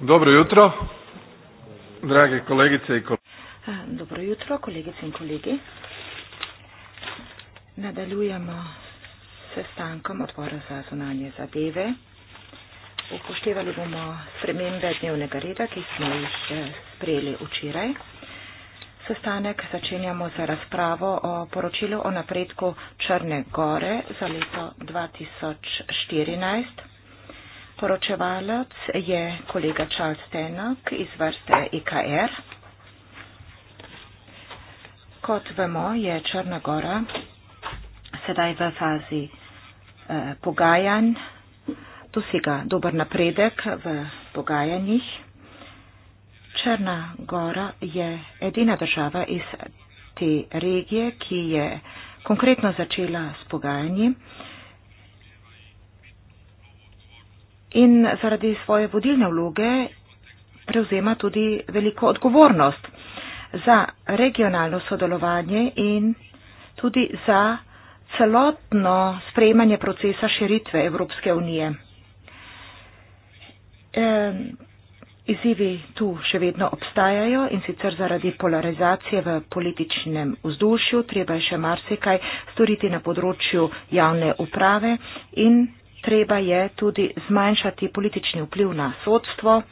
Dobro jutro, drage kolegice in kolegi. Eh, dobro jutro, kolegice in kolegi. Nadaljujemo sestankom odbora za zunanje zadeve. Upoštevali bomo spremembe dnevnega reda, ki smo jih eh, sprejeli včeraj. Sestanek začenjamo za razpravo o poročilu o napredku Črne gore za leto 2014. Poročevalec je kolega Charles Tenak iz vrste IKR. E Kot vemo, je Črna Gora sedaj v fazi eh, pogajanj, dosega dober napredek v pogajanjih. Črna Gora je edina država iz te regije, ki je konkretno začela s pogajanji. Eh, in zaradi svoje vodilne vloge prevzema tudi veliko odgovornost za regionalno sodelovanje in tudi za celotno sprejemanje procesa širitve Evropske unije. E, izzivi tu še vedno obstajajo in sicer zaradi polarizacije v političnem vzdušju, treba je še marsikaj storiti na področju javne uprave in treba je tudi zmanjšati politični vpliv na sodstvo,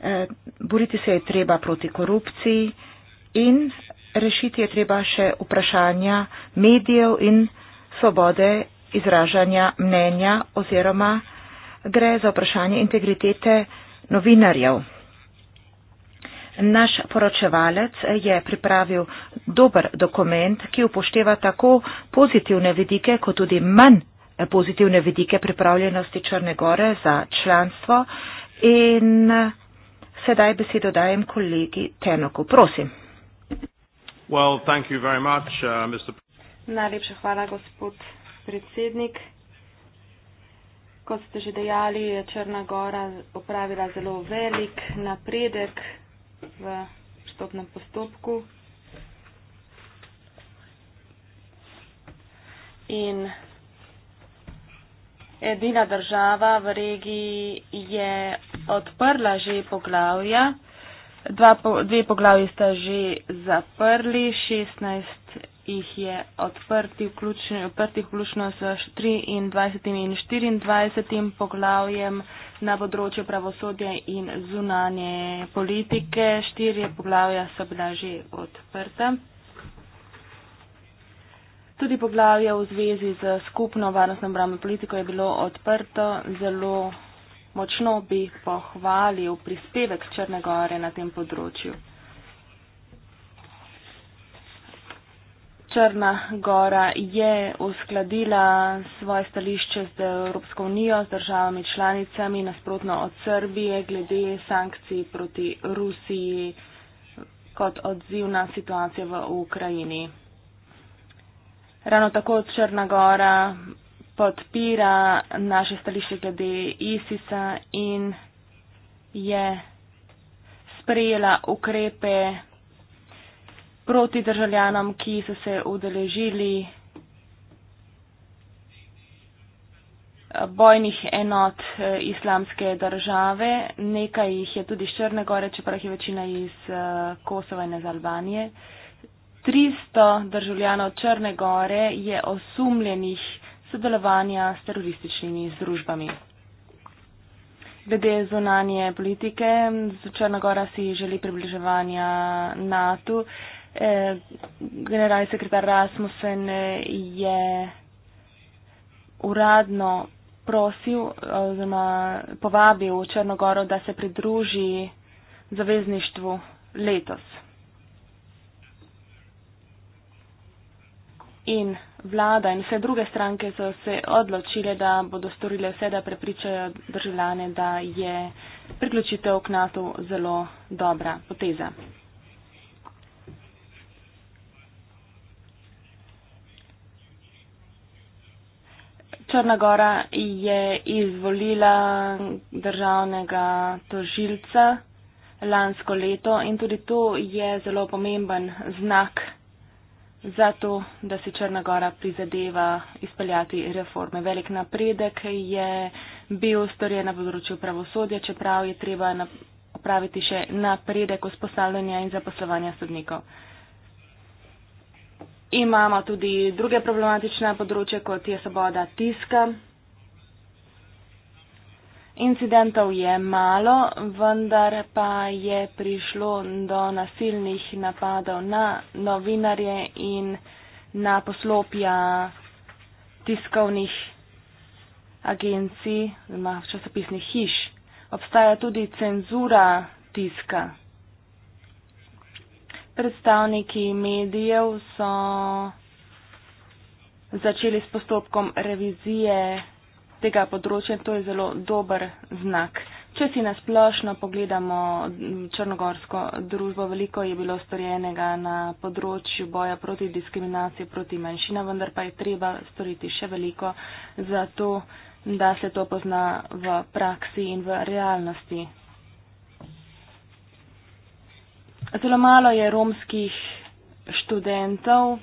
e, boriti se je treba proti korupciji in rešiti je treba še vprašanja medijev in svobode izražanja mnenja oziroma gre za vprašanje integritete novinarjev. Naš poročevalec je pripravil dober dokument, ki upošteva tako pozitivne vidike, kot tudi manj pozitivne vidike pripravljenosti Črne Gore za članstvo. In sedaj besedo dajem kolegi Tenoku. Prosim. Well, much, uh, Najlepša hvala, gospod predsednik. Kot ste že dejali, je Črna Gora opravila zelo velik napredek v vstopnem postopku. In edina država v regiji je odprla že poglavja. Dva, dve poglavji sta že zaprli, 16 jih je odprti, vključno, odprti vključno s 23 in 24 poglavjem na področju pravosodja in zunanje politike. Štirje poglavja so bila že odprta. Tudi poglavje v zvezi z skupno varnostno obrambno politiko je bilo odprto. Zelo močno bi pohvalil prispevek Črne gore na tem področju. Črna gora je uskladila svoje stališče z Evropsko unijo, z državami članicami, nasprotno od Srbije, glede sankcij proti Rusiji kot odziv na situacijo v Ukrajini ravno tako Črna Gora podpira naše stališče glede ISIS-a in je sprejela ukrepe proti državljanom, ki so se udeležili bojnih enot eh, islamske države. Nekaj jih je tudi iz Črne gore, čeprav je večina iz eh, Kosova in iz Albanije. 300 državljanov Črne Gore je osumljenih sodelovanja s terorističnimi združbami. Glede zunanje politike, Črna Gora si želi približevanja NATO. E, generalni sekretar Rasmussen je uradno prosil oziroma povabil Črno Goro, da se pridruži zavezništvu letos. in vlada in vse druge stranke so se odločile, da bodo storile vse, da prepričajo državljane, da je priključitev k NATO zelo dobra poteza. Črna Gora je izvolila državnega tožilca lansko leto in tudi to je zelo pomemben znak za to, da si Črna Gora prizadeva izpeljati reforme. Velik napredek je bil storjen na področju pravosodja, čeprav je treba opraviti še napredek usposabljanja in zaposlovanja sodnikov. Imamo tudi druge problematične področje, kot je svoboda tiska. Incidentov je malo, vendar pa je prišlo do nasilnih napadov na novinarje in na poslopja tiskovnih agencij, na časopisnih hiš. Obstaja tudi cenzura tiska. Predstavniki medijev so začeli s postopkom revizije tega področja in to je zelo dober znak. Če si nasplošno pogledamo črnogorsko družbo, veliko je bilo storjenega na področju boja proti diskriminaciji proti manjšina, vendar pa je treba storiti še veliko za to, da se to pozna v praksi in v realnosti. Zelo malo je romskih študentov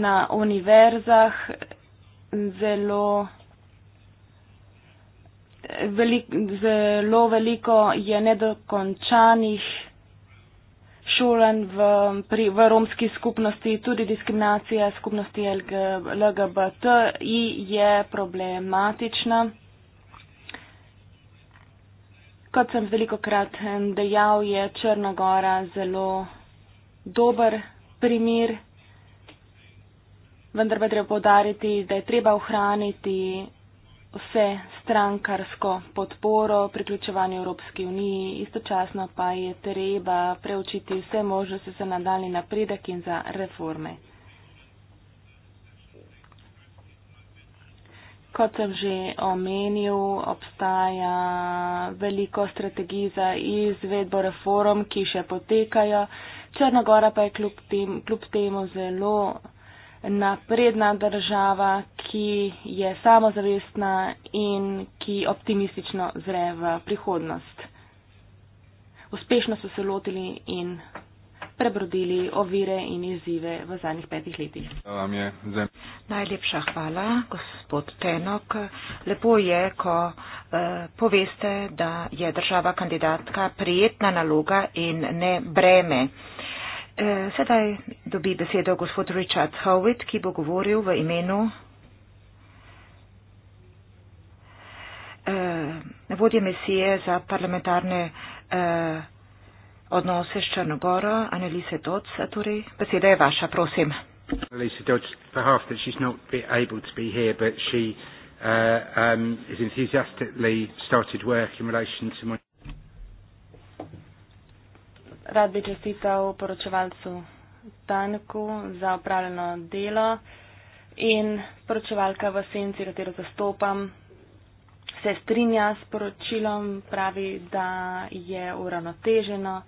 na univerzah, zelo velik, zelo veliko je nedokončanih šolen v, pri, v romski skupnosti, tudi diskriminacija skupnosti LGBTI je problematična. Kot sem veliko krat dejal, je Črnagora zelo dober primir, vendar pa treba povdariti, da je treba ohraniti vse strankarsko podporo priključevanju Evropski uniji, istočasno pa je treba preučiti vse možnosti za nadaljni napredek in za reforme. Kot sem že omenil, obstaja veliko strategij za izvedbo reform, ki še potekajo. Črna gora pa je kljub tem, temu zelo napredna država, ki je samozavestna in ki optimistično zre v prihodnost. Uspešno so se lotili in prebrodili ovire in izzive v zadnjih petih letih. Najlepša hvala, gospod Tenok. Lepo je, ko eh, poveste, da je država kandidatka prijetna naloga in ne breme. Eh, sedaj dobi besedo gospod Richard Howitt, ki bo govoril v imenu eh, vodje misije za parlamentarne eh, odnose s Črnogoro, Annelise Doc, torej beseda je vaša, prosim. Annelise Doc, behalf that she's not able to be here, but she uh, um, is enthusiastically started work in relation to my... Rad bi čestital poročevalcu Tanku za opravljeno delo in poročevalka v senci, katero zastopam, se strinja s poročilom, pravi, da je uravnoteženo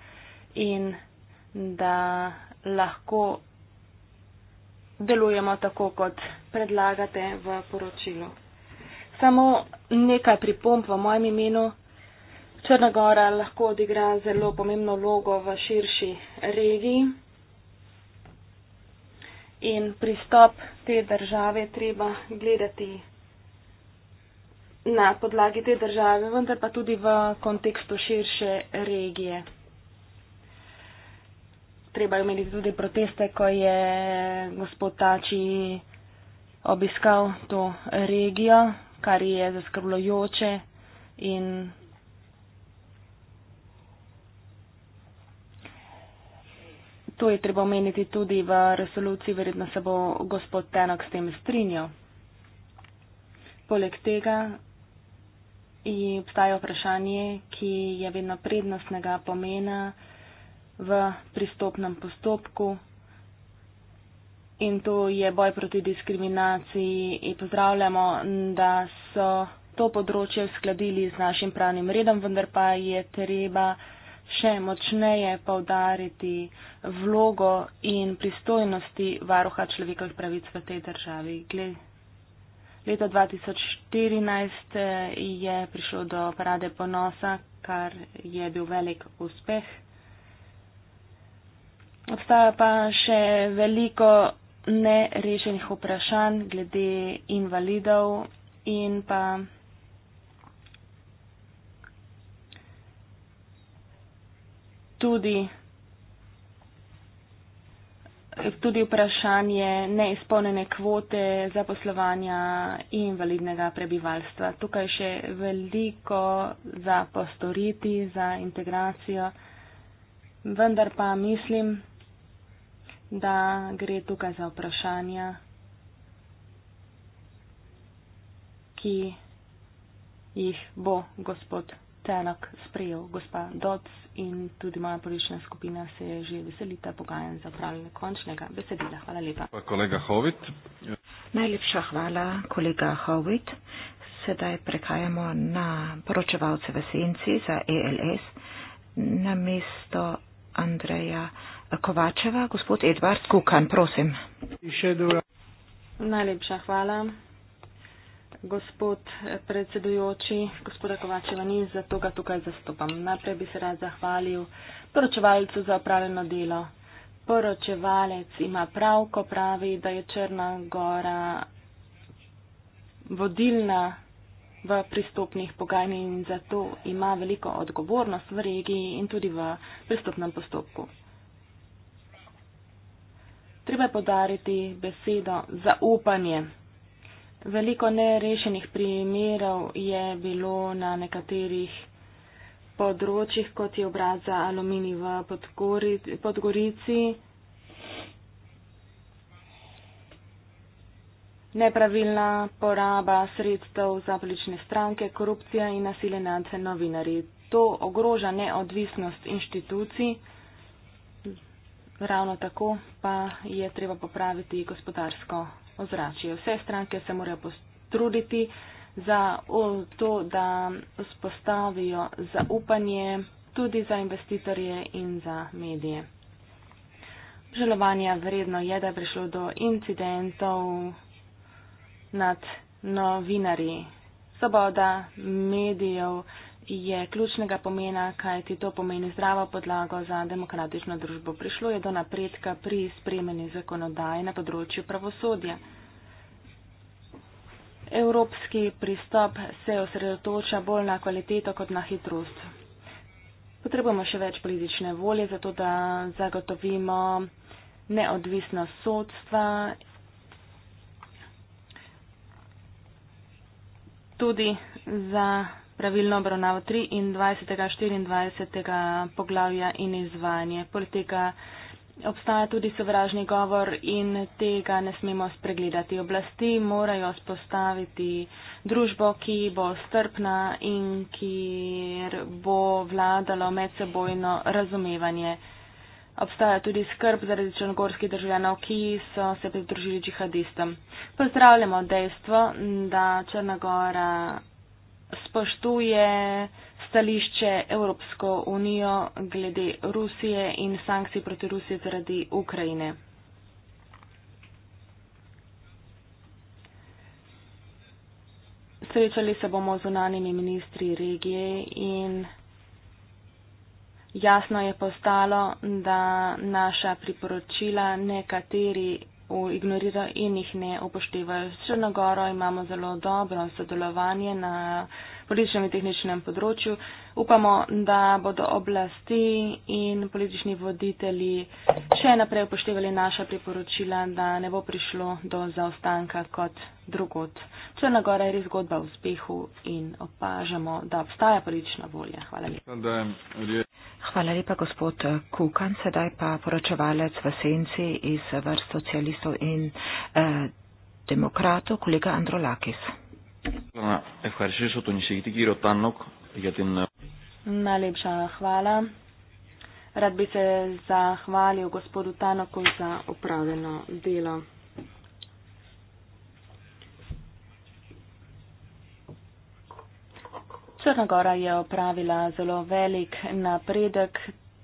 in da lahko delujemo tako, kot predlagate v poročilu. Samo nekaj pripomp v mojem imenu. Črnagora lahko odigra zelo pomembno vlogo v širši regiji in pristop te države treba gledati na podlagi te države, vendar pa tudi v kontekstu širše regije. Treba je imeti tudi proteste, ko je gospod Tači obiskal to regijo, kar je zaskrbljujoče in to je treba omeniti tudi v resoluciji, verjetno se bo gospod Tenak s tem strinjal. Poleg tega obstaja vprašanje, ki je vedno prednostnega pomena v pristopnem postopku in to je boj proti diskriminaciji in pozdravljamo, da so to področje uskladili z našim pravnim redom, vendar pa je treba še močneje povdariti vlogo in pristojnosti varuha človekovih pravic v tej državi. Gle. Leta 2014 eh, je prišlo do parade ponosa, kar je bil velik uspeh. Obstaja pa še veliko nerešenih vprašanj glede invalidov in pa tudi, tudi vprašanje neizpolnjene kvote zaposlovanja invalidnega prebivalstva. Tukaj je še veliko za postoriti, za integracijo, vendar pa mislim, da gre tukaj za vprašanja, ki jih bo gospod Tenak sprejel, gospa Dodds in tudi moja politična skupina se je že veselita pogajanj za pravilne končnega besedila. Hvala lepa. Pa kolega Hovit. Najlepša hvala, kolega Hovit. Sedaj prekajamo na poročevalce v senci za ELS na mesto Andreja Kovačeva. Gospod Edvard Kukan, prosim. Najlepša hvala gospod predsedujoči, gospoda Kovačeva ni, zato ga tukaj zastopam. Najprej bi se rad zahvalil poročevalcu za opravljeno delo. Poročevalec ima prav, ko pravi, da je Črna Gora vodilna v pristopnih pogajanjih in zato ima veliko odgovornost v regiji in tudi v pristopnem postopku. Treba je podariti besedo zaupanje. Veliko nerešenih primerov je bilo na nekaterih področjih, kot je obraz za aluminij v Podgori, Podgorici. Nepravilna poraba sredstev za politične stranke, korupcija in nasilje nad novinarji. To ogroža neodvisnost inštitucij, ravno tako pa je treba popraviti gospodarsko ozračje. Vse stranke se morajo postruditi za to, da vzpostavijo zaupanje tudi za investitorje in za medije. Želovanja vredno je, da je prišlo do incidentov nad novinarji. Svoboda medijev je ključnega pomena, kaj ti to pomeni zdravo podlago za demokratično družbo. Prišlo je do napredka pri spremeni zakonodaje na področju pravosodja. Evropski pristop se osredotoča bolj na kvaliteto kot na hitrost. Potrebujemo še več politične volje, zato da zagotovimo neodvisnost sodstva tudi za pravilno obravnavo 23. in 24. poglavja in izvajanje. Poleg tega obstaja tudi sovražni govor in tega ne smemo spregledati. Oblasti morajo spostaviti družbo, ki bo strpna in kjer bo vladalo medsebojno razumevanje obstaja tudi skrb zaradi črnogorskih državljanov, ki so se pridružili džihadistom. Pozdravljamo dejstvo, da Črna Gora spoštuje stališče Evropsko unijo glede Rusije in sankcij proti Rusiji zaradi Ukrajine. Srečali se bomo z unanimi ministri regije in Jasno je postalo, da naša priporočila nekateri ignorirajo in jih ne upoštevajo. S Črnogoro imamo zelo dobro sodelovanje na političnem in tehničnem področju. Upamo, da bodo oblasti in politični voditelji še naprej upoštevali naša priporočila, da ne bo prišlo do zaostanka kot drugot. Črna Gora je res zgodba o uspehu in opažamo, da obstaja politična volja. Hvala lepa. Hvala lepa, gospod Kukan. Sedaj pa poročevalec v senci iz vrst socialistov in eh, demokratov, kolega Androlakis. Θέλω να ευχαριστήσω τον εισηγητή κύριο Τάνοκ για την... Να λείψα χβάλα. Rad bi se zahvalil gospodu Tanoku za upravljeno delo. Črna Gora je upravila zelo velik napredek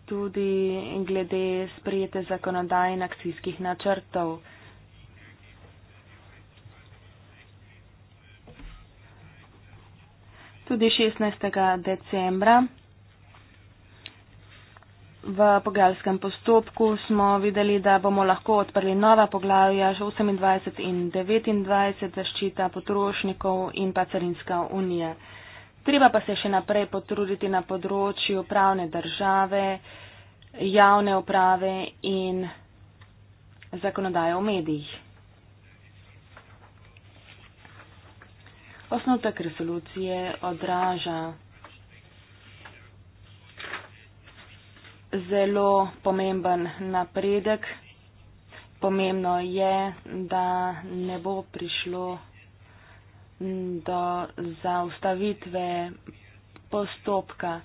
tudi glede sprejete zakonodajne akcijskih načrtov. tudi 16. decembra. V pogajalskem postopku smo videli, da bomo lahko odprli nova poglavja 28 in 29 zaščita potrošnikov in pa carinska unija. Treba pa se še naprej potruditi na področju pravne države, javne uprave in zakonodaje v medijih. Osnutek resolucije odraža zelo pomemben napredek. Pomembno je, da ne bo prišlo do zaustavitve postopka.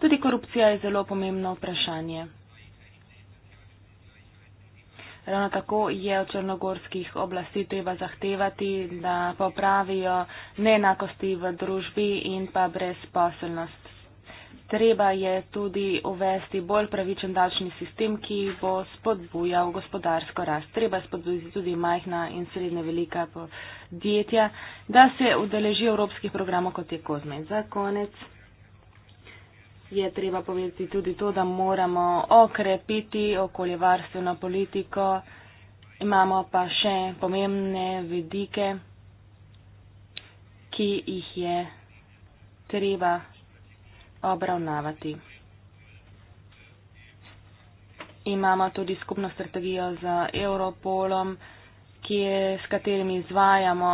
Tudi korupcija je zelo pomembno vprašanje. Ravno tako je od črnogorskih oblasti treba zahtevati, da popravijo neenakosti v družbi in pa brezposelnost. Treba je tudi uvesti bolj pravičen davčni sistem, ki bo spodbujal gospodarsko rast. Treba spodbuditi tudi majhna in srednje velika podjetja, da se udeleži evropskih programov kot je kozmet. Za konec je treba povedati tudi to, da moramo okrepiti okoljevarstveno politiko. Imamo pa še pomembne vidike, ki jih je treba obravnavati. Imamo tudi skupno strategijo z Europolom, je, s katerimi izvajamo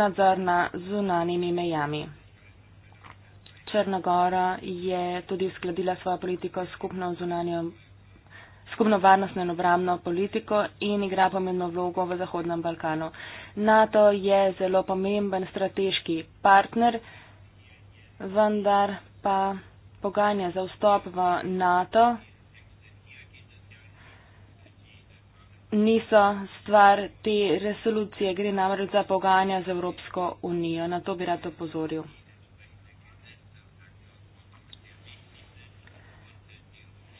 nadzor na zunanimi mejami. Črnogora je tudi uskladila svojo politiko skupno zunanjo, skupno varnostno in obramno politiko in igra pomembno vlogo v Zahodnem Balkanu. NATO je zelo pomemben strateški partner, vendar pa pogajanja za vstop v NATO niso stvar te resolucije, gre namreč za pogajanja z Evropsko unijo. Na to bi rad opozoril.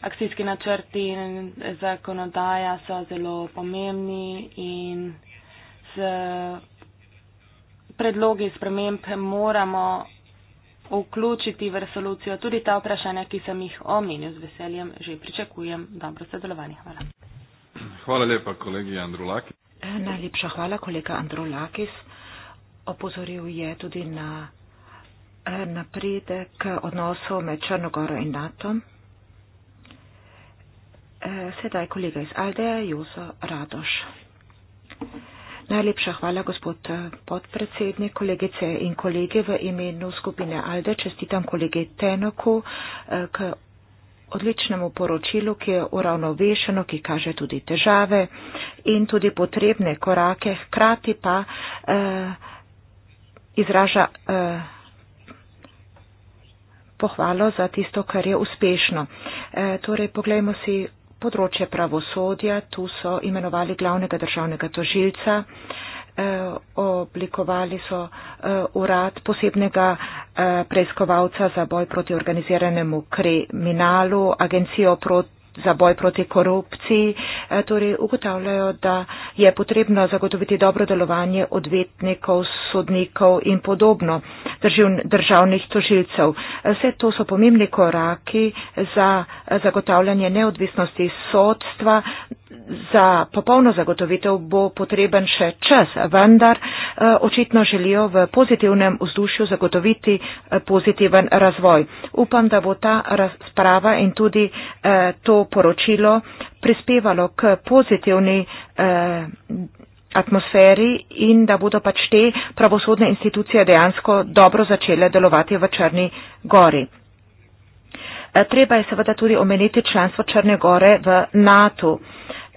akcijski načrti in zakonodaja so zelo pomembni in s predlogi sprememb moramo vključiti v resolucijo tudi ta vprašanja, ki sem jih omenil z veseljem, že pričakujem dobro sodelovanje. Hvala. Hvala lepa, kolegi Andrulakis. Najlepša hvala, kolega Andrulakis. Opozoril je tudi na eh, napredek odnosov med Črnogoro in NATO sedaj kolega iz Alde, Jozo Radoš. Najlepša hvala, gospod podpredsednik, kolegice in kolege v imenu skupine Alde. Čestitam kolege Tenoku eh, k odličnemu poročilu, ki je uravnovešeno, ki kaže tudi težave in tudi potrebne korake, hkrati pa eh, izraža eh, pohvalo za tisto, kar je uspešno. Eh, torej, poglejmo si področje pravosodja, tu so imenovali glavnega državnega tožilca, eh, oblikovali so eh, urad posebnega eh, preiskovalca za boj proti organiziranemu kriminalu, agencijo za boj proti korupciji, torej ugotavljajo, da je potrebno zagotoviti dobro delovanje odvetnikov, sodnikov in podobno državnih tožilcev. Vse to so pomembni koraki za zagotavljanje neodvisnosti sodstva za popolno zagotovitev bo potreben še čas, vendar eh, očitno želijo v pozitivnem vzdušju zagotoviti eh, pozitiven razvoj. Upam, da bo ta razprava in tudi eh, to poročilo prispevalo k pozitivni atmosferi in da bodo pač te pravosodne institucije dejansko dobro začele delovati v Črni gori. Treba je seveda tudi omeniti članstvo Črne gore v NATO.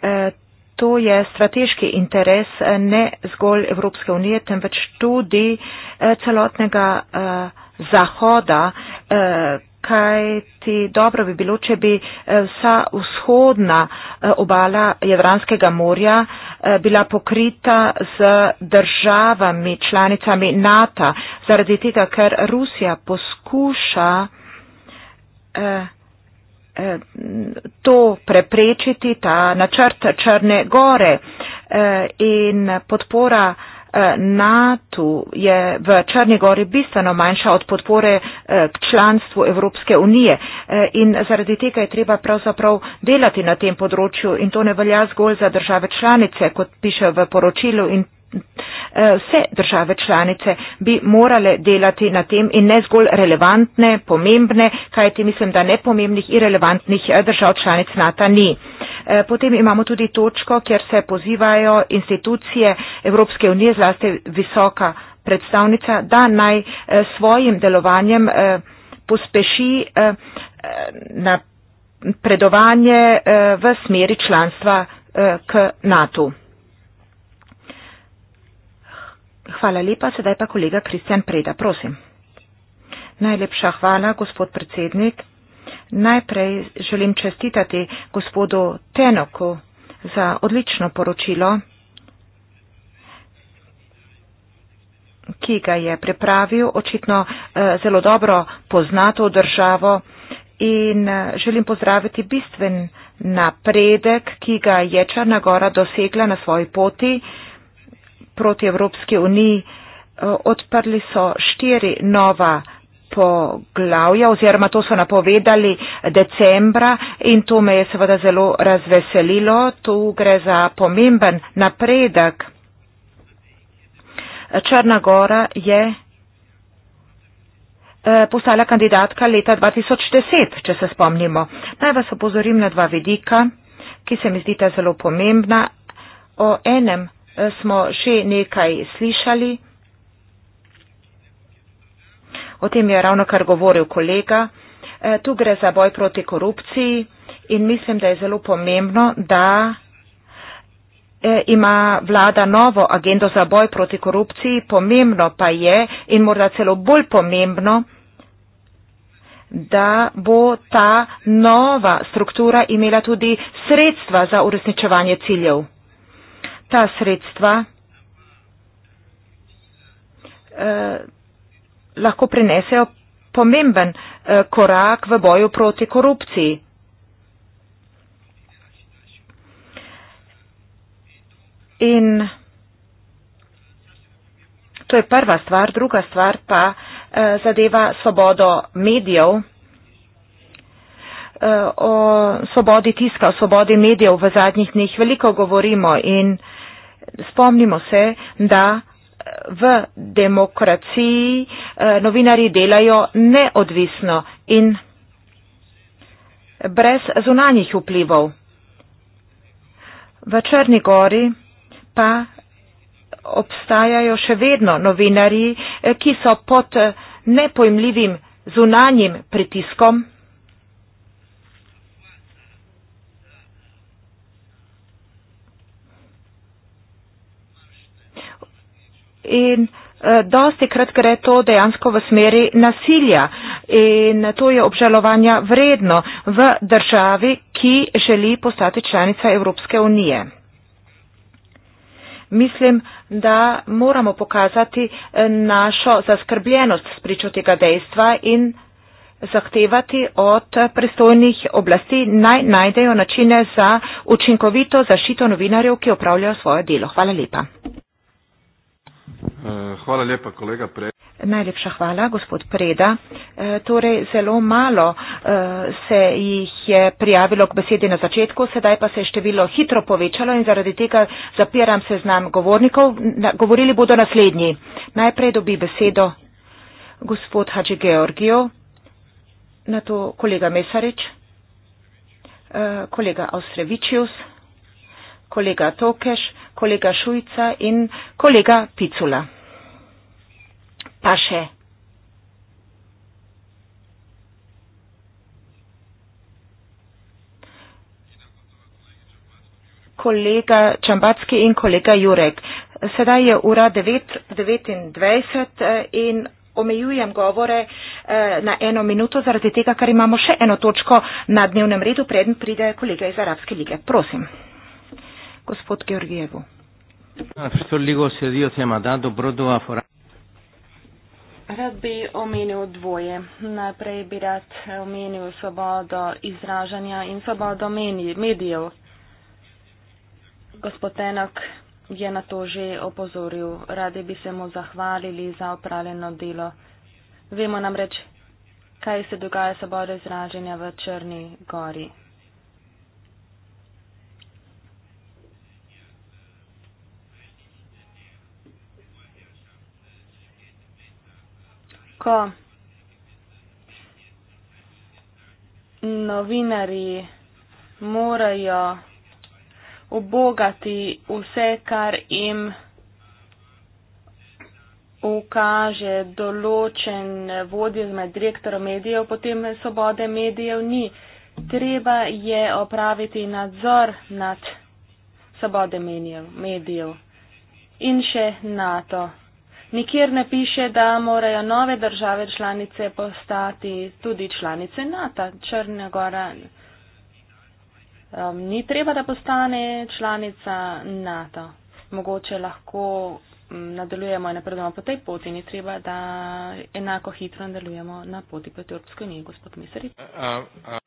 Eh, to je strateški interes eh, ne zgolj Evropske unije, temveč tudi eh, celotnega Zahoda, kaj ti dobro bi bilo, če bi vsa vzhodna obala Jadranskega morja bila pokrita z državami, članicami NATO, zaradi tega, ker Rusija poskuša to preprečiti, ta načrt Črne gore e, in podpora e, NATO je v Črni gori bistveno manjša od podpore e, k članstvu Evropske unije in zaradi tega je treba pravzaprav delati na tem področju in to ne velja zgolj za države članice, kot piše v poročilu in Eh, vse države članice bi morale delati na tem in ne zgolj relevantne, pomembne, kajti mislim, da nepomembnih in relevantnih eh, držav članic NATO ni. Eh, potem imamo tudi točko, kjer se pozivajo institucije Evropske unije, zlasti visoka predstavnica, da naj svojim delovanjem pospeši napredovanje v smeri članstva k NATO. -u. Hvala lepa. Sedaj pa kolega Kristjan Preda, prosim. Najlepša hvala, gospod predsednik. Najprej želim čestitati gospodu Tenoku za odlično poročilo, ki ga je pripravil. Očitno eh, zelo dobro pozna to državo in eh, želim pozdraviti bistven napredek, ki ga je Črna Gora dosegla na svoji poti proti Evropski uniji, eh, odprli so štiri nova poglavja oziroma to so napovedali decembra in to me je seveda zelo razveselilo. Tu gre za pomemben napredek. Črna Gora je eh, postala kandidatka leta 2010, če se spomnimo. Naj vas opozorim na dva vidika, ki se mi zdita zelo pomembna. O enem smo še nekaj slišali. O tem je ravno kar govoril kolega. E, tu gre za boj proti korupciji in mislim, da je zelo pomembno, da e, ima vlada novo agendo za boj proti korupciji. Pomembno pa je in morda celo bolj pomembno, da bo ta nova struktura imela tudi sredstva za uresničevanje ciljev ta sredstva eh, lahko prinesejo pomemben eh, korak v boju proti korupciji. In to je prva stvar, druga stvar pa eh, zadeva svobodo medijev, eh, o svobodi tiska, o svobodi medijev v zadnjih dneh veliko govorimo in eh, spomnimo se, da eh, v demokraciji eh, novinari delajo neodvisno in brez zunanjih vplivov. V Črni gori pa obstajajo še vedno novinari, eh, ki so pod nepojmljivim zunanjim pritiskom. in uh, eh, dosti krat gre to dejansko v smeri nasilja in to je obžalovanja vredno v državi, ki želi postati članica Evropske unije. Mislim, da moramo pokazati eh, našo zaskrbljenost s pričo tega dejstva in zahtevati od pristojnih oblasti naj najdejo načine za učinkovito zaščito novinarjev, ki opravljajo svoje delo. Hvala lepa. Eh, hvala lepa, kolega Preda. Najlepša hvala, gospod Preda. E, torej, zelo malo e, se jih je prijavilo k besedi na začetku, sedaj pa se je število hitro povečalo in zaradi tega zapiram seznam govornikov. Na, govorili bodo naslednji. Najprej dobi besedo gospod Hadži Georgijo, na to kolega Mesarič, e, kolega Austrevičius, kolega Tokeš kolega Šujca in kolega Picula. Pa še. Kolega Čambacki in kolega Jurek. Sedaj je ura 9.29 eh, in omejujem govore eh, na eno minuto, zaradi tega, ker imamo še eno točko na dnevnem redu, preden pride kolega iz Arabske lige. Prosim. Gospod Georgijevu. Ah, rad bi omenil dvoje. Najprej bi rad omenil svobodo izražanja in svobodo medijev. Gospod Enok je na to že opozoril. Radi bi se mu zahvalili za opravljeno delo. Vemo namreč, kaj se dogaja svobodo izražanja v Črni gori. ko novinari morajo obogati vse, kar jim ukaže določen vodje med direktorom medijev, potem svobode medijev ni. Treba je opraviti nadzor nad svobode medijev in še NATO. Nikjer ne piše, da morajo nove države članice postati tudi članice NATO. Črna Gora um, ni treba, da postane članica NATO. Mogoče lahko um, nadaljujemo in napredujemo po tej poti, ni treba, da enako hitro nadaljujemo na poti proti Evropske unije, gospod Misarič. Uh, uh.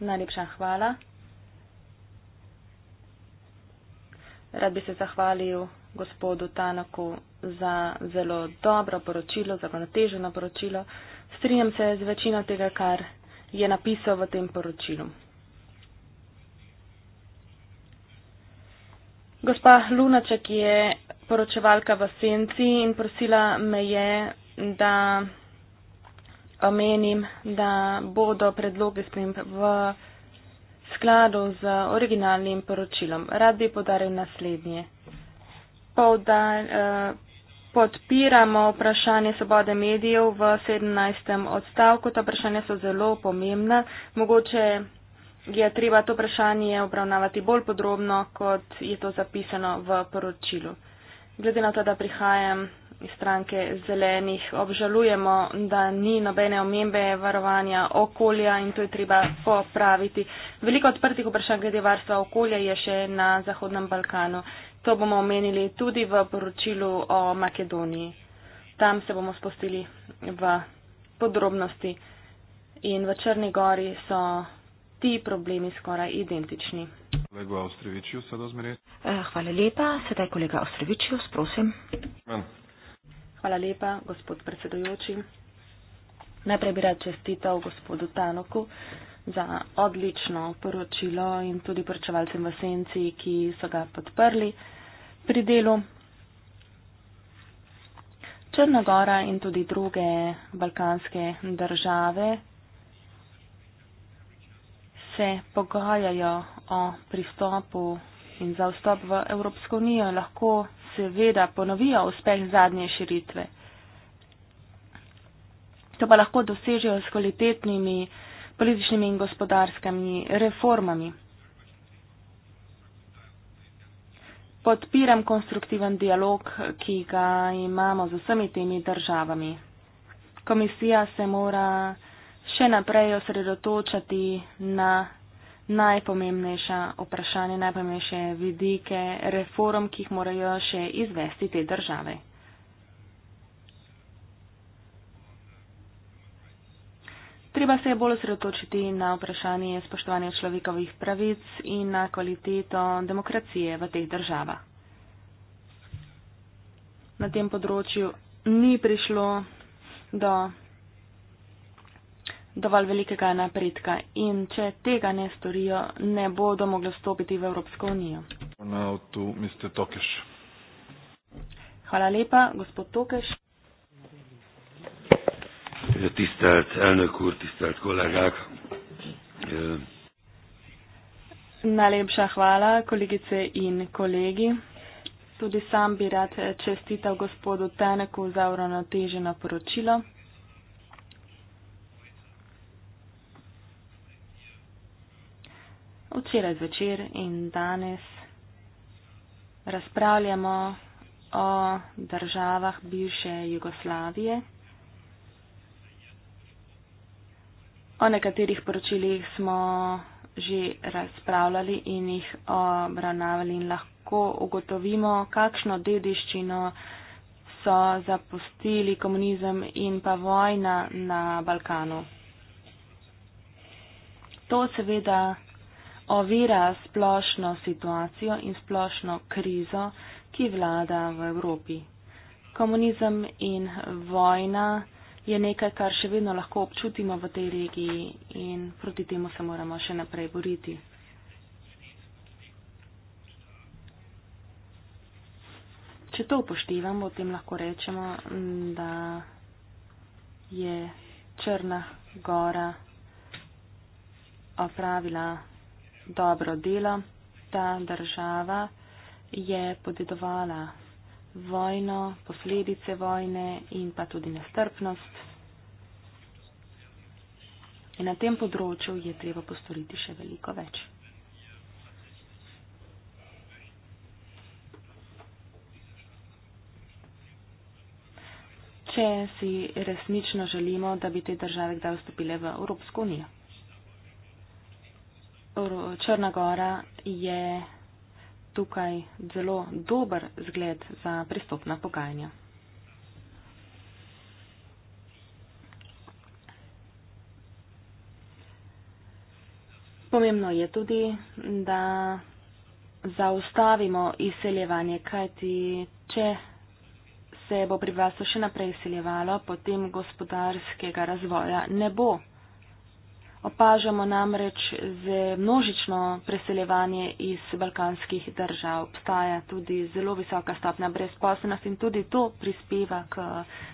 Najlepša hvala. Rad bi se zahvalil gospodu Tanaku za zelo dobro poročilo, za ravnoteženo poročilo. Strinjam se z večino tega, kar je napisal v tem poročilu. Gospa Lunaček je poročevalka v Senci in prosila me je, da omenim, da bodo predloge sprem v skladu z originalnim poročilom. Rad bi podaril naslednje poudan, eh, podpiramo vprašanje svobode medijev v 17. odstavku. Ta vprašanja so zelo pomembna. Mogoče je treba to vprašanje obravnavati bolj podrobno, kot je to zapisano v poročilu. Glede na to, da prihajam iz stranke zelenih, obžalujemo, da ni nobene omembe varovanja okolja in to je treba popraviti. Veliko odprtih vprašanj glede varstva okolja je še na Zahodnem Balkanu. To bomo omenili tudi v poročilu o Makedoniji. Tam se bomo spustili v podrobnosti in v Črni gori so ti problemi skoraj identični. Eh, hvala lepa. Sedaj kolega Ostrevičju, sprosim. Hvala lepa, gospod predsedujoči. Najprej bi rad čestital gospodu Tanoku za odlično poročilo in tudi poročevalcem v senci, ki so ga podprli pri delu. Črnagora in tudi druge balkanske države se pogajajo o pristopu in za vstop v Evropsko unijo. Lahko seveda ponovijo uspeh zadnje širitve. To pa lahko dosežejo s kvalitetnimi političnimi in gospodarskimi reformami. podpiram konstruktiven dialog, ki ga imamo z vsemi temi državami. Komisija se mora še naprej osredotočati na najpomembnejša vprašanja, najpomembnejše vidike reform, ki jih morajo še izvesti te države. Treba se je bolj osredotočiti na vprašanje spoštovanja človekovih pravic in na kvaliteto demokracije v teh državah. Na tem področju ni prišlo do dovolj velikega napredka in če tega ne storijo, ne bodo mogli vstopiti v Evropsko unijo. Hvala lepa, gospod Tokeš. Tisztelt elnök úr, tisztelt kollégák! Najlep hvala, kolegice in kolegi. Tudi sam bi rad eh, čestital gospodu Teneku za uravnoteženo poročilo. Včeraj zvečer in danes razpravljamo o državah bivše Jugoslavije. O nekaterih poročilih smo že razpravljali in jih obravnavali in lahko ugotovimo, kakšno dediščino so zapustili komunizem in pa vojna na Balkanu. To seveda ovira splošno situacijo in splošno krizo, ki vlada v Evropi. Komunizem in vojna je nekaj, kar še vedno lahko občutimo v tej regiji in proti temu se moramo še naprej boriti. Če to upoštevamo, potem lahko rečemo, da je Črna gora opravila dobro delo, ta država je podedovala vojno, posledice vojne in pa tudi nestrpnost. In na tem področju je treba postoriti še veliko več. Če si resnično želimo, da bi te države kdaj vstopile v Evropsko unijo. Črna gora je tukaj zelo dober zgled za pristopna pogajanja. Pomembno je tudi, da zaustavimo izseljevanje, kajti če se bo prebivalstvo še naprej izseljevalo, potem gospodarskega razvoja ne bo. Opažamo namreč že množično preseljevanje iz balkanskih držav. Obstaja tudi zelo visoka stopna brezposobnosti in tudi to prispeva k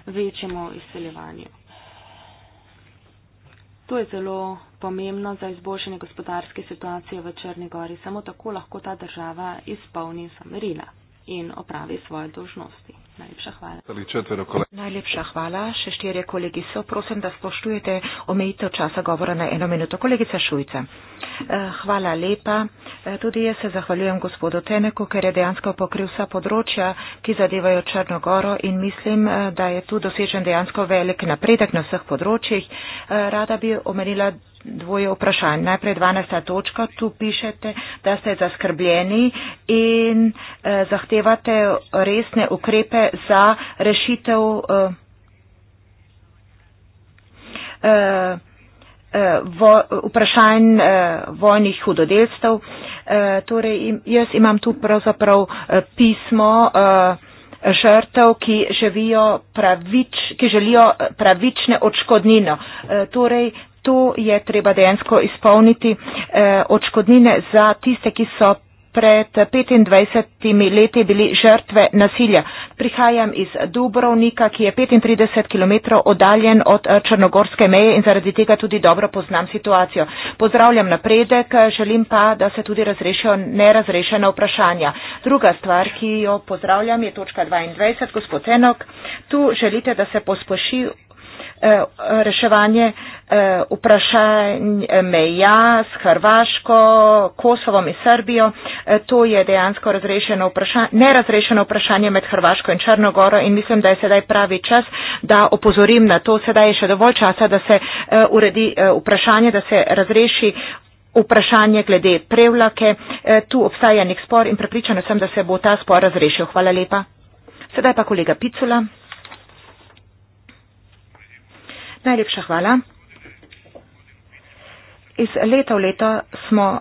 večjemu izseljevanju. To je zelo pomembno za izboljšanje gospodarske situacije v Črni gori. Samo tako lahko ta država izpolni samerila in opravi svoje dožnosti. Najlepša hvala. Četvero, Najlepša hvala. Še štirje kolegi so. Prosim, da spoštujete omejitev časa govora na eno minuto. Kolegica Šujca. Eh, hvala lepa. Eh, tudi jaz se zahvaljujem gospodu Teneku, ker je dejansko pokril vsa področja, ki zadevajo Črnogoro in mislim, eh, da je tu dosežen dejansko velik napredek na vseh področjih. Rada bi omenila dvoje vprašanj. Najprej 12. točka, tu pišete, da ste zaskrbljeni in eh, zahtevate resne ukrepe za rešitev eh, eh, eh vo, vprašanj eh, vojnih hudodelstv. Eh, torej, jaz imam tu pravzaprav eh, pismo. Eh, žrtev, ki, pravič, ki želijo eh, pravične odškodnino. Eh, torej, tu je treba dejansko izpolniti eh, očkodnine za tiste, ki so pred 25 leti bili žrtve nasilja. Prihajam iz Dubrovnika, ki je 35 km oddaljen od eh, Črnogorske meje in zaradi tega tudi dobro poznam situacijo. Pozdravljam napredek, želim pa, da se tudi razrešijo nerazrešena vprašanja. Druga stvar, ki jo pozdravljam, je točka 22, gospod Senok. Tu želite, da se pospoši Eh, reševanje eh, vprašanj eh, meja s Hrvaško, Kosovom in Srbijo. To je dejansko nerazrešeno vprašanje med Hrvaško in Črnogoro in mislim, da je sedaj pravi čas, da opozorim na to. Sedaj je še dovolj časa, da se uredi vprašanje, da se razreši. Vprašanje glede prevlake. Tu obstaja nek spor in prepričana sem, da se bo ta spor razrešil. Hvala lepa. Sedaj pa kolega Picula. Najlepša hvala. Iz leta v leto smo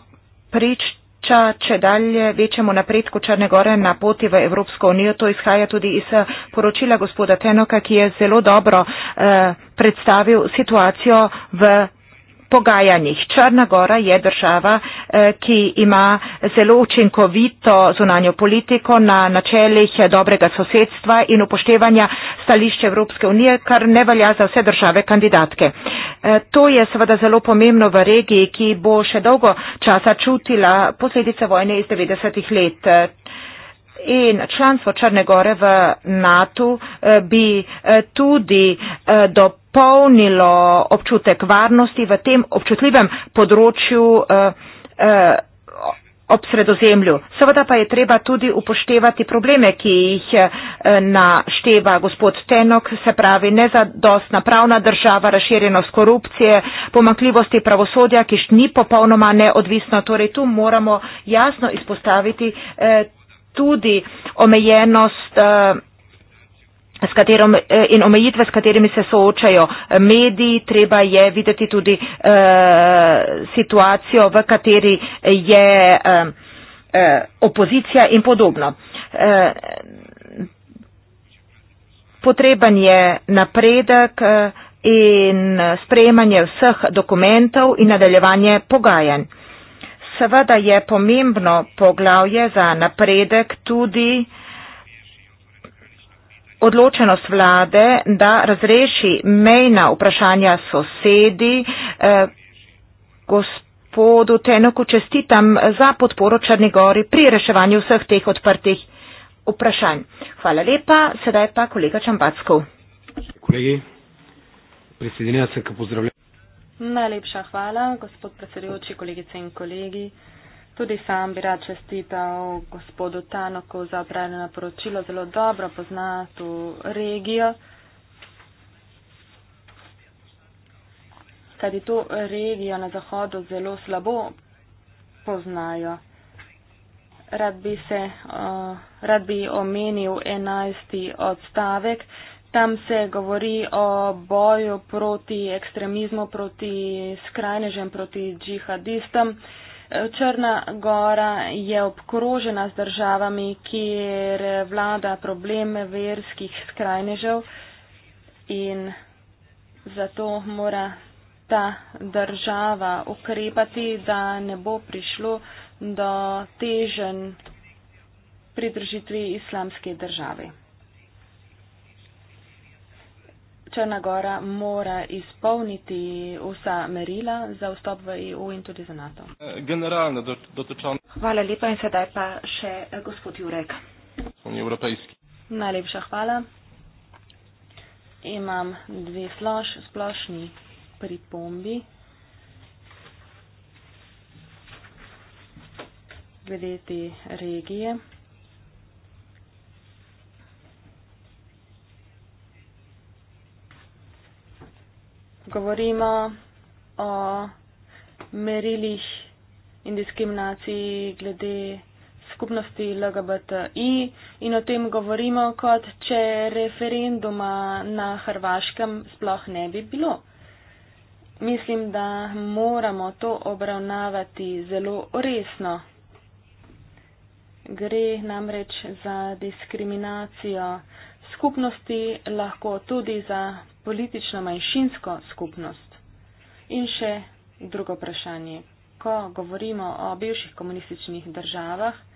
priča, če dalje večjemu napredku Črne Gore na poti v Evropsko unijo. To izhaja tudi iz eh, poročila gospoda Tenoka, ki je zelo dobro eh, predstavil situacijo v pogajanjih. Črna Gora je država, eh, ki ima zelo učinkovito zunanjo politiko na načelih eh, dobrega sosedstva in upoštevanja stališče Evropske unije, kar ne velja za vse države kandidatke. Eh, to je seveda zelo pomembno v regiji, ki bo še dolgo časa čutila posledice vojne iz 90-ih let. In članstvo Črne Gore v NATO bi tudi dopustilo polnilo občutek varnosti v tem občutljivem področju eh, eh, ob sredozemlju. Seveda pa je treba tudi upoštevati probleme, ki jih eh, našteva gospod Tenok, se pravi nezadostna pravna država, razširjenost korupcije, pomakljivosti pravosodja, ki ni popolnoma neodvisna. Torej tu moramo jasno izpostaviti eh, tudi omejenost. Eh, s katerom, eh, in omejitve, s katerimi se soočajo eh, mediji. Treba je videti tudi uh, situacijo, v kateri je uh, uh, opozicija in podobno. Uh, potreben je napredek. Uh, in sprejemanje vseh dokumentov in nadaljevanje pogajanj. Seveda je pomembno poglavje za napredek tudi eh, odločenost vlade, da razreši mejna vprašanja sosedi. Eh, gospodu Tenoku čestitam za podporo Črni Gori pri reševanju vseh teh odprtih vprašanj. Hvala lepa, sedaj pa kolega Čambackov. Kolegi, predsedinja se, ki pozdravljam. Najlepša hvala, gospod predsedujoči, kolegice in kolegi. Tudi sam bi rad čestital gospodu Tanoku za opravljeno poročilo, zelo dobro pozna tu regijo. Kajti tu regijo na zahodu zelo slabo poznajo. Rad bi, se, uh, rad bi omenil enajsti odstavek. Tam se govori o boju proti ekstremizmu, proti skrajnežem, proti džihadistom. Uh, Črna gora je obkrožena z državami, kjer vlada problem verskih skrajnežev in zato mora ta država ukrepati, da ne bo prišlo do teženj pridružitvi islamske države. Črna Gora mora izpolniti vsa merila za vstop v EU in tudi za NATO? E, generalno dotočano. Hvala lepa in sedaj pa še e, gospod Jurek. Najlepša hvala. Imam dve sloš, splošni pripombi. Glede te regije. govorimo o merilih in diskriminaciji glede skupnosti LGBTI in o tem govorimo, kot če referenduma na Hrvaškem sploh ne bi bilo. Mislim, da moramo to obravnavati zelo resno. Gre namreč za diskriminacijo skupnosti, lahko tudi za politično manjšinsko skupnost. In še drugo vprašanje. Ko govorimo o bivših komunističnih državah,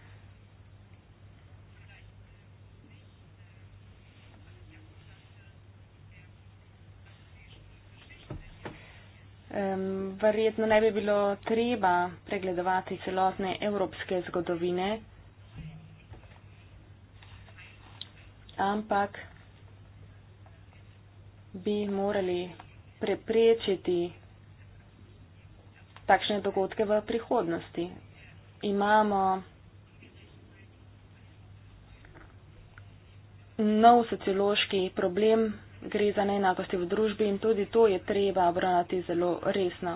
Verjetno ne bi bilo treba pregledovati celotne evropske zgodovine, ampak bi morali preprečiti takšne dogodke v prihodnosti. Imamo nov sociološki problem, gre za neenakosti v družbi in tudi to je treba obravnati zelo resno.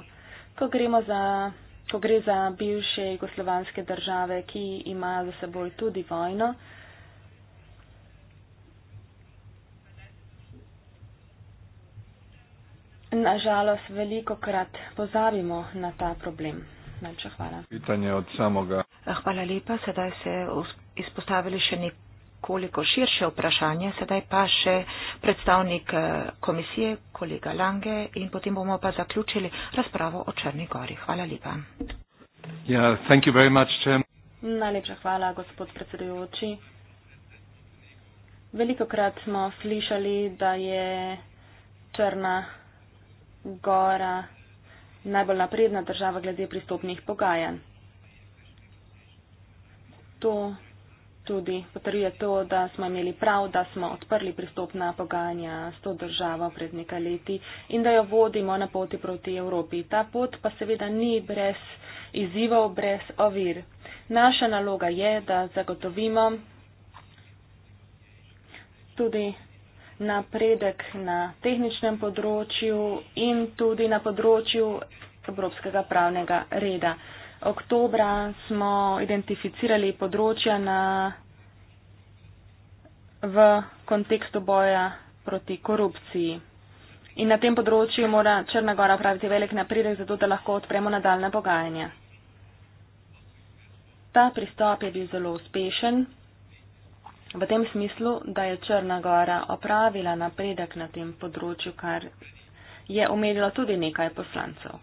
Ko, za, ko gre za bivše jugoslovanske države, ki imajo za seboj tudi vojno, nažalost veliko krat pozabimo na ta problem. Najče hvala. Pitanje od samoga. Eh, hvala lepa. Sedaj se izpostavili še nekoliko širše vprašanje. Sedaj pa še predstavnik eh, komisije, kolega Lange, in potem bomo pa zaključili razpravo o Črni gori. Hvala lepa. Ja, yeah, Najlepša hvala, gospod predsedujoči. Veliko krat smo slišali, da je črna gora najbolj napredna država glede pristopnih pogajanj. To tudi potrjuje to, da smo imeli prav, da smo odprli pristopna pogajanja s to državo pred nekaj leti in da jo vodimo na poti proti Evropi. Ta pot pa seveda ni brez izzivov, brez ovir. Naša naloga je, da zagotovimo tudi napredek na tehničnem področju in tudi na področju evropskega pravnega reda. Oktobra smo identificirali področja na, v kontekstu boja proti korupciji. In na tem področju mora Črna Gora praviti velik napredek, zato da lahko odpremo nadaljne pogajanja. Ta pristop je bil zelo uspešen v tem smislu, da je Črna Gora opravila napredek na tem področju, kar je omenilo tudi nekaj poslancev.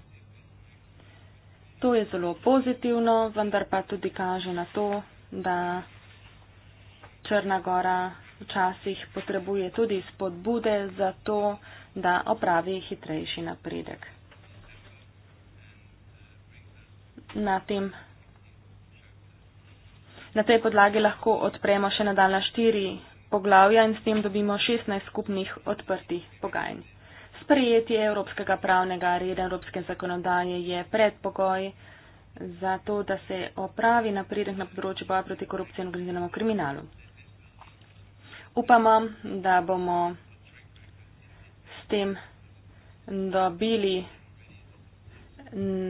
To je zelo pozitivno, vendar pa tudi kaže na to, da Črna Gora včasih potrebuje tudi spodbude za to, da opravi hitrejši napredek. Na tem Na tej podlagi lahko odpremo še nadaljna štiri poglavja in s tem dobimo 16 skupnih odprtih pogajanj. Sprejetje evropskega pravnega reda evropske zakonodaje je predpogoj za to, da se opravi napredek na področju boja proti korupciji in organiziranemu kriminalu. Upamo, da bomo s tem dobili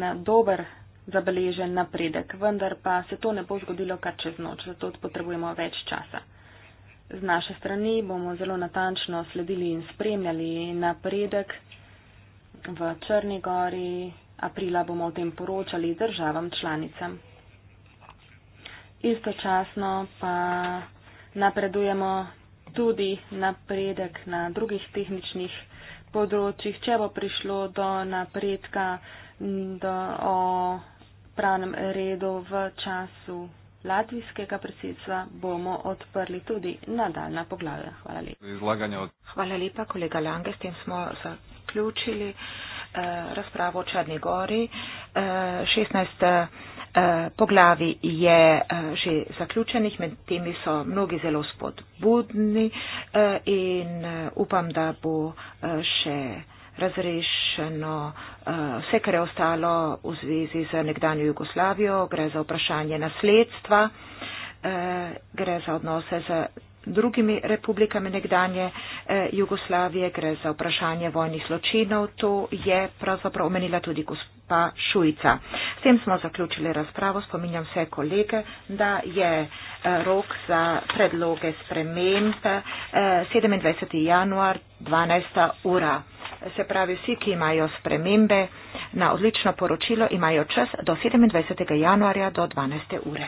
na dober način zabeležen napredek, vendar pa se to ne bo zgodilo kar čez noč, zato potrebujemo več časa. Z naše strani bomo zelo natančno sledili in spremljali napredek v Črni gori. Aprila bomo o tem poročali državam članicam. Istočasno pa napredujemo tudi napredek na drugih tehničnih področjih, če bo prišlo do napredka do, o pravnem redu v času latvijskega predsedstva bomo odprli tudi nadaljna poglavja. Hvala lepa. Od... Hvala lepa, kolega Lange. S tem smo zaključili eh, razpravo o Črni gori. Eh, 16 eh, poglavi je eh, že zaključenih, med temi so mnogi zelo spodbudni eh, in eh, upam, da bo eh, še razrešeno eh, vse, kar je ostalo v zvezi z nekdanjo Jugoslavijo, gre za vprašanje nasledstva, eh, gre za odnose z drugimi republikami nekdanje eh, Jugoslavije, gre za vprašanje vojnih zločinov, to je pravzaprav omenila tudi gospa Šujca. S tem smo zaključili razpravo, spominjam vse kolege, da je eh, rok za predloge sprememb 27. Eh, januar 12. ura. Se pravi, vsi, ki imajo spremembe na odlično poročilo, imajo čas do 27. januarja do 12. ure.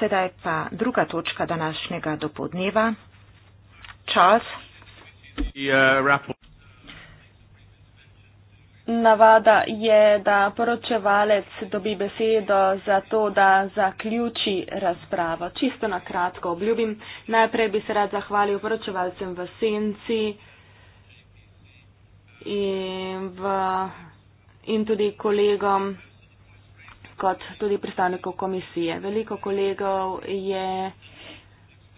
Sedaj pa druga točka današnjega dopodneva. Čas. Navada je, da poročevalec dobi besedo za to, da zaključi razpravo. Čisto na kratko obljubim. Najprej bi se rad zahvalil poročevalcem v Senci in, v, in tudi kolegom kot tudi predstavnikov komisije. Veliko kolegov je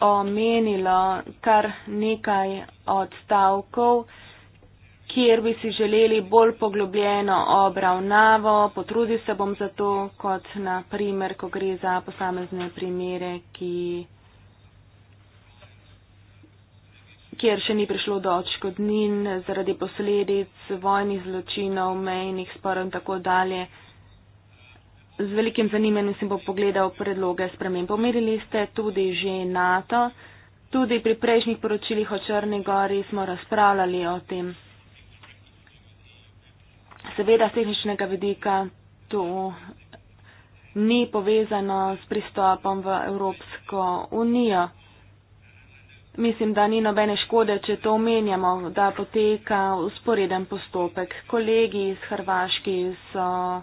omenilo kar nekaj odstavkov, kjer bi si želeli bolj poglobljeno obravnavo, potrudil se bom za to, kot na primer, ko gre za posamezne primere, ki, kjer še ni prišlo do odškodnin zaradi posledic vojnih zločinov, mejnih sporov in tako dalje z velikim zanimanjem sem pogledal predloge sprememb. Pomerili ste tudi že NATO, tudi pri prejšnjih poročilih o Črni gori smo razpravljali o tem. Seveda z tehničnega vidika to ni povezano s pristopom v Evropsko unijo. Mislim, da ni nobene škode, če to omenjamo, da poteka usporeden postopek. Kolegi iz Hrvaški so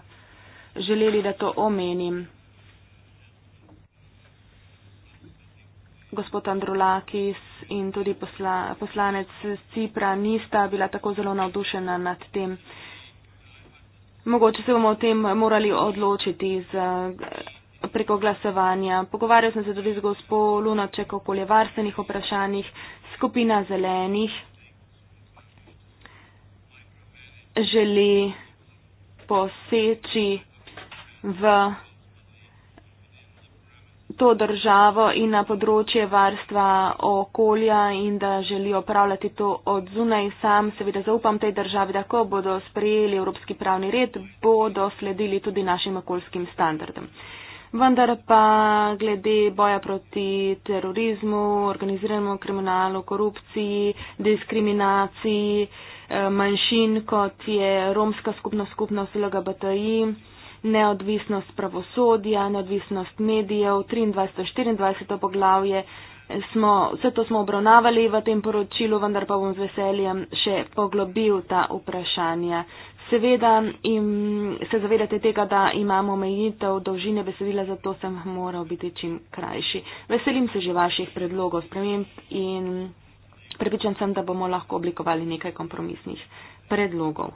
želeli, da to omenim. Gospod Andrulakis in tudi posla, poslanec Cipra nista bila tako zelo navdušena nad tem. Mogoče se bomo o tem morali odločiti z, preko glasovanja. Pogovarjal sem se tudi z gospo Lunoček o okoljevarstvenih vprašanjih, skupina zelenih želi poseči v to državo in na področje varstva okolja in da želijo upravljati to od zunaj. Sam seveda zaupam tej državi, da ko bodo sprejeli evropski pravni red, bodo sledili tudi našim okoljskim standardom. Vendar pa glede boja proti terorizmu, organiziranemu kriminalu, korupciji, diskriminaciji eh, manjšin, kot je romska skupnost, skupnost LGBTI, neodvisnost pravosodja, neodvisnost medijev, 23-24 poglavje. Smo, vse to smo obravnavali v tem poročilu, vendar pa bom z veseljem še poglobil ta vprašanja. Seveda im, se zavedate tega, da imamo omejitev dolžine besedila, zato sem moral biti čim krajši. Veselim se že vaših predlogov sprememb in pripričan sem, da bomo lahko oblikovali nekaj kompromisnih predlogov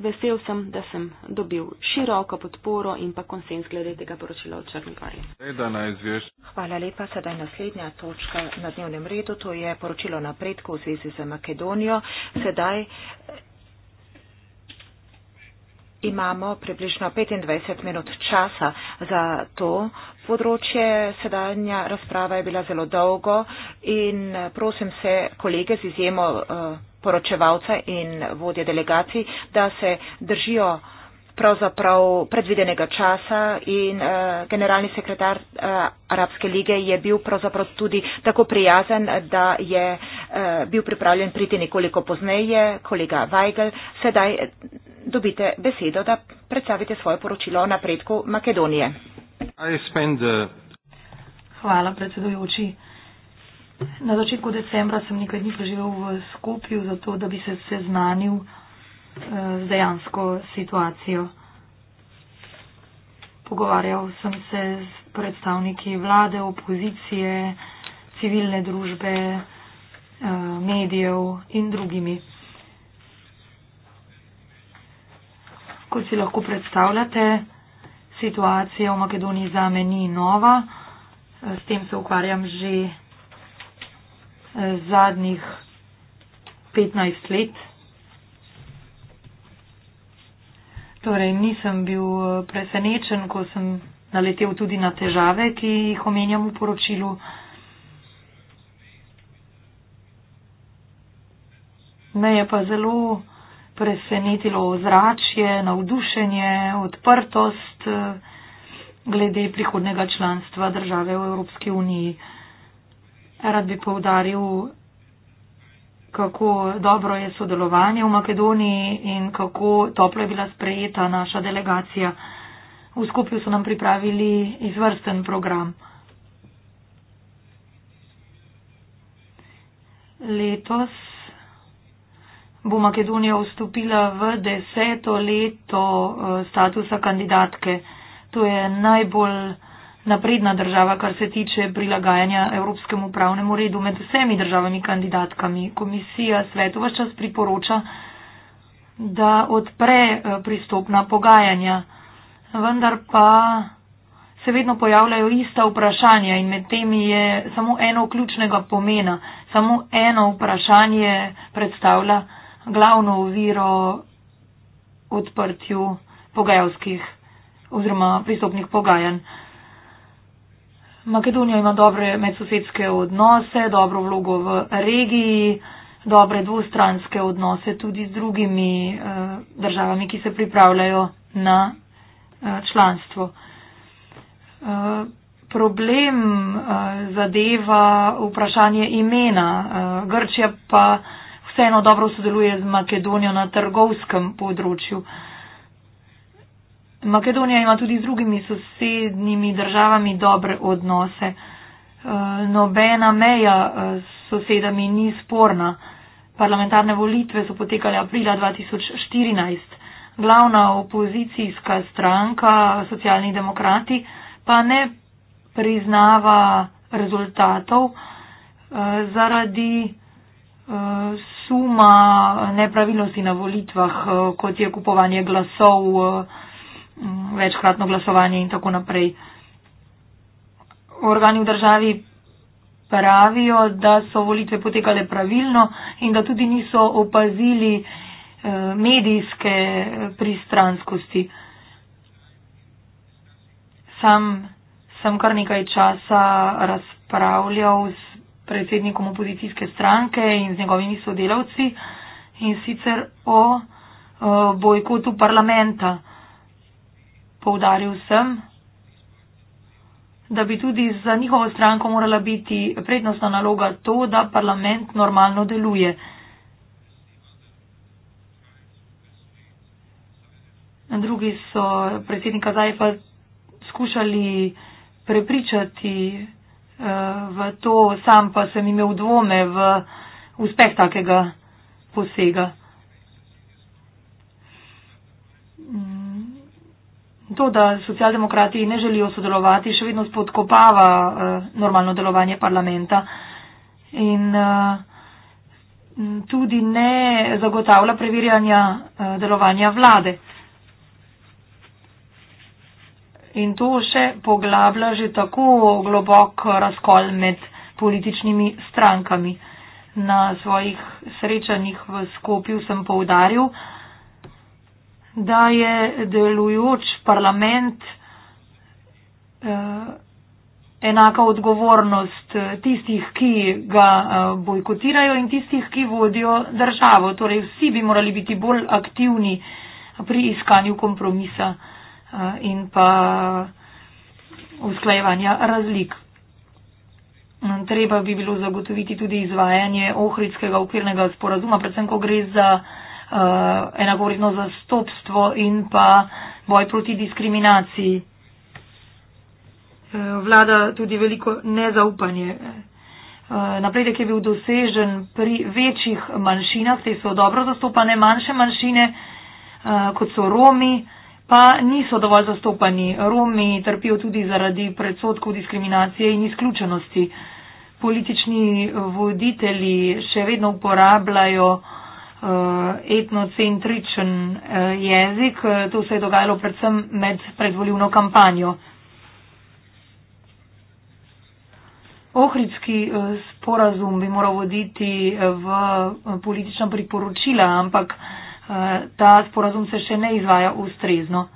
vesel sem, da sem dobil široko podporo in pa konsens glede tega poročila od Črnigorje. Hvala lepa. Sedaj naslednja točka na dnevnem redu, to je poročilo napredku v zvezi z Makedonijo. Sedaj eh, imamo približno 25 minut časa za to področje. Sedanja razprava je bila zelo dolgo in eh, prosim se kolege z izjemo eh, poročevalca in vodje delegacij, da se držijo pravzaprav predvidenega časa in uh, generalni sekretar uh, Arabske lige je bil pravzaprav tudi tako prijazen, da je uh, bil pripravljen priti nekoliko pozneje. Kolega Weigel, sedaj dobite besedo, da predstavite svoje poročilo o napredku Makedonije. Uh, Hvala, predsedujoči. Na začetku decembra sem nekaj dni preživel v Skopju, zato da bi se seznanil eh, z dejansko situacijo. Pogovarjal sem se z predstavniki vlade, opozicije, civilne družbe, eh, medijev in drugimi. Kot si lahko predstavljate, situacija v Makedoniji za me ni nova. S tem se ukvarjam že eh, zadnjih 15 let. Torej, nisem bil eh, presenečen, ko sem naletel tudi na težave, ki jih omenjam v poročilu. Me je pa zelo presenetilo ozračje, navdušenje, odprtost. Eh, glede prihodnega članstva države v Evropski uniji. Rad bi povdaril, kako dobro je sodelovanje v Makedoniji in kako toplo je bila sprejeta naša delegacija. V skupju so nam pripravili izvrsten program. Letos bo Makedonija vstopila v deseto leto eh, statusa kandidatke. To je najbolj napredna država, kar se tiče prilagajanja evropskemu pravnemu redu med vsemi državami kandidatkami. Komisija svetu vse čas priporoča, da odpre eh, pristopna pogajanja, vendar pa se vedno pojavljajo ista vprašanja in med temi je samo eno ključnega pomena, samo eno vprašanje predstavlja, glavno oviro odprtju pogajalskih oziroma pristopnih pogajanj. Makedonija ima dobre medsosedske odnose, dobro vlogo v regiji, dobre dvostranske odnose tudi z drugimi eh, državami, ki se pripravljajo na eh, članstvo. Eh, problem eh, zadeva vprašanje imena. Eh, Grčija pa vseeno dobro sodeluje z Makedonijo na trgovskem področju. Makedonija ima tudi z drugimi sosednjimi državami dobre odnose. E, nobena meja e, s sosedami ni sporna. Parlamentarne volitve so potekale aprila 2014. Glavna opozicijska stranka, socialni demokrati, pa ne priznava rezultatov e, zaradi suma nepravilnosti na volitvah, eh, kot je kupovanje glasov, eh, večkratno glasovanje in tako naprej. Organi v državi pravijo, da so volitve potekale pravilno in da tudi niso opazili eh, medijske pristranskosti. Sam sem kar nekaj časa razpravljal s predsednikom opozicijske stranke in z njegovimi sodelavci in sicer o eh, bojkotu parlamenta. Poudaril sem, da bi tudi za njihovo stranko morala biti prednostna naloga to, da parlament normalno deluje. Drugi so predsednika Zajfa skušali prepričati Eh, v to, sam pa sem imel dvome v uspeh takega posega. Mm, to, da socialdemokrati ne želijo sodelovati, še vedno spodkopava eh, normalno delovanje parlamenta in eh, tudi ne zagotavlja preverjanja delovanja vlade in to še poglablja že tako globok razkol med političnimi strankami. Na svojih srečanjih v Skopju sem povdaril, da je delujoč parlament eh, enaka odgovornost eh, tistih, ki ga eh, bojkotirajo in tistih, ki vodijo državo. Torej vsi bi morali biti bolj aktivni pri iskanju kompromisa in pa usklajevanja razlik. Treba bi bilo zagotoviti tudi izvajanje ohridskega okvirnega sporazuma, predvsem, ko gre za uh, enakovredno zastopstvo in pa boj proti diskriminaciji. E, vlada tudi veliko nezaupanje. E, napredek je bil dosežen pri večjih manjšinah, te so dobro zastopane manjše manjšine, kot so Romi, pa niso dovolj zastopani. Romi trpijo tudi zaradi predsotkov diskriminacije in izključenosti. Politični voditelji še vedno uporabljajo eh, etnocentričen eh, jezik. To se je dogajalo predvsem med predvoljivno kampanjo. Ohridski eh, sporazum bi moral voditi v politična priporočila, ampak ta sporazum se še ne izvaja ustrezno.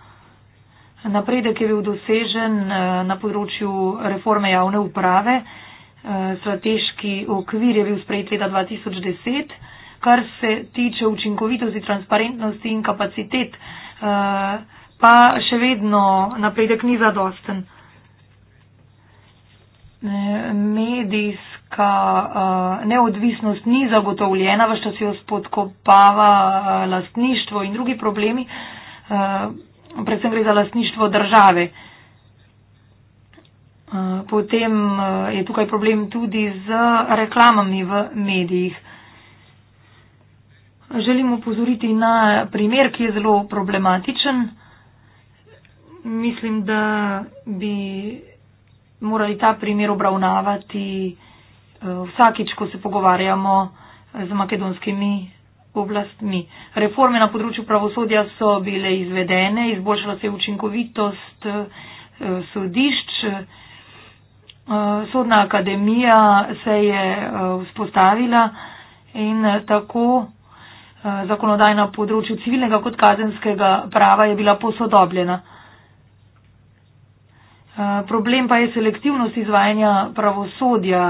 Napredek je bil dosežen eh, na področju reforme javne uprave. Eh, strateški okvir je bil sprejet leta 2010. Kar se tiče učinkovitosti, transparentnosti in kapacitet, eh, pa še vedno napredek ni zadosten. Mediji neka uh, eh, neodvisnost ni zagotovljena, veš, da se jo spodkopava uh, lastništvo in drugi problemi, uh, predvsem gre za lastništvo države. Potem je tukaj problem tudi z reklamami v medijih. Želim upozoriti na primer, ki je zelo problematičen. Mislim, da bi morali ta primer obravnavati vsakič, ko se pogovarjamo z makedonskimi oblastmi. Reforme na področju pravosodja so bile izvedene, izboljšala se je učinkovitost eh, sodišč, eh, sodna akademija se je eh, vzpostavila in tako zakonodajna področju civilnega kot kazenskega prava je bila posodobljena. Problem pa je selektivnost izvajanja pravosodja.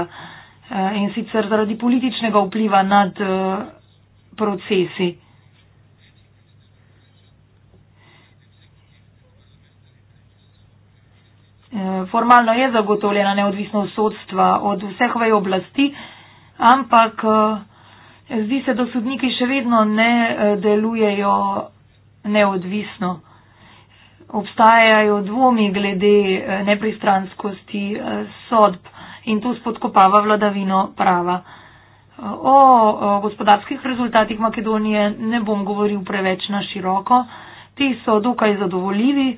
Eh, in sicer zaradi političnega vpliva nad eh, procesi. Eh, formalno je zagotovljena neodvisnost sodstva od vseh vej oblasti, ampak zdi se, da sodniki še vedno ne delujejo neodvisno. Obstajajo dvomi glede nepristranskosti sodb in to spodkopava vladavino prava. O gospodarskih rezultatih Makedonije ne bom govoril preveč na široko. Ti so dokaj zadovoljivi.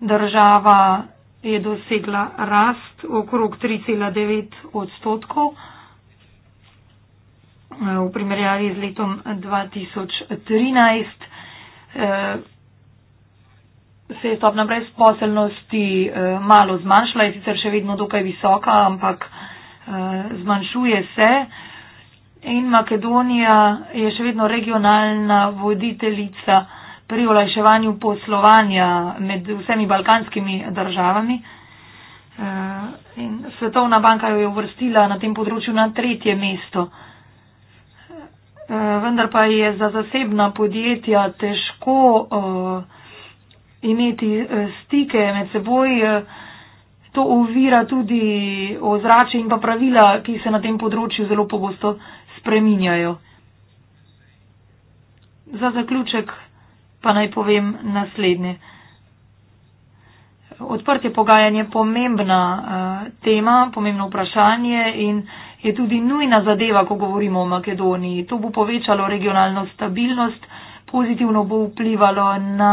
Država je dosegla rast okrog 3,9 odstotkov eh, v primerjavi z letom 2013 se je stopna brezposelnosti eh, malo zmanjšala, je sicer še vedno dokaj visoka, ampak eh, zmanjšuje se. In Makedonija je še vedno regionalna voditeljica pri olajševanju poslovanja med vsemi balkanskimi državami. Eh, in Svetovna banka jo je uvrstila na tem področju na tretje mesto. Eh, vendar pa je za zasebna podjetja težko uh, imeti eh, stike med seboj. Eh, to ovira tudi ozračje in pa pravila, ki se na tem področju zelo pogosto spreminjajo. Za zaključek pa naj povem naslednje. Odprtje pogajanj je pomembna uh, tema, pomembno vprašanje in je tudi nujna zadeva, ko govorimo o Makedoniji. To bo povečalo regionalno stabilnost, pozitivno bo vplivalo na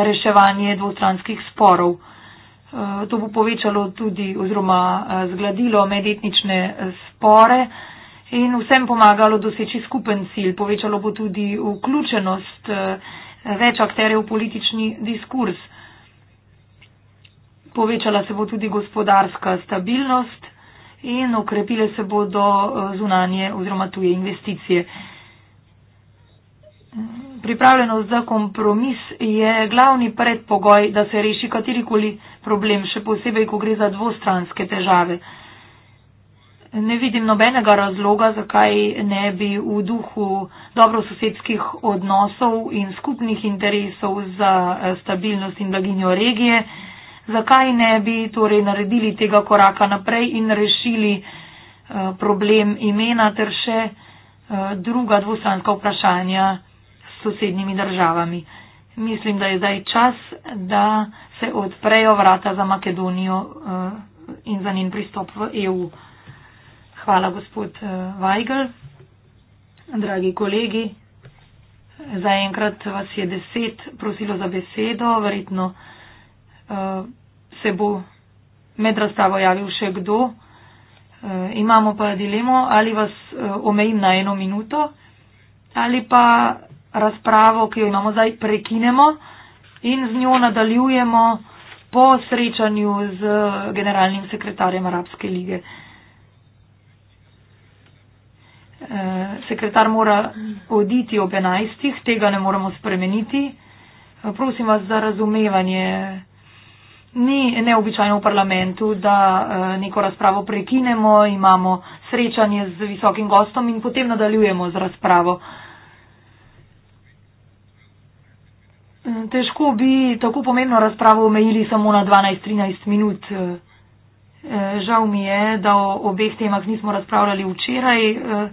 reševanje dvostranskih sporov. Eh, to bo povečalo tudi oziroma eh, zgladilo medetnične eh, spore in vsem pomagalo doseči skupen cilj. Povečalo bo tudi vključenost več akterjev v politični diskurs. Povečala se bo tudi gospodarska stabilnost in okrepile se bodo zunanje oziroma tuje investicije pripravljenost za kompromis je glavni predpogoj, da se reši katerikoli problem, še posebej, ko gre za dvostranske težave. Ne vidim nobenega razloga, zakaj ne bi v duhu dobrososedskih odnosov in skupnih interesov za eh, stabilnost in blaginjo regije, zakaj ne bi torej naredili tega koraka naprej in rešili eh, problem imena ter še eh, druga dvostranska vprašanja sosednjimi državami. Mislim, da je zdaj čas, da se odprejo vrata za Makedonijo eh, in za njen pristop v EU. Hvala, gospod eh, Weigl. Dragi kolegi, zaenkrat vas je deset prosilo za besedo, verjetno eh, se bo med razstavo javil še kdo. Imamo pa dilemo, ali vas omejim na eno minuto, ali pa razpravo, ki jo imamo zdaj, prekinemo in z njo nadaljujemo po srečanju z eh, generalnim sekretarjem Arabske lige. Eh, sekretar mora oditi ob 11. tega ne moremo spremeniti. Eh, prosim vas za razumevanje. Ni neobičajno v parlamentu, da neko razpravo prekinemo, imamo srečanje z visokim gostom in potem nadaljujemo z razpravo. Mm, težko bi tako pomembno razpravo omejili samo na 12-13 minut. Eh, eh, žal mi je, da o obeh temah nismo razpravljali včeraj, eh,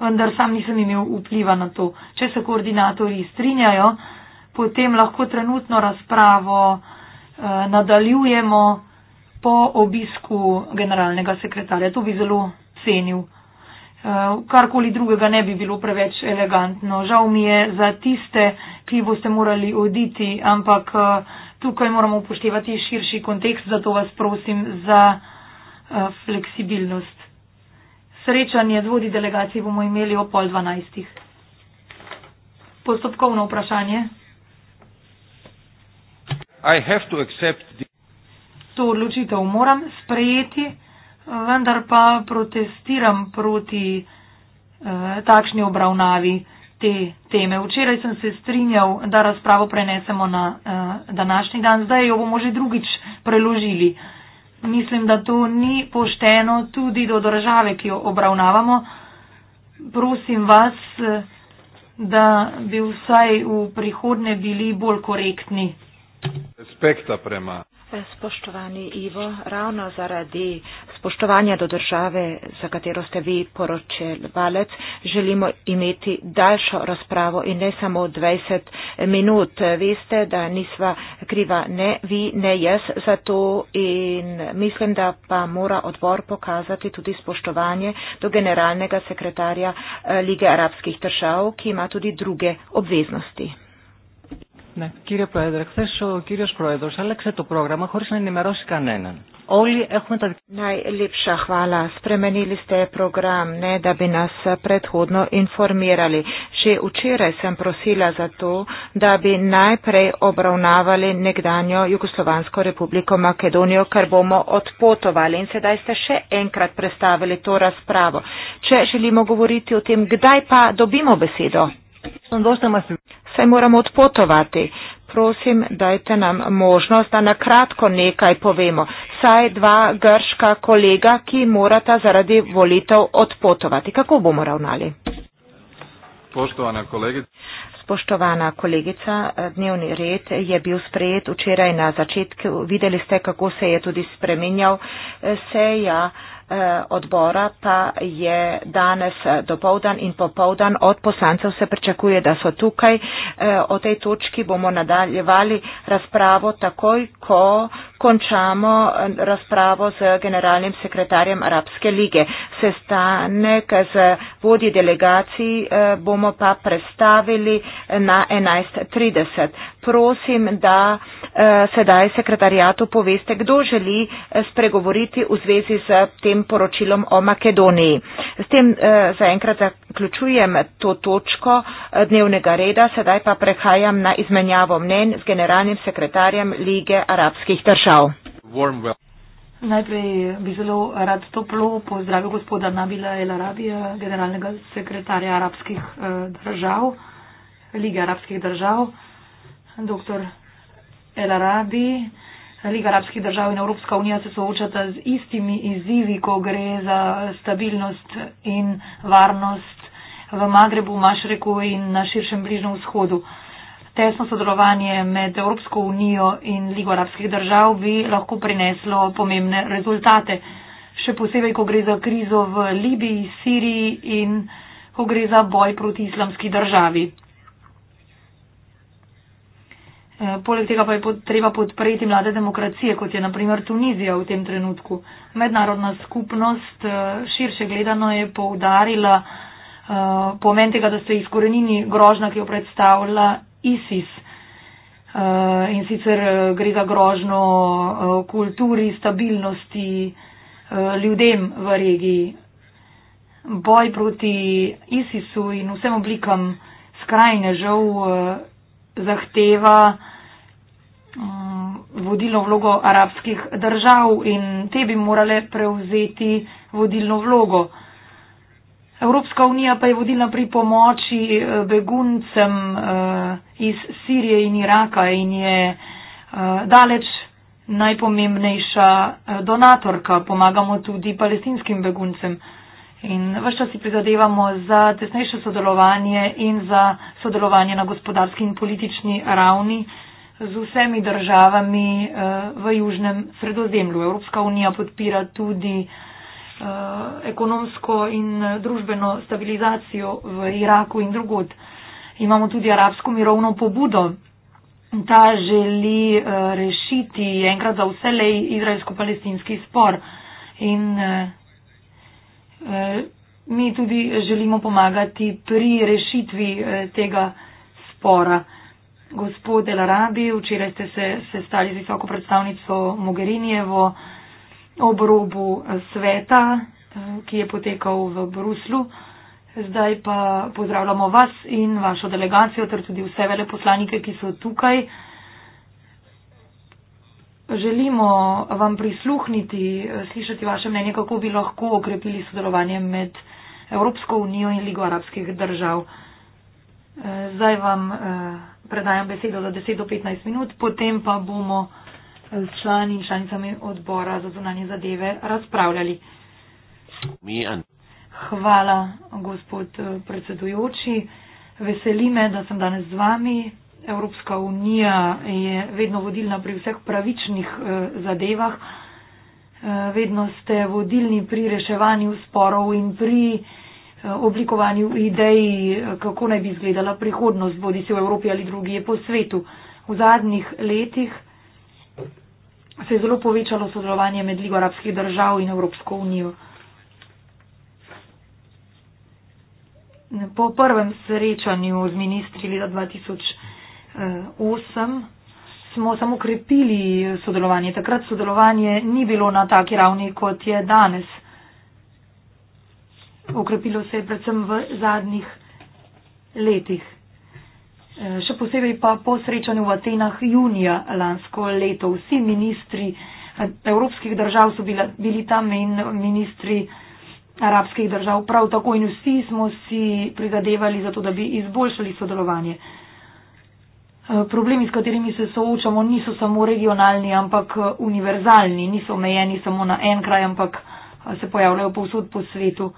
vendar sam nisem imel vpliva na to. Če se koordinatori strinjajo, potem lahko trenutno razpravo nadaljujemo po obisku generalnega sekretarja. To bi zelo cenil. Eh, karkoli drugega ne bi bilo preveč elegantno. Žal mi je za tiste, ki boste morali oditi, ampak eh, tukaj moramo upoštevati širši kontekst, zato vas prosim za eh, fleksibilnost. Srečanje z vodi delegacij bomo imeli o pol dvanajstih. Postopkovno vprašanje. To odločitev moram sprejeti vendar pa protestiram proti eh, takšni obravnavi te teme. Včeraj sem se strinjal, da razpravo prenesemo na eh, današnji dan, zdaj jo bomo že drugič preložili. Mislim, da to ni pošteno tudi do države, ki jo obravnavamo. Prosim vas, eh, da bi vsaj v prihodne bili bolj korektni. Respekta prema. Spoštovani Ivo, ravno zaradi spoštovanja do države, za katero ste vi poročevalec, želimo imeti daljšo razpravo in ne samo 20 minut. Veste, da nisva kriva ne vi, ne jaz za to in mislim, da pa mora odbor pokazati tudi spoštovanje do generalnega sekretarja eh, Lige arabskih držav, ki ima tudi druge obveznosti. Ναι. Κύριε Πρόεδρε, χθε ο κύριο Πρόεδρο άλλαξε το πρόγραμμα χωρί να ενημερώσει κανέναν. Όλοι έχουμε τα δικαιώματα. Ναι, λείψα χβάλα. Πρεμενίλη στε προγραμμ, ναι, τα μπινά πρεθούνο, informirali. Σε ουτσίρε σε προσίλα για το, τα μπινά πρε obravnavali νεκδάνιο Ιουκοσλοβάνσκο Ρεπουμπλικό Μακεδόνιο, καρμπόμο от potovali. Σε δά είστε σε ένκρατ πρεστάβελη το ρασπράβο. Σε ζηλίμο γουβουρίτι ο τιμ, γδάι πα, dobimo besedo. Se moramo odpotovati. Prosim, dajte nam možnost, da na kratko nekaj povemo. Saj dva grška kolega, ki morata zaradi volitev odpotovati. Kako bomo ravnali? Poštovana kolegica. Spoštovana kolegica, dnevni red je bil sprejet včeraj na začetku. Videli ste, kako se je tudi spremenjal seja. Ja. Eh, odbora pa je danes dopovdan in popovdan. Od poslancev se pričakuje, da so tukaj. Eh, o tej točki bomo nadaljevali razpravo takoj, ko končamo eh, razpravo z generalnim sekretarjem Arabske lige. Sestanek z vodji delegacij eh, bomo pa predstavili eh, na 11.30. Prosim, da sedaj sekretarjatu poveste, kdo želi spregovoriti v zvezi z tem poročilom o Makedoniji. S tem zaenkrat zaključujem to točko dnevnega reda, sedaj pa prehajam na izmenjavo mnen z generalnim sekretarjem lige arabskih držav slišal. Najprej bi zelo rad toplo pozdravil gospoda Nabila El Arabija, generalnega sekretarja arabskih eh, držav, Lige arabskih držav. Doktor El Arabi, Liga arabskih držav in Evropska unija se soočata z istimi izzivi, ko gre za stabilnost in varnost v Magrebu, Mašreku in na širšem bližnjem vzhodu tesno sodelovanje med Evropsko unijo in Ligo arabskih držav bi lahko prineslo pomembne rezultate. Še posebej, ko gre za krizo v Libiji, Siriji in ko gre za boj proti islamski državi. Eh, poleg tega pa je treba podpreti mlade demokracije, kot je naprimer Tunizija v tem trenutku. Mednarodna skupnost eh, širše gledano je poudarila eh, pomen tega, da se izkorenini grožna, ki jo predstavlja ISIS. Eh, in sicer eh, gre za grožno eh, kulturi, stabilnosti, ljudem v regiji. Boj proti ISIS-u in vsem oblikam skrajnežev zahteva mm, vodilno vlogo arabskih držav in te bi morale prevzeti vodilno vlogo. Evropska unija pa je vodila pri pomoči eh, beguncem eh, iz Sirije in Iraka in je eh, daleč najpomembnejša donatorka. Pomagamo tudi palestinskim beguncem in vse čas si prizadevamo za tesnejše sodelovanje in za sodelovanje na gospodarski in politični ravni z vsemi državami v južnem sredozemlju. Evropska unija podpira tudi. Eh, ekonomsko in družbeno stabilizacijo v Iraku in drugod. Imamo tudi arabsko mirovno pobudo. Ta želi eh, rešiti enkrat za vselej izraelsko-palestinski spor. In eh, mi tudi želimo pomagati pri rešitvi tega spora. Gospod El Arabi, včeraj ste se sestali z visoko predstavnico Mogherinijevo ob robu eh, sveta, eh, ki je potekal v Bruslu. Zdaj pa pozdravljamo vas in vašo delegacijo ter tudi vse veleposlanike, ki so tukaj. Želimo vam prisluhniti, eh, slišati vaše mnenje, kako bi lahko okrepili sodelovanje med Evropsko unijo in Ligo arabskih držav. Zdaj vam predajam besedo za 10 do 15 minut, potem pa bomo s člani in članicami odbora za zunanje zadeve razpravljali. Hvala, gospod predsedujoči. Veseli me, da sem danes z vami. Evropska unija je vedno vodilna pri vseh pravičnih eh, zadevah. Eh, vedno ste vodilni pri reševanju sporov in pri eh, oblikovanju idej, kako naj bi izgledala prihodnost, bodi si v Evropi ali drugi je po svetu. V zadnjih letih se je zelo povečalo sodelovanje med Ligo arabskih držav in Evropsko unijo. Po prvem srečanju z ministri leta 2008 eh, smo samo krepili sodelovanje. Takrat sodelovanje ni bilo na taki ravni, kot je danes. Okrepilo se je predvsem v zadnjih letih. Eh, še posebej pa po srečanju v Atenah junija lansko leto. Vsi ministri eh, evropskih držav so bila, bili tam in ministri arabskih držav prav tako in vsi smo si prizadevali za to, da bi izboljšali sodelovanje. Eh, problemi, s katerimi se soočamo, niso samo regionalni, ampak univerzalni, niso omejeni samo na en kraj, ampak se pojavljajo povsod po svetu.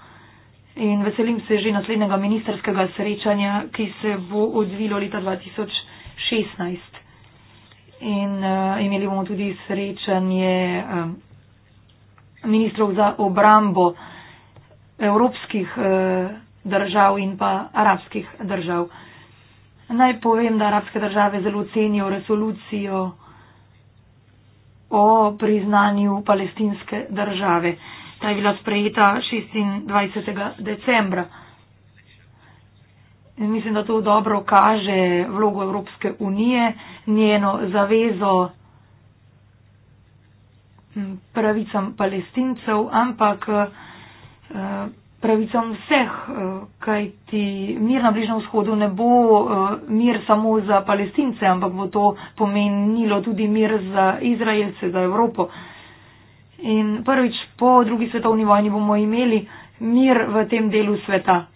In veselim se že naslednjega ministerskega srečanja, ki se bo odvilo leta 2016. In uh, imeli bomo tudi srečanje um, ministrov za obrambo evropskih uh, držav in pa arabskih držav. Naj povem, da arabske države zelo cenijo resolucijo o priznanju palestinske države. Ta je bila sprejeta 26. decembra. In mislim, da to dobro kaže vlogo Evropske unije, njeno zavezo hm, pravicam palestincev, ampak eh, pravicam vseh, eh, kaj ti mir na Bližnem vzhodu ne bo eh, mir samo za palestince, ampak bo to pomenilo tudi mir za Izraelce, za Evropo. In prvič po drugi svetovni vojni bomo imeli mir v tem delu sveta.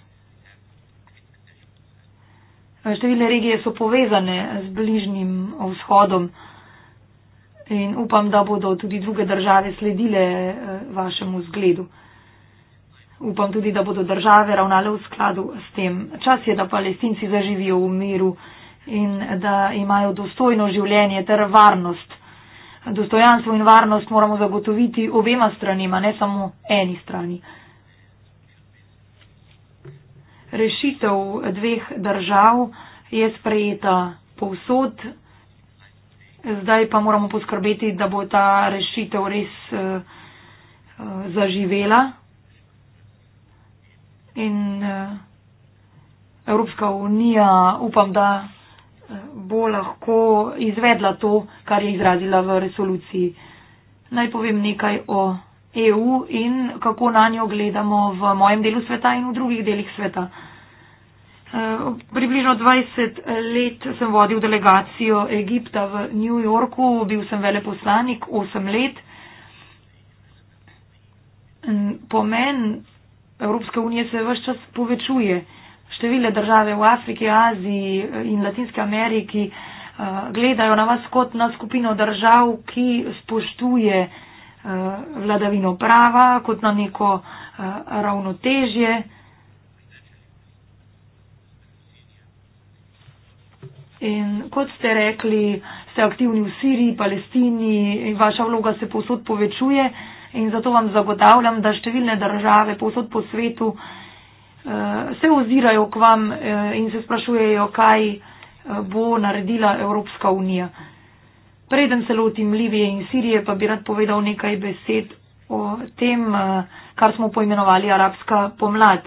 Številne regije so povezane z bližnjim vzhodom in upam, da bodo tudi druge države sledile eh, vašemu zgledu. Upam tudi, da bodo države ravnale v skladu s tem. Čas je, da palestinci zaživijo v miru in da imajo dostojno življenje ter varnost dostojanstvo in varnost moramo zagotoviti obema stranima, ne samo eni strani. Rešitev dveh držav je sprejeta povsod, zdaj pa moramo poskrbeti, da bo ta rešitev res eh, zaživela. In eh, Evropska unija upam, da bo lahko izvedla to, kar je izrazila v resoluciji. Naj povem nekaj o EU in kako na njo gledamo v mojem delu sveta in v drugih delih sveta. Eh, približno 20 let sem vodil delegacijo Egipta v New Yorku, bil sem veleposlanik 8 let. Pomen Evropske unije se vse čas povečuje številne države v Afriki, Aziji eh, in Latinske Ameriki eh, gledajo na vas kot na skupino držav, ki spoštuje eh, vladavino prava, kot na neko ravnotežje. In kot ste rekli, ste aktivni v Siriji, Palestini in vaša vloga se povsod povečuje in zato vam zagotavljam, da številne države povsod po svetu uh, Eh, se ozirajo k vam eh, in se sprašujejo, kaj eh, bo naredila Evropska unija. Preden se lotim Libije in Sirije, pa bi rad povedal nekaj besed o tem, kar smo poimenovali arabska pomlad.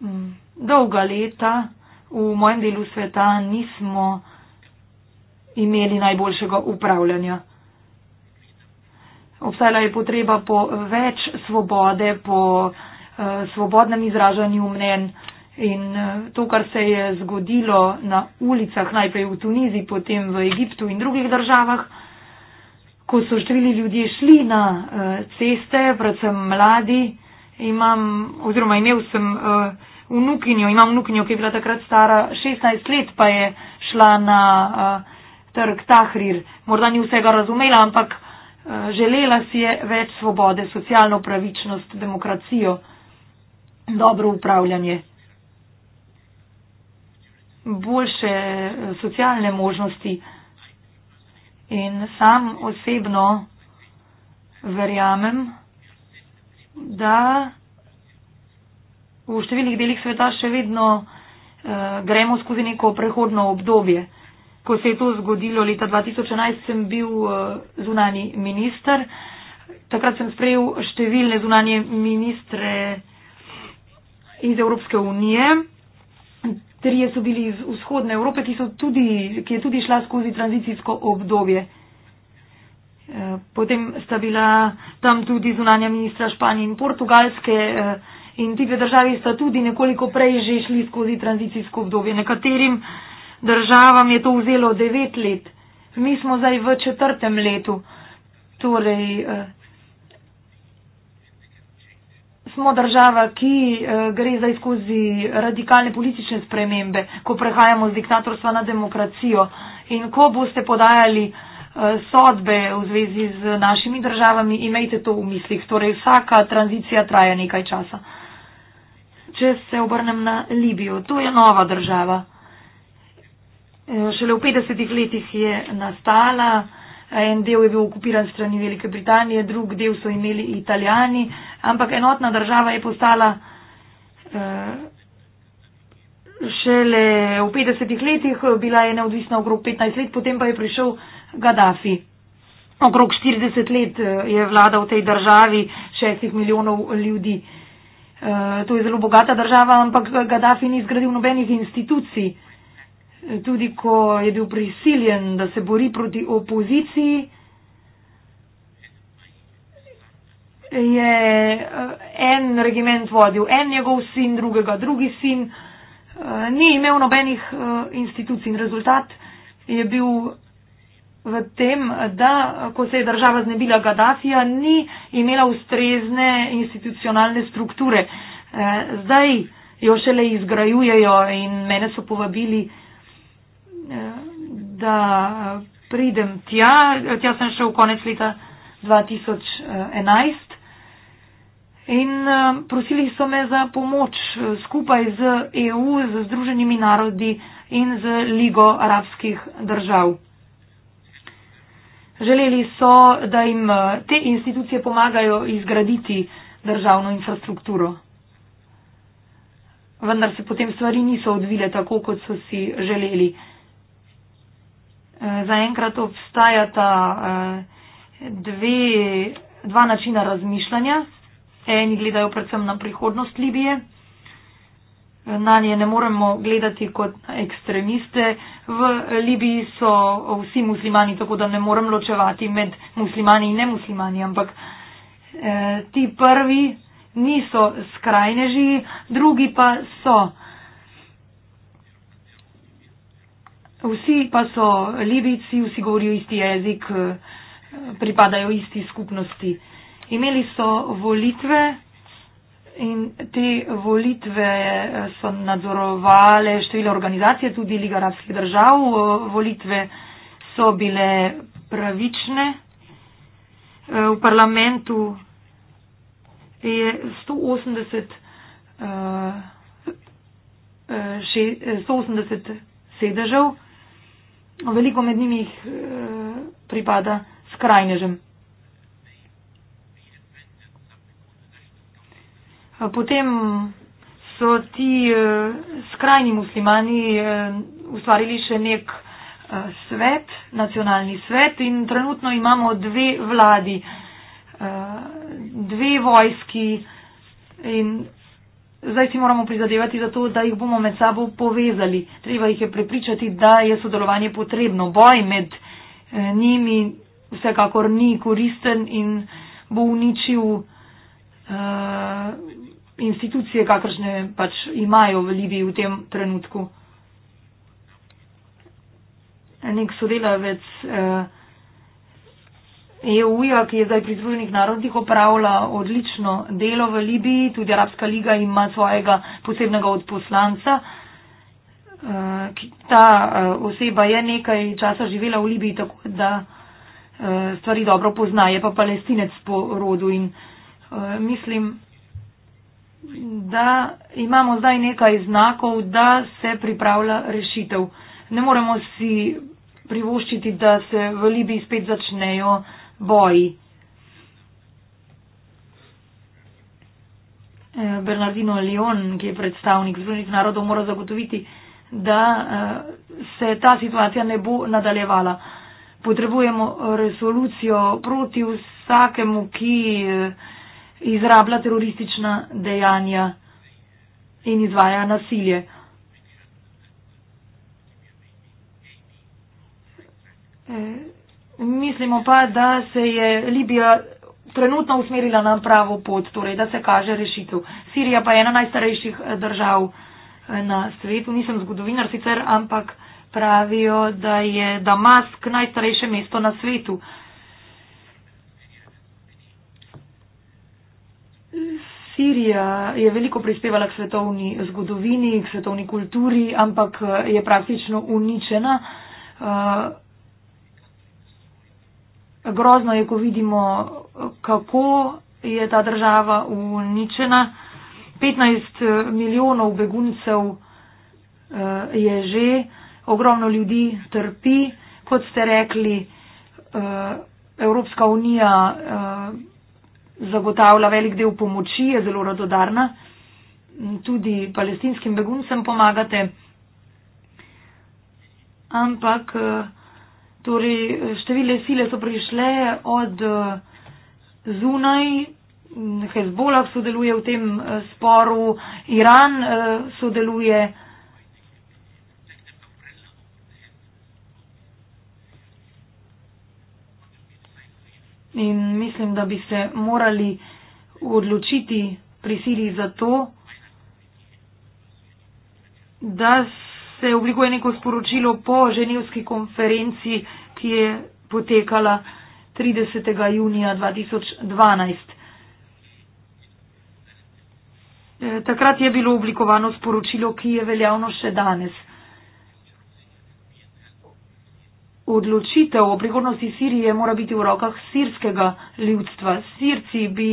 Mm, dolga leta v mojem delu sveta nismo imeli najboljšega upravljanja. Obstajala je potreba po več svobode, po eh, svobodnem izražanju mnen in eh, to, kar se je zgodilo na ulicah, najprej v Tuniziji, potem v Egiptu in drugih državah, ko so številni ljudje šli na eh, ceste, predvsem mladi, imam, oziroma imel sem vnukinjo, imam vnukinjo, ki je bila takrat stara 16 let, pa je šla na trg Tahrir. Morda ni vsega razumela, ampak. Eh, želela si je več svobode, socialno pravičnost, demokracijo, dobro upravljanje, boljše eh, socialne možnosti. In sam osebno verjamem, da v številnih delih sveta še vedno eh, gremo skozi neko prehodno obdobje ko se je to zgodilo leta 2011, sem bil eh, zunani minister. Takrat sem sprejel številne zunanje ministre iz Evropske unije. Trije so bili iz vzhodne Evrope, ki, tudi, ki je tudi šla skozi tranzicijsko obdobje. Eh, potem sta bila tam tudi zunanja ministra Španije in Portugalske eh, in ti dve državi sta tudi nekoliko prej že šli skozi tranzicijsko obdobje. Nekaterim uh, državam je to vzelo devet let. Mi smo zdaj v četrtem letu. Torej, eh, smo država, ki eh, gre zdaj skozi radikalne politične spremembe, ko prehajamo z diktatorstva na demokracijo. In ko boste podajali eh, sodbe v zvezi z našimi državami, imejte to v mislih. Torej, vsaka tranzicija traja nekaj časa. Če se obrnem na Libijo, to je nova država. Šele v 50-ih letih je nastala, en del je bil okupiran strani Velike Britanije, drug del so imeli italijani, ampak enotna država je postala eh, šele v 50-ih letih, bila je neodvisna okrog 15 let, potem pa je prišel Gaddafi. Okrog 40 let eh, je vladal v tej državi 6 milijonov ljudi. Eh, to je zelo bogata država, ampak Gaddafi ni zgradil nobenih institucij tudi ko je bil prisiljen, da se bori proti opoziciji, je eh, en regiment vodil, en njegov sin, drugega, drugi sin, eh, ni imel nobenih eh, institucij in rezultat je bil v tem, da ko se je država znebila Gaddafija, ni imela ustrezne institucionalne strukture. Zdaj jo šele izgrajujejo in mene so povabili, da pridem tja. Tja sem šel konec leta 2011 in eh, prosili so me za pomoč eh, skupaj z EU, z Združenimi narodi in z Ligo arabskih držav. Želeli so, da jim eh, te institucije pomagajo izgraditi državno infrastrukturo. Vendar se potem stvari niso odvile tako, kot so si želeli. Eh, zaenkrat obstajata eh, dve, dva načina razmišljanja. Eni gledajo predvsem na prihodnost Libije, eh, na nje ne moremo gledati kot ekstremiste. V Libiji so vsi muslimani, tako da ne morem ločevati med muslimani in nemuslimani, ampak ti prvi niso skrajneži, drugi pa so. Vsi pa so levici, vsi govorijo isti jezik, eh, pripadajo isti skupnosti. Imeli so volitve in te volitve eh, so nadzorovale številne organizacije, tudi Liga arabskih držav. Eh, volitve so bile pravične. V parlamentu je 180, 180 sedežev veliko med njimi jih eh, e, pripada skrajnežem. Eh, potem so ti e, skrajni muslimani e, ustvarili še nek e, svet, nacionalni svet in trenutno imamo dve vladi, e, dve vojski in Zdaj si moramo prizadevati za to, da jih bomo med sabo povezali. Treba jih je prepričati, da je sodelovanje potrebno. Boj med eh, njimi vsekakor ni koristen in bo uničil uh, institucije, kakršne pač imajo v Libiji v tem trenutku. Nek sodelavec. Uh, EU-ja, ki je zdaj pri Združenih narodih opravila odlično delo v Libiji, tudi Arabska liga ima svojega posebnega odposlanca. Eh, ta eh, oseba je nekaj časa živela v Libiji, tako da eh, stvari dobro pozna, je pa palestinec po rodu in mislim, da imamo zdaj nekaj znakov, da se pripravlja rešitev. Ne moremo si privoščiti, da se v Libiji spet začnejo voi. Eh, Bernardino Leon, ki je predstavnik Združenih narodov, mora zagotoviti, da eh, se ta situacija ne bo nadaljevala. Potrebujemo resolucijo proti vsakemu, ki eh, izrablja teroristična dejanja in izvaja nasilje. E, Mislimo pa, da se je Libija trenutno usmerila na pravo pot, torej da se kaže rešitev. Sirija pa je ena najstarejših eh, držav eh, na svetu, nisem zgodovinar sicer, ampak pravijo, da je Damask najstarejše mesto na svetu. Sirija je veliko prispevala k svetovni zgodovini, k svetovni kulturi, ampak eh, je praktično uničena. Uh, grozno je, ko vidimo, kako je ta država uničena. 15 eh, milijonov beguncev eh, je že, ogromno ljudi trpi, kot ste rekli, eh, Evropska unija zagotavlja velik del pomoči, je zelo radodarna, tudi palestinskim beguncem pomagate. Ampak Torej, številne sile so prišle od eh, zunaj, Hezbollah sodeluje v tem eh, sporu, Iran eh, sodeluje. In mislim, da bi se morali odločiti pri Siriji za to, da se se oblikuje neko sporočilo po ženevski konferenci, ki je potekala 30. junija 2012. E, takrat je bilo oblikovano sporočilo, ki je veljavno še danes. Odločitev o prihodnosti Sirije mora biti v rokah sirskega ljudstva. Sirci bi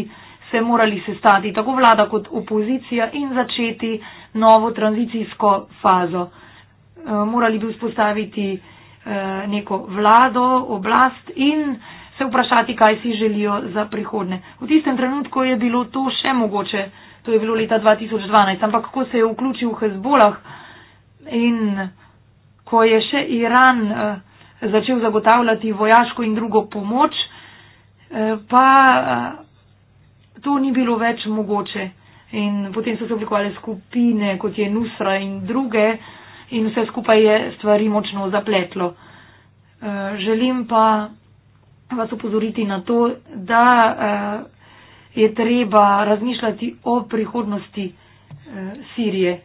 se morali sestati, tako vlada kot opozicija, in začeti novo tranzicijsko fazo. Eh, morali bi vzpostaviti eh, neko vlado, oblast in se vprašati, kaj si želijo za prihodne. V tistem trenutku je bilo to še mogoče, to je bilo leta 2012, ampak ko se je vključil Hezbolah in ko je še Iran eh, začel zagotavljati vojaško in drugo pomoč, pa to ni bilo več mogoče. In potem so se oblikovale skupine, kot je Nusra in druge, in vse skupaj je stvari močno zapletlo. Eh, želim pa vas upozoriti na to, da eh, je treba razmišljati o prihodnosti eh, Sirije.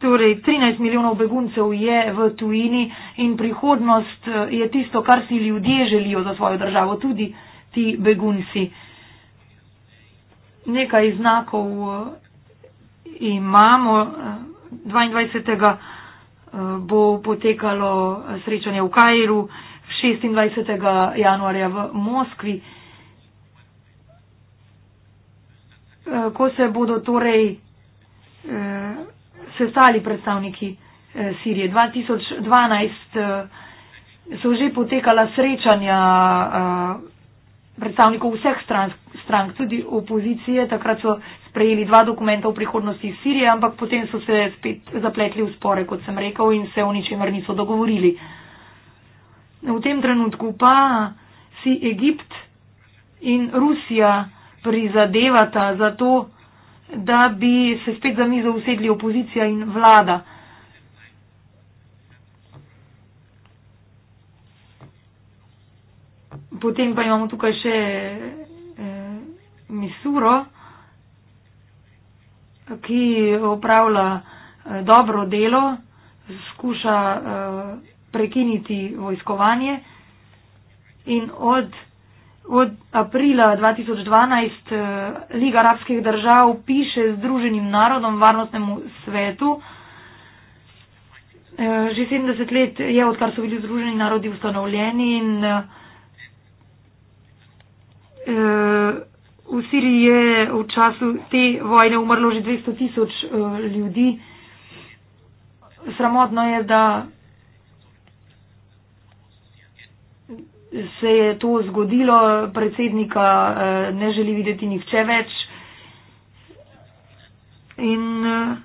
Torej, 13 milijonov beguncev je v tujini in prihodnost je tisto, kar si ljudje želijo za svojo državo, tudi ti begunci. Nekaj znakov imamo. 22. Eh, eh, bo potekalo eh, srečanje v Kajru, 26. januarja v Moskvi. Ko se bodo torej sestali predstavniki Sirije. 2012 so že potekala srečanja predstavnikov vseh strank, strank, tudi opozicije. Takrat so sprejeli dva dokumenta o prihodnosti Sirije, ampak potem so se spet zapletli v spore, kot sem rekel, in se o ničemer niso dogovorili. V tem trenutku pa si Egipt in Rusija prizadevata za to, da bi se spet za mizo usedli opozicija in vlada. Potem pa imamo tukaj še eh, Misuro ki opravlja eh, dobro delo, skuša eh, prekiniti vojskovanje in od, od aprila 2012 eh, Liga arabskih držav piše Združenim narodom varnostnemu svetu. Že 70 let je, odkar so bili Združeni narodi ustanovljeni in. Uh, v Siriji je v času te vojne umrlo že 200 tisoč eh, ljudi. Sramotno je, da se je to zgodilo, predsednika eh, ne želi videti nihče več. In eh,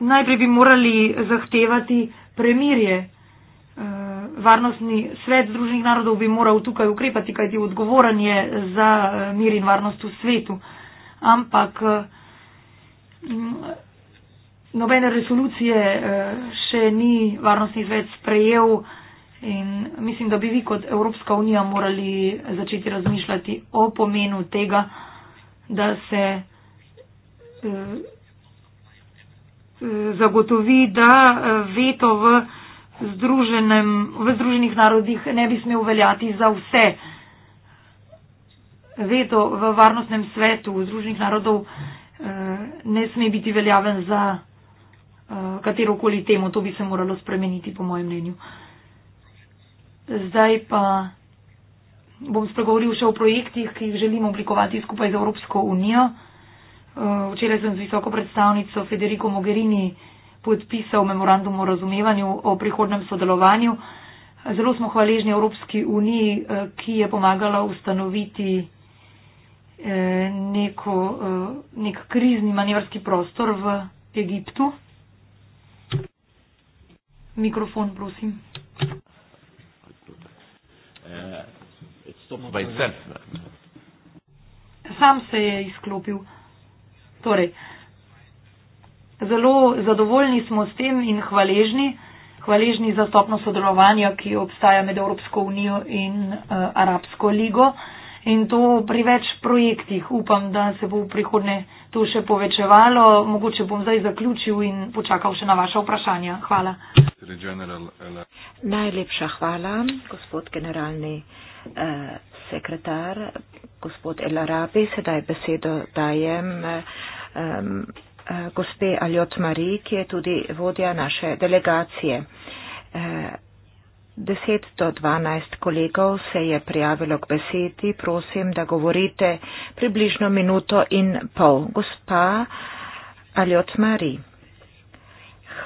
najprej bi morali zahtevati premirje varnostni svet Združenih narodov bi moral tukaj ukrepati, kajti odgovoren je za eh, mir in varnost v svetu. Ampak eh, nobene resolucije eh, še ni varnostni svet sprejel in mislim, da bi vi kot Evropska unija morali začeti razmišljati o pomenu tega, da se zagotovi, da veto v združenem, v združenih narodih ne bi smel veljati za vse. Veto v varnostnem svetu v združenih narodov eh, ne sme biti veljaven za eh, katerokoli temo. To bi se moralo spremeniti, po mojem mnenju. Zdaj pa bom spregovoril še o projektih, ki jih želimo oblikovati skupaj z Evropsko unijo. Eh, včeraj sem z visoko predstavnico Federico Mogherini podpisal memorandum o razumevanju o prihodnem sodelovanju. Zelo smo hvaležni Evropski uniji, eh, ki je pomagala ustanoviti eh, neko, eh, nek krizni manevrski prostor v Egiptu. Mikrofon, prosim. Sam se je izklopil. Torej, Zelo zadovoljni smo s tem in hvaležni, hvaležni za stopno sodelovanja, ki obstaja med Evropsko unijo in uh, Arabsko ligo in to pri več projektih. Upam, da se bo v prihodnje to še povečevalo. Mogoče bom zdaj zaključil in počakal še na vaša vprašanja. Hvala. Najlepša hvala, gospod generalni eh, sekretar, gospod El Arabi. Sedaj besedo dajem. Eh, Eh, gospe Aljot Mari, ki je tudi vodja naše delegacije. 10 eh, do 12 kolegov se je prijavilo k besedi. Prosim, da govorite približno minuto in pol. Gospa Aljot Marie.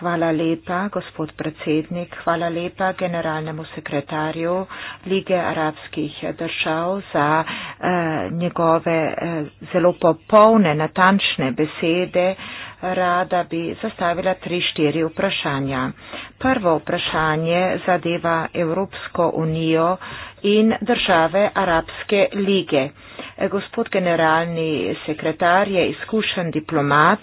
Hvala lepa, gospod predsednik. Hvala lepa generalnemu sekretarju Lige arabskih držav za eh, njegove eh, zelo popolne, natančne besede. Rada bi zastavila tri, štiri vprašanja. Prvo vprašanje zadeva Evropsko unijo in države Arabske lige. Eh, gospod generalni sekretar je izkušen diplomat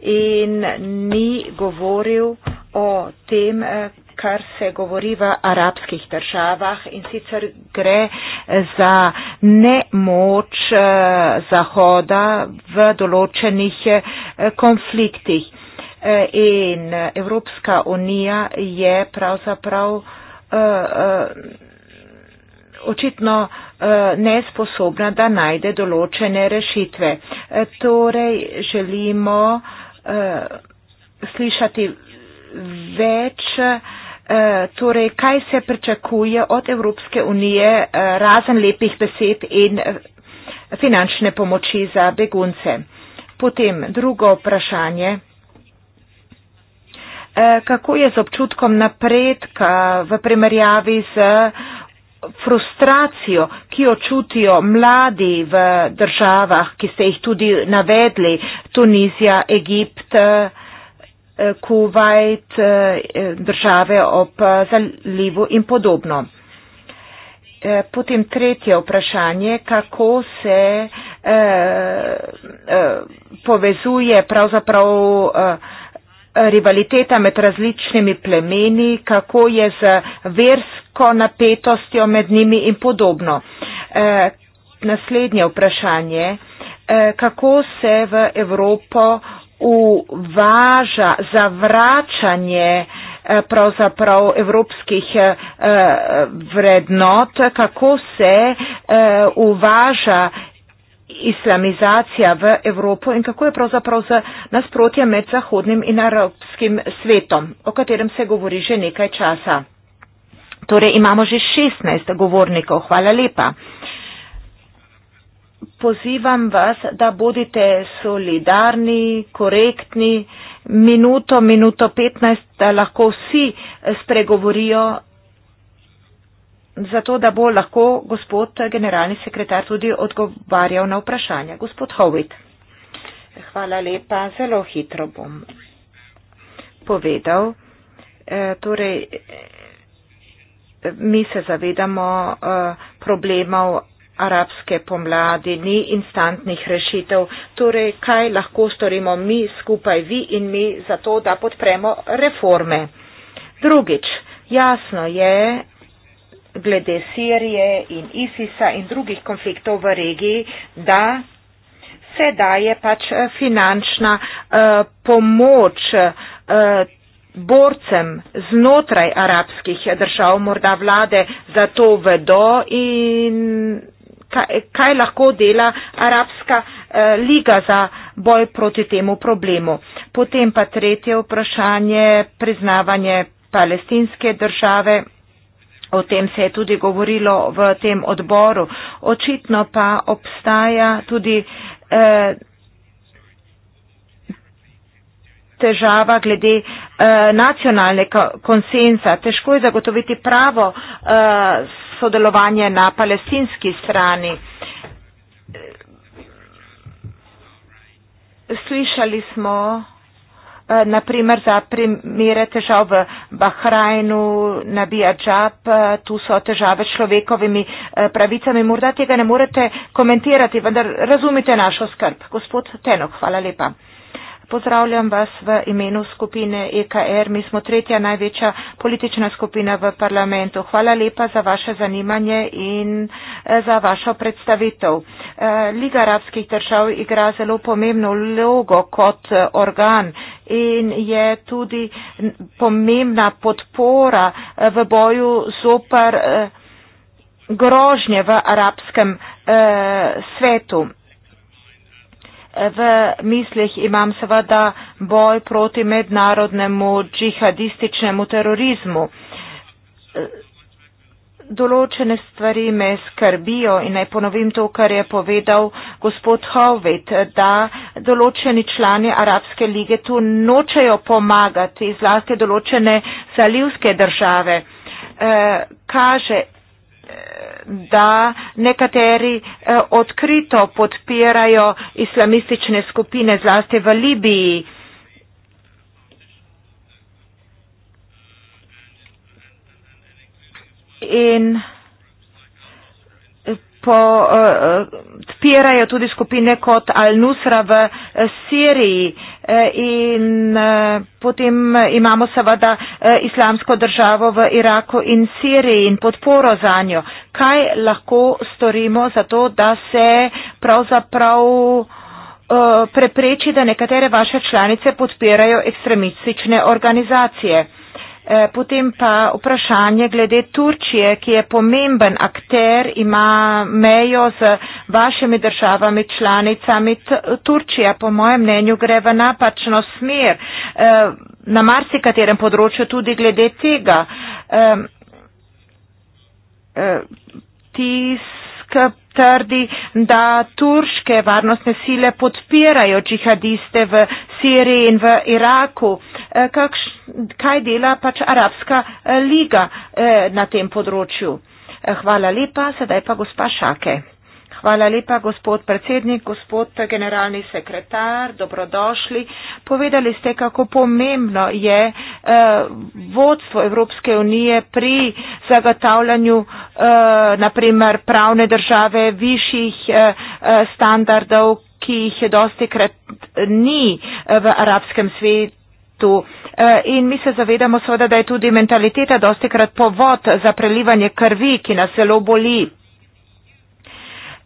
in ni govoril o tem, eh, kar se govori v arabskih državah in sicer gre za nemoč eh, Zahoda v določenih eh, konfliktih. In Evropska unija je pravzaprav očitno nesposobna, da najde določene rešitve. Torej želimo uh, slišati več, uh, torej kaj se pričakuje od Evropske unije uh, razen lepih besed in finančne pomoči za begunce. Potem drugo vprašanje. Kako je z občutkom napredka v primerjavi z uh, frustracijo, ki jo čutijo mladi v državah, ki ste jih tudi navedli, Tunizija, Egipt, eh, Kuwait, eh, države ob zalivu in podobno. Eh, potem tretje vprašanje, kako se eh, eh, povezuje pravzaprav eh, rivaliteta med različnimi plemeni, kako je z versko napetostjo med njimi in podobno. E, naslednje vprašanje, e, kako se v Evropo uvaža zavračanje e, pravzaprav evropskih e, e, vrednot, kako se uvaža islamizacija v Evropo in kako je pravzaprav z nasprotje med zahodnim in arabskim svetom, o katerem se govori že nekaj časa. Torej imamo že 16 govornikov. Hvala lepa. Pozivam vas, da bodite solidarni, korektni, minuto, minuto 15, da lahko vsi spregovorijo zato, da bo lahko gospod generalni sekretar tudi odgovarjal na vprašanja. Gospod Hovit. Hvala lepa, zelo hitro bom povedal. E, torej, mi se zavedamo e, problemov arabske pomladi, ni instantnih rešitev. Torej, kaj lahko storimo mi skupaj, vi in mi, zato, da podpremo reforme. Drugič, jasno je, glede Sirije in ISIS-a in drugih konfliktov v regiji, da se daje pač eh, finančna uh, pomoč uh, borcem znotraj arabskih držav, morda vlade za to vedo in kaj, kaj lahko dela arabska uh, liga za boj proti temu problemu. Potem pa tretje vprašanje, priznavanje palestinske države. O tem se je tudi govorilo v tem odboru. Očitno pa obstaja tudi eh, težava glede eh, nacionalnega konsensa. Težko je zagotoviti pravo eh, sodelovanje na palestinski strani. Slišali smo. Eh, na primer za primere težav v Bahrajnu, na Bijadžab, eh, tu so težave s človekovimi eh, pravicami. Morda tega ne morete komentirati, vendar razumite našo skrb. Gospod Tenok, hvala lepa. Pozdravljam vas v imenu skupine EKR. Mi smo tretja največja politična skupina v parlamentu. Hvala lepa za vaše zanimanje in eh, za vašo predstavitev. Eh, Liga arabskih držav igra zelo pomembno vlogo kot eh, organ in je tudi pomembna podpora v boju zoper grožnje v arabskem svetu v mislih imam seveda boj proti mednarodnemu džihadističnemu terorizmu. Določene stvari me skrbijo in naj ponovim to, kar je povedal gospod Hovet, da določeni člani Arabske lige tu nočejo pomagati, zlasti določene zalivske države. E, kaže, e, da nekateri eh, odkrito podpirajo islamistične skupine zlasti v Libiji. In podpirajo tudi skupine kot Al-Nusra v eh, Siriji eh, in eh, potem imamo seveda islamsko državo v Iraku in Siriji in podporo za njo. Kaj lahko storimo za to, da se pravzaprav prepreči, da nekatere vaše članice podpirajo ekstremistične organizacije? Eh, potem pa vprašanje glede Turčije, ki je pomemben akter, ima mejo z vašimi državami, članicami. Turčija, po mojem mnenju, gre v napačno smer eh, na marsikaterem področju tudi glede tega. Eh, tisk trdi, da turške varnostne sile podpirajo džihadiste v Siriji in v Iraku. Eh, kakš, kaj dela pač Arabska eh, liga eh, na tem področju. Hvala lepa, sedaj pa gospa Šake. Hvala lepa, gospod predsednik, gospod generalni sekretar, dobrodošli. Povedali ste, kako pomembno je eh, vodstvo Evropske unije pri zagotavljanju eh, naprimer pravne države višjih eh, standardov, ki jih je dosti krat ni v arabskem svetu svetu. Eh, in mi se zavedamo seveda, da je tudi mentaliteta dosti krat povod za prelivanje krvi, ki nas zelo boli.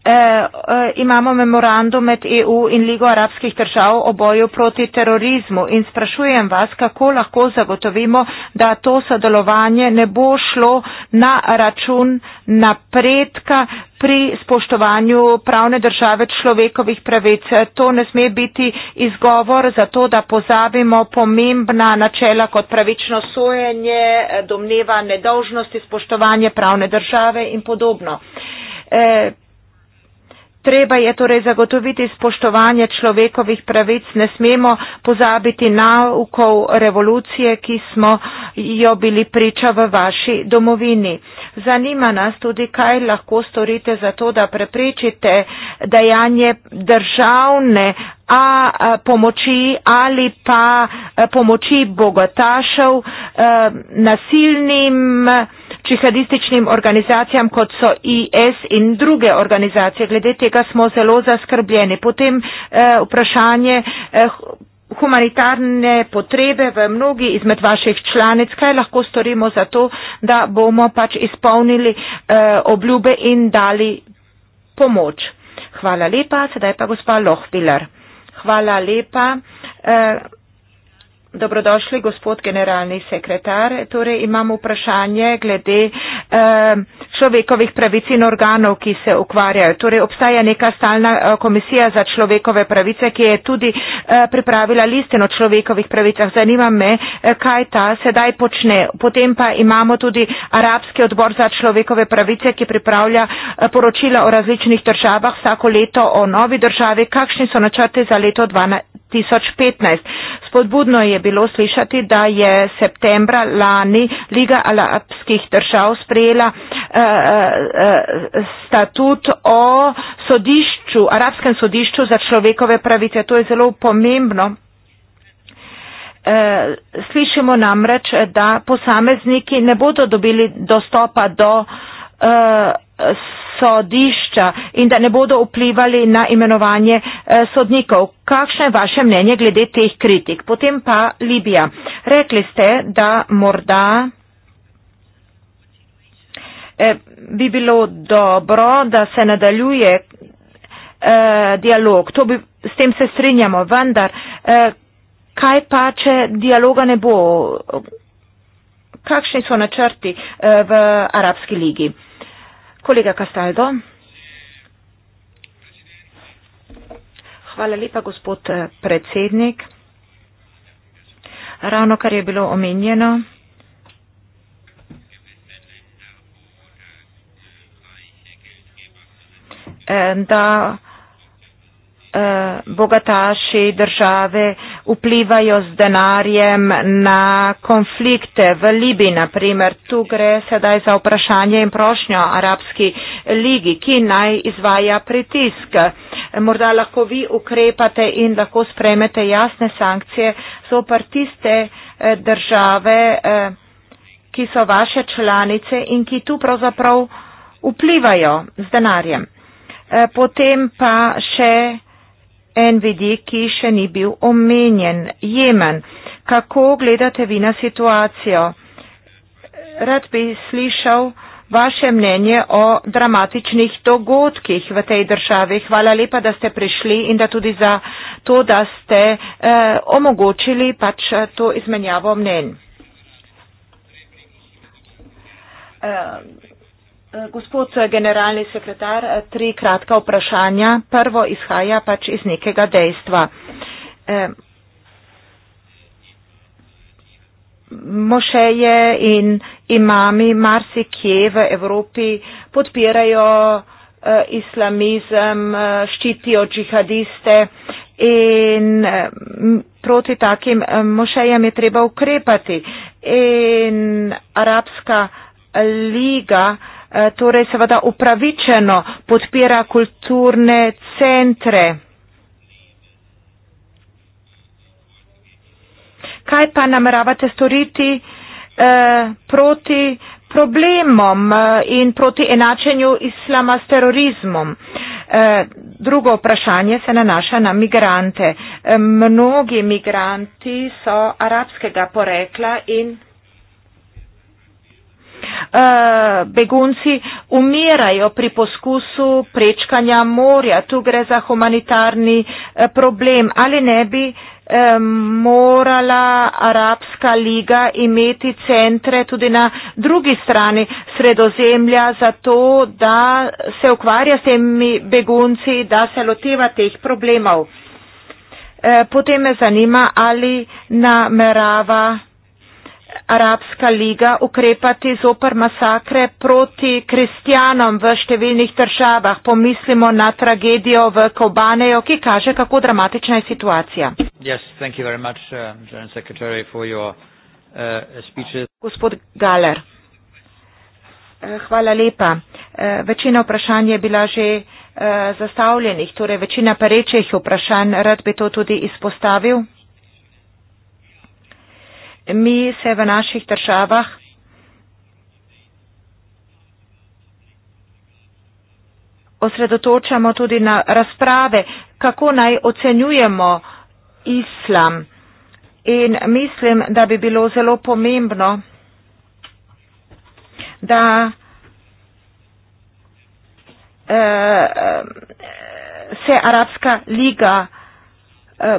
Eh, eh, imamo memorandum med EU in Ligo arabskih držav o boju proti terorizmu in sprašujem vas, kako lahko zagotovimo, da to sodelovanje ne bo šlo na račun napredka pri spoštovanju pravne države človekovih pravic. Eh, to ne sme biti izgovor za to, da pozabimo pomembna načela kot pravično sojenje, domneva nedolžnosti, spoštovanje pravne države in podobno. E, Treba je torej zagotoviti spoštovanje človekovih pravic, ne smemo pozabiti naukov revolucije, ki smo jo bili priča v vaši domovini. Zanima nas tudi, kaj lahko storite za to, da preprečite dejanje državne a pomoči ali pa pomoči bogatašev nasilnim džihadističnim organizacijam kot so IS in druge organizacije. Glede tega smo zelo zaskrbljeni. Potem eh, vprašanje. Eh, humanitarne potrebe v mnogi izmed vaših članic, kaj lahko storimo za to, da bomo pač izpolnili eh, obljube in dali pomoč. Hvala lepa, sedaj pa gospa Lohpilar. Hvala lepa. Eh, Dobrodošli, gospod generalni sekretar. Torej imam vprašanje glede eh, človekovih pravic in organov, ki se ukvarjajo. Torej obstaja neka stalna eh, komisija za človekove pravice, ki je tudi eh, pripravila listino človekovih pravicah. Zanima me, eh, kaj ta sedaj počne. Potem pa imamo tudi Arabski odbor za človekove pravice, ki pripravlja eh, poročila o različnih državah vsako leto o novi državi. Kakšni so načrte za leto 2012? 2015. Spodbudno je bilo slišati, da je septembra lani Liga alapskih držav sprejela uh, uh, statut o sodišču, arabskem sodišču za človekove pravice. To je zelo pomembno. Slišimo namreč, da posamezniki ne bodo dobili dostopa do uh, Eh, sodišča in da ne bodo vplivali na imenovanje eh, sodnikov. Kakšno je vaše mnenje glede teh kritik? Potem pa Libija. Rekli ste, da morda eh, bi bilo dobro, da se nadaljuje dialog. Bi, s tem se strinjamo, vendar kaj pa, če dialoga ne bo? Kakšni so načrti v Arabski ligi? Kolega Castaldo. Hvala lepa, gospod eh, predsednik. Ravno kar je bilo omenjeno, eh, da Eh, bogataši države vplivajo z denarjem na konflikte v Libiji, na primer. Tu gre sedaj za vprašanje in prošnjo Arabski ligi, ki naj izvaja pritisk. Morda lahko vi ukrepate in lahko spremete jasne sankcije zopr tiste eh, države, eh, ki so vaše članice in ki tu pravzaprav vplivajo z denarjem. Potem pa še en vidik, ki še ni bil omenjen, Jemen. Kako gledate vi na situacijo? Rad bi slišal vaše mnenje o dramatičnih dogodkih v tej državi. Hvala lepa, da ste prišli in da tudi za to, da ste eh, omogočili pač eh, to izmenjavo mnen. Eh, Eh, gospod eh, generalni sekretar, eh, tri kratka vprašanja. Prvo izhaja pač iz nekega dejstva. Mošeje in imami marsikje v Evropi podpirajo islamizem, ščitijo džihadiste in proti takim mošejem je treba ukrepati. In Arabska liga, Eh, torej seveda upravičeno podpira kulturne centre. Kaj pa nameravate storiti eh, proti problemom eh, in proti enačenju islama s terorizmom? Eh, drugo vprašanje se nanaša na migrante. Eh, mnogi migranti so arabskega porekla in uh, begunci umirajo pri poskusu prečkanja morja. Tu gre za humanitarni uh, problem. Ali ne bi eh, morala Arabska liga imeti centre tudi na drugi strani sredozemlja za to, da se ukvarja s temi begunci, da se loteva teh problemov. Potem me zanima, ali namerava Arabska liga ukrepati zopr masakre proti kristjanom v številnih državah. Pomislimo na tragedijo v Kobanejo, ki kaže, kako dramatična je situacija. Yes, much, uh, your, uh, Gospod Galer, eh, hvala lepa. Eh, večina vprašanj je bila že eh, zastavljenih, torej večina perečih vprašanj, rad bi to tudi izpostavil mi se v naših državah osredotočamo tudi na razprave, kako naj ocenjujemo islam. In mislim, da bi bilo zelo pomembno, da eh, se Arabska liga eh,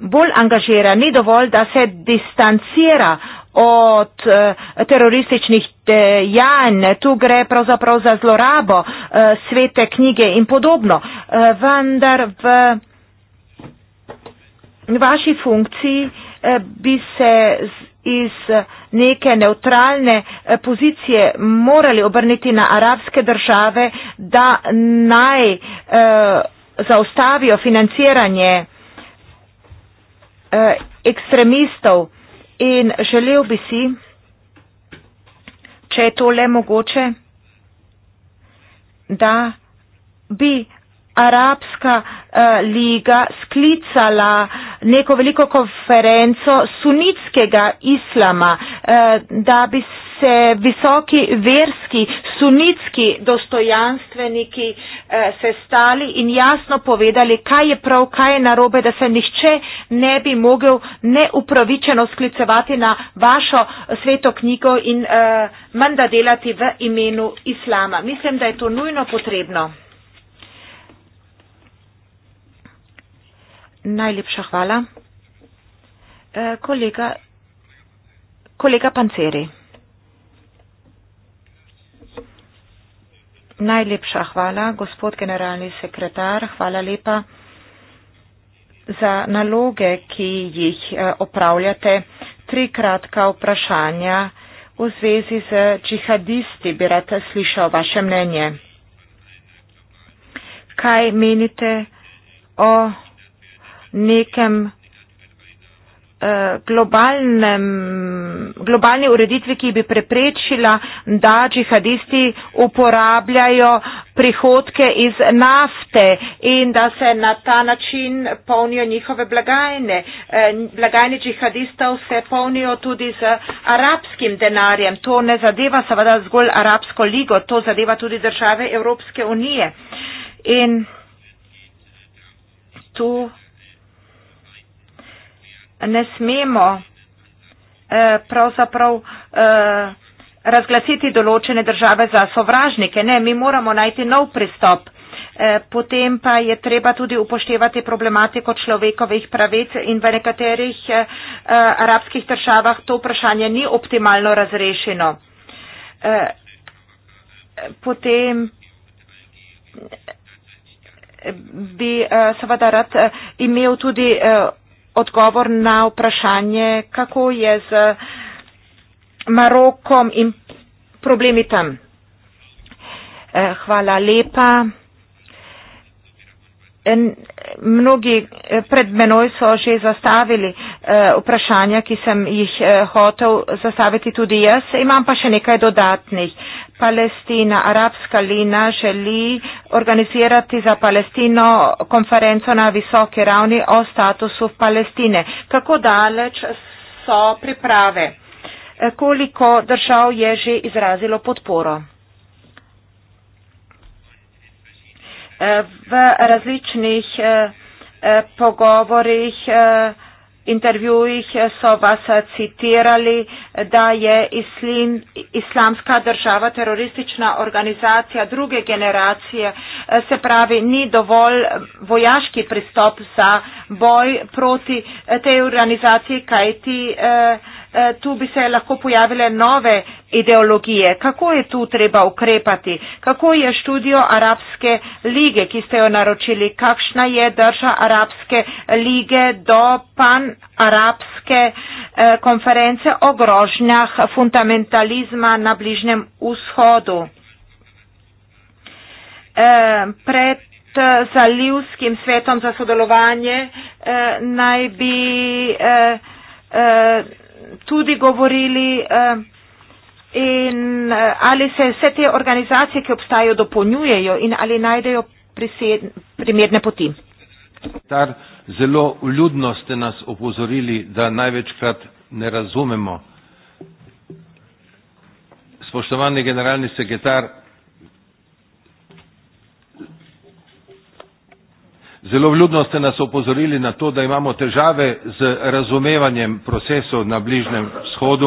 bolj angažira, ni dovolj, da se distancira od eh, terorističnih dejanj. Tu gre pravzaprav za zlorabo eh, svete knjige in podobno. Eh, vendar v vaši funkciji eh, bi se z, iz neke neutralne eh, pozicije morali obrniti na arabske države, da naj eh, zaustavijo financiranje eh, Eh, ekstremistov in želel bi si, če je to le mogoče, da bi Arabska uh, liga sklicala neko veliko konferenco sunitskega islama, uh, da bi se visoki verski sunitski dostojanstveniki uh, Eh, sestali in jasno povedali, kaj je prav, kaj je narobe, da se nihče ne bi mogel neupravičeno sklicevati na vašo sveto knjigo in uh, eh, manda delati v imenu islama. Mislim, da je to nujno potrebno. Najlepša hvala. Uh, kolega, kolega Panceri. Najlepša hvala, gospod generalni sekretar. Hvala lepa za naloge, ki jih eh, opravljate. Tri kratka vprašanja v zvezi z džihadisti bi rad slišal vaše mnenje. Kaj menite o nekem Eh, globalnem, globalni ureditvi, ki bi preprečila, da džihadisti uporabljajo prihodke iz nafte in da se na ta način polnijo njihove blagajne. Eh, blagajne džihadistov se polnijo tudi z arabskim denarjem. To ne zadeva seveda zgolj arabsko ligo, to zadeva tudi države Evropske unije. In tu ne smemo eh, pravzaprav eh, razglasiti določene države za sovražnike. Ne, mi moramo najti nov pristop. Eh, potem pa je treba tudi upoštevati problematiko človekovih pravic in v nekaterih arabskih državah to vprašanje ni optimalno razrešeno. Potem bi seveda rad imel tudi odgovor na vprašanje, kako je z Marokom in problemi tam. Eh, hvala lepa mnogi eh, pred menoj so že zastavili eh, vprašanja, ki sem jih eh, hotel zastaviti tudi jaz. Imam pa še nekaj dodatnih. Palestina, arabska lina želi organizirati za Palestino konferenco na visoki ravni o statusu Palestine. Kako daleč so priprave? Koliko držav je že izrazilo podporo? Eh, v različnih eh, eh, pogovorih, intervjujih so vas citirali, da je islin, islamska država teroristična organizacija druge generacije, se pravi, ni dovolj vojaški pristop za boj proti tej organizaciji, kaj ti eh, Eh, tu bi se lahko pojavile nove ideologije. Kako je tu treba ukrepati? Kako je študijo Arabske lige, ki ste jo naročili? Kakšna je drža Arabske lige do panarabske eh, konference o grožnjah fundamentalizma na Bližnjem vzhodu? Eh, pred zalivskim svetom za sodelovanje eh, naj bi eh, eh, tudi govorili eh, in eh, ali se vse te organizacije, ki obstajajo, dopolnjujejo in ali najdejo primerne poti. Tar, zelo vljudno ste nas opozorili, da največkrat ne razumemo. Spoštovani generalni sekretar, Zelo vljudno ste nas opozorili na to, da imamo težave z razumevanjem procesov na Bližnjem vzhodu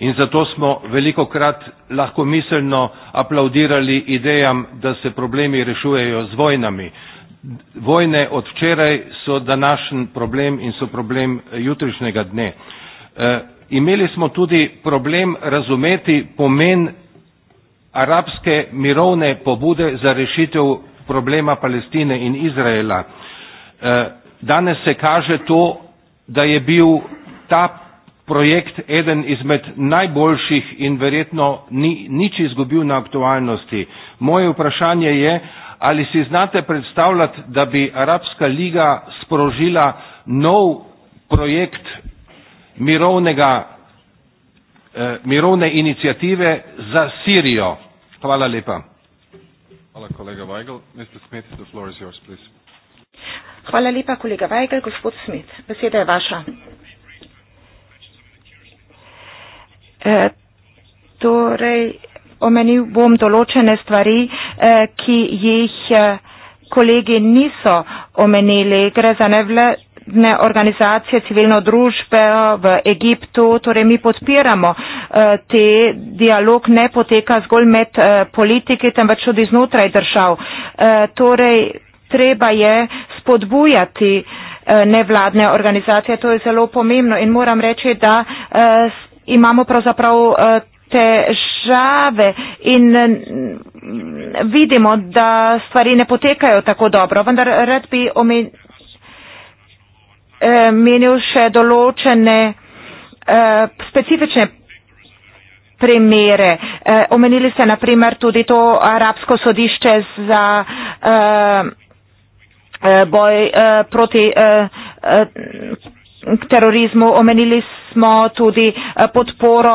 in zato smo veliko krat lahko miselno aplaudirali idejam, da se problemi rešujejo z vojnami. Vojne od včeraj so današnji problem in so problem jutrišnjega dne. E, imeli smo tudi problem razumeti pomen arabske mirovne pobude za rešitev problema Palestine in Izraela. Eh, danes se kaže to, da je bil ta projekt eden izmed najboljših in verjetno ni, nič izgubil na aktualnosti. Moje vprašanje je, ali si znate predstavljati, da bi Arabska liga sprožila nov projekt mirovnega, eh, mirovne inicijative za Sirijo? Hvala lepa. Hvala, kolega Weigel. Mr. Smith, the floor is yours, please. Hvala lepa, kolega Weigel. Gospod Smith, beseda je vaša. E, torej, omenil bom določene stvari, e, ki jih e, kolegi niso omenili. Gre za nevle nevladne organizacije, civilno družbe v Egiptu. Torej, mi podpiramo eh, te dialog, ne poteka zgolj med eh, politiki, temveč tudi znotraj držav. Eh, torej, treba je spodbujati nevladne organizacije, to je zelo pomembno in moram reči, da imamo pravzaprav težave in vidimo, da stvari ne potekajo tako dobro. Vendar rad bi omenil Eh, menil še določene eh, specifične primere. Eh, omenili ste naprimer tudi to arabsko sodišče za boj proti terorizmu. Omenili smo tudi podporo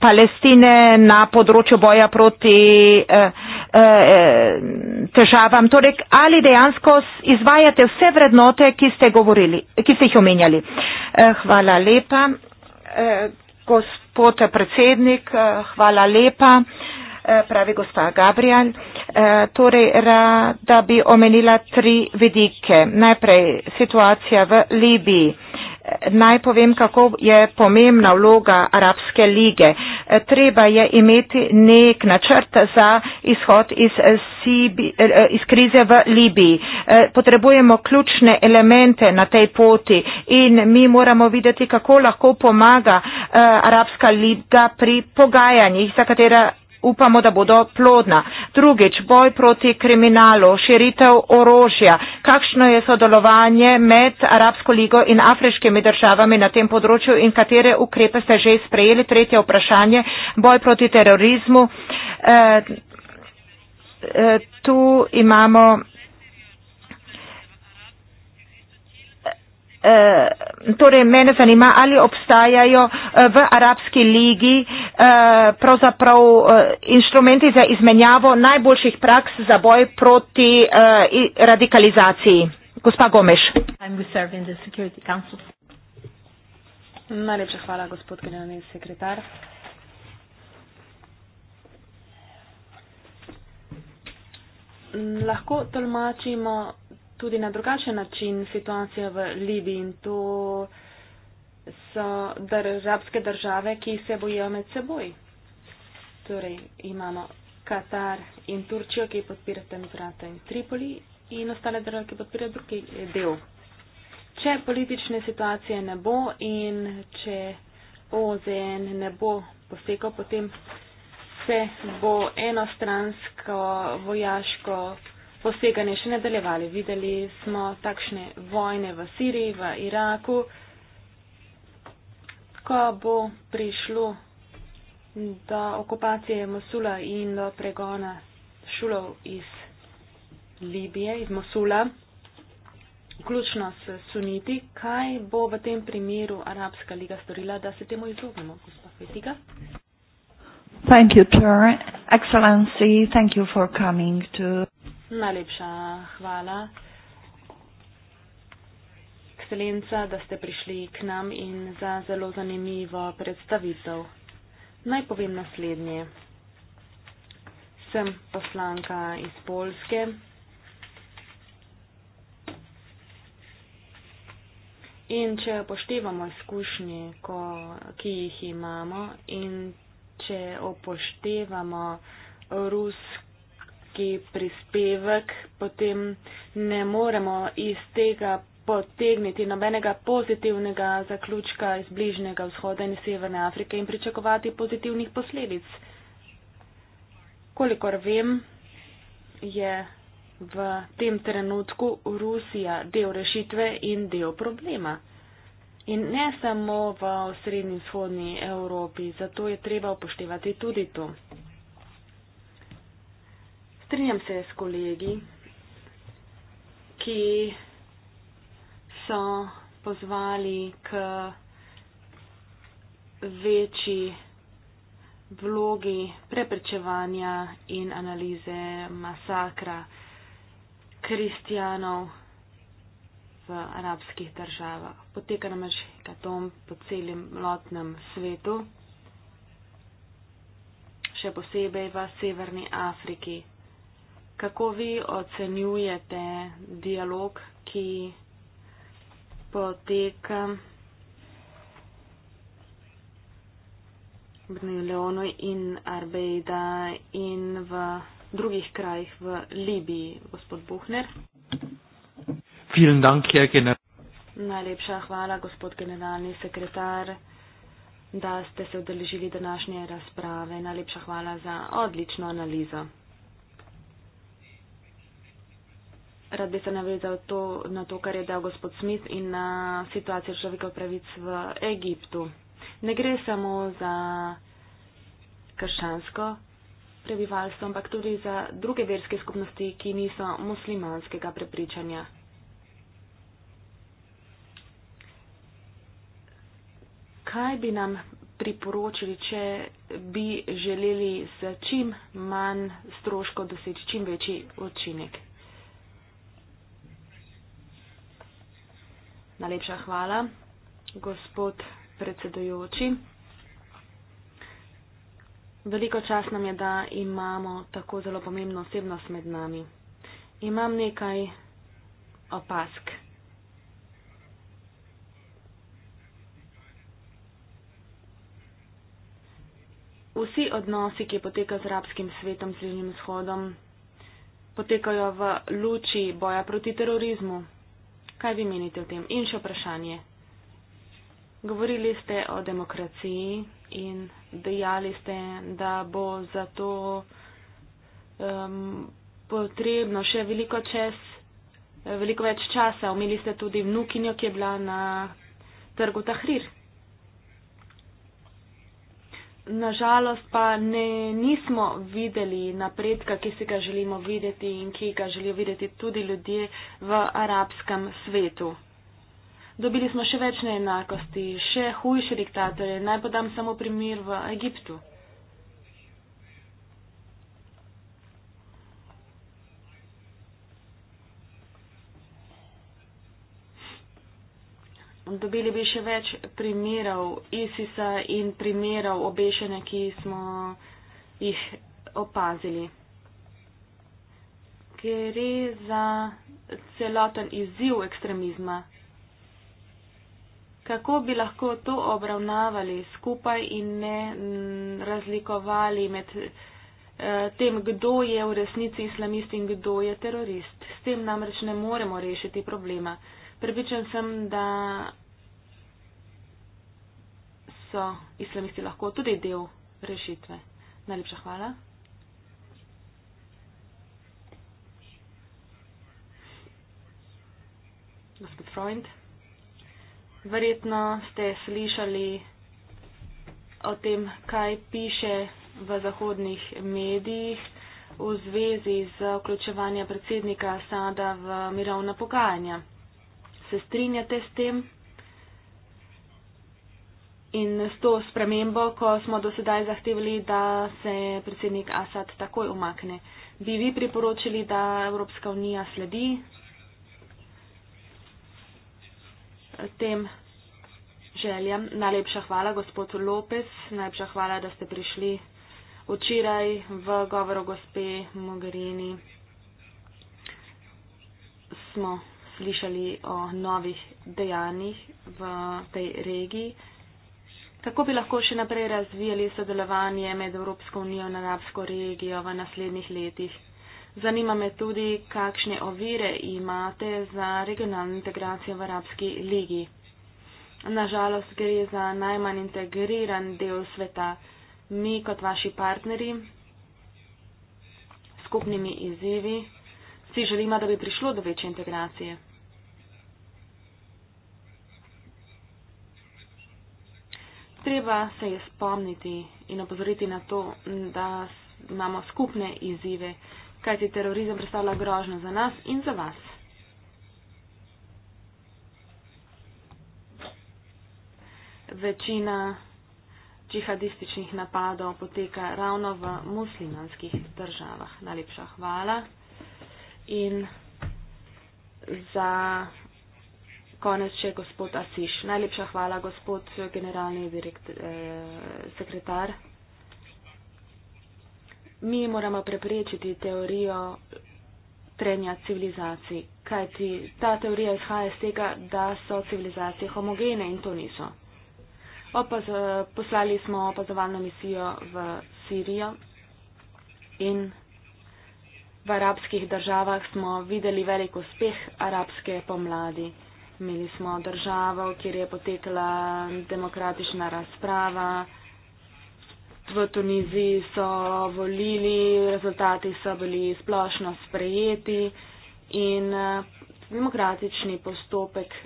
Palestine na področju boja proti eh, eh, težavam. Torej, ali dejansko izvajate vse vrednote, ki ste, govorili, ki ste jih omenjali? Eh, hvala lepa. Eh, gospod predsednik, eh, hvala lepa. Eh, pravi gospa Gabriel. Eh, torej, da bi omenila tri vidike. Najprej situacija v Libiji naj povem, kako je pomembna vloga Arabske lige. Treba je imeti nek načrt za izhod iz, Sibi, eh, iz krize v Libiji. Eh, potrebujemo ključne elemente na tej poti in mi moramo videti, kako lahko pomaga eh, Arabska liga pri pogajanjih, za katera upamo, da bodo plodna. Drugič, boj proti kriminalu, širitev orožja. Kakšno je sodelovanje med Arabsko ligo in afriškimi državami na tem področju in katere ukrepe ste že sprejeli? Tretje vprašanje, boj proti terorizmu. E, e, tu imamo Eh, torej mene zanima, ali obstajajo eh, v Arabski ligi eh, pravzaprav inštrumenti za izmenjavo najboljših praks za boj proti radikalizaciji. Gospa Gomeš. Najlepša hvala, gospod generalni sekretar. Lahko tolmačimo tudi na drugačen način situacija v Libiji in to so državske države, ki se bojijo med seboj. Torej imamo Katar in Turčijo, ki podpirate Mizrata in Tripoli in ostale države, ki podpirajo drugi del. Če politične situacije ne bo in če OZN ne bo posekal, potem se bo enostransko vojaško poseganje še nadaljevali. Videli smo takšne vojne v Siriji, v Iraku. Ko bo prišlo do okupacije Mosula in do pregona šulov iz Libije, iz Mosula, vključno s suniti, kaj bo v tem primeru Arabska liga storila, da se temu izognemo, gospod Fetiga? Thank you, Chair. Excellency, thank you for coming to Najlepša hvala, ekscelenca, da ste prišli k nam in za zelo zanimivo predstavitev. Naj povem naslednje. Sem poslanka iz Polske. In če upoštevamo izkušnje, ko, ki jih imamo, in če upoštevamo rusk, neki prispevek, potem ne moremo iz tega potegniti nobenega pozitivnega zaključka iz bližnjega vzhoda in severne Afrike in pričakovati pozitivnih posledic. Kolikor vem, je v tem trenutku Rusija del rešitve in del problema. In ne samo v srednji in vzhodni Evropi, zato je treba upoštevati tudi to strinjam se s kolegi, ki so pozvali k večji vlogi preprečevanja in analize masakra kristijanov v arabskih državah. Poteka namreč katom po celem lotnem svetu, še posebej v Severni Afriki. Kako vi ocenjujete dialog, ki poteka v Leonu in Arbejda in v drugih krajih v Libiji, gospod Buhner? Dank, Najlepša hvala, gospod generalni sekretar, da ste se odeležili današnje razprave. Najlepša hvala za odlično analizo. Rad bi se navezal to, na to, kar je dal gospod Smith in na situacijo človekov pravic v Egiptu. Ne gre samo za kršansko prebivalstvo, ampak tudi za druge verske skupnosti, ki niso muslimanskega prepričanja. Kaj bi nam priporočili, če bi želeli z čim manj stroško doseči čim večji učinek? Najlepša hvala, gospod predsedujoči. Veliko čas nam je, da imamo tako zelo pomembno osebnost med nami. Imam nekaj opask. Vsi odnosi, ki potekajo z arabskim svetom, z Južnim shodom, potekajo v luči boja proti terorizmu. Kaj vi menite o tem? In še vprašanje. Govorili ste o demokraciji in dejali ste, da bo za to um, potrebno še veliko, čas, veliko več časa. Omenili ste tudi vnukinjo, ki je bila na trgu Tahrir nažalost pa ne, nismo videli napredka, ki si ga želimo videti in ki ga želijo videti tudi ljudje v arabskem svetu. Dobili smo še več neenakosti, še hujše diktatorje. Naj podam samo primer v Egiptu. dobili bi še več primerov ISIS-a in primerov obešene, ki smo jih opazili. Gre za celoten izziv ekstremizma. Kako bi lahko to obravnavali skupaj in ne mm, razlikovali med eh, tem, kdo je v resnici islamist in kdo je terorist. S tem namreč ne moremo rešiti problema. Prepričan sem, da so islamisti lahko tudi del rešitve. Najlepša hvala. Gospod Freund, verjetno ste slišali o tem, kaj piše v zahodnih medijih v zvezi z vključevanjem predsednika Sada v mirovna pogajanja. Se strinjate s tem? In s to spremembo, ko smo dosedaj zahtevali, da se predsednik Asad takoj umakne, bi vi priporočili, da Evropska unija sledi tem željam. Najlepša hvala, gospod Lopez. Najlepša hvala, da ste prišli včeraj v govoru gospe Mogherini. Smo slišali o novih dejanjih v tej regiji. Kako bi lahko še naprej razvijali sodelovanje med Evropsko unijo in arabsko regijo v naslednjih letih? Zanima me tudi, kakšne ovire imate za regionalno integracijo v arabski ligi. Nažalost gre za najmanj integriran del sveta. Mi kot vaši partneri, skupnimi izzivi, si želimo, da bi prišlo do večje integracije. Treba se je spomniti in opozoriti na to, da imamo skupne izzive, kajti terorizem predstavlja grožnjo za nas in za vas. Večina džihadističnih napadov poteka ravno v muslimanskih državah. Najlepša hvala. In za konec še gospod Asiš. Najlepša hvala, gospod generalni direkt, eh, sekretar. Mi moramo preprečiti teorijo trenja civilizacij, kajti ta teorija izhaja iz tega, da so civilizacije homogene in to niso. Opaz, poslali smo opazovalno misijo v Sirijo in v arabskih državah smo videli velik uspeh arabske pomladi. Imeli smo državo, kjer je potekala demokratična razprava. V Tuniziji so volili, rezultati so bili splošno sprejeti in eh, demokratični postopek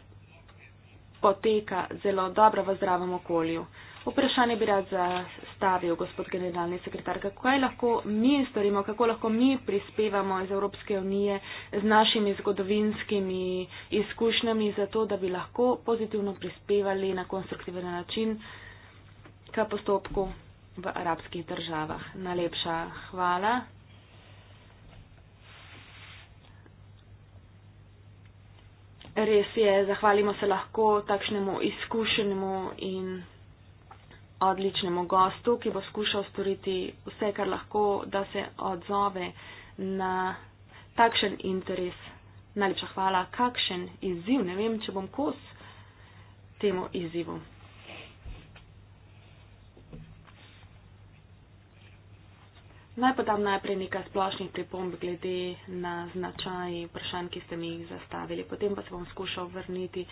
poteka zelo dobro v zdravem okolju. Vprašanje bi rad zastavil, gospod generalni sekretar, kako lahko mi storimo, kako lahko mi prispevamo iz Evropske unije z našimi zgodovinskimi izkušnjami, zato da bi lahko pozitivno prispevali na konstruktiven način k postopku v arabskih državah. Najlepša hvala. Res je, zahvalimo se lahko takšnemu izkušenemu in odličnemu gostu, ki bo skušal storiti vse, kar lahko, da se odzove na takšen interes. Najlepša hvala, kakšen izziv, ne vem, če bom kos temu izzivu. Naj podam najprej nekaj splošnih pripomb glede na značaj vprašanj, ki ste mi jih zastavili, potem pa se bom skušal vrniti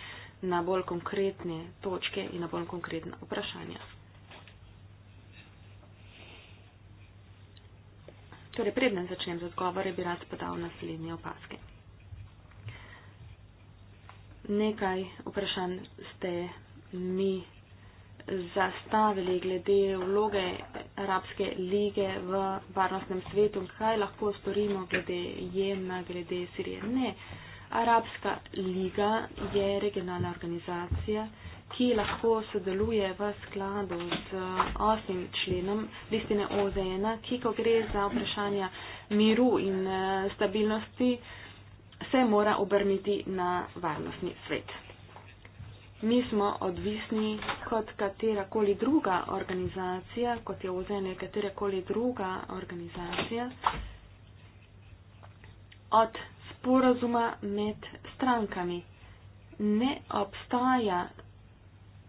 na bolj konkretne točke in na bolj konkretna vprašanja. Torej, predem začnem z odgovore, bi rad podal naslednje opaske. Nekaj vprašanj ste mi zastavili glede vloge Arabske lige v varnostnem svetu, kaj lahko storimo glede Jemna, glede Sirije. Ne, Arabska liga je regionalna organizacija, ki lahko sodeluje v skladu z osmim členom listine OZN, ki ko gre za vprašanja miru in eh, stabilnosti, se mora obrniti na varnostni svet. Mi smo odvisni kot katerakoli druga organizacija, kot je OZN katerakoli druga organizacija, od sporazuma med strankami. Ne obstaja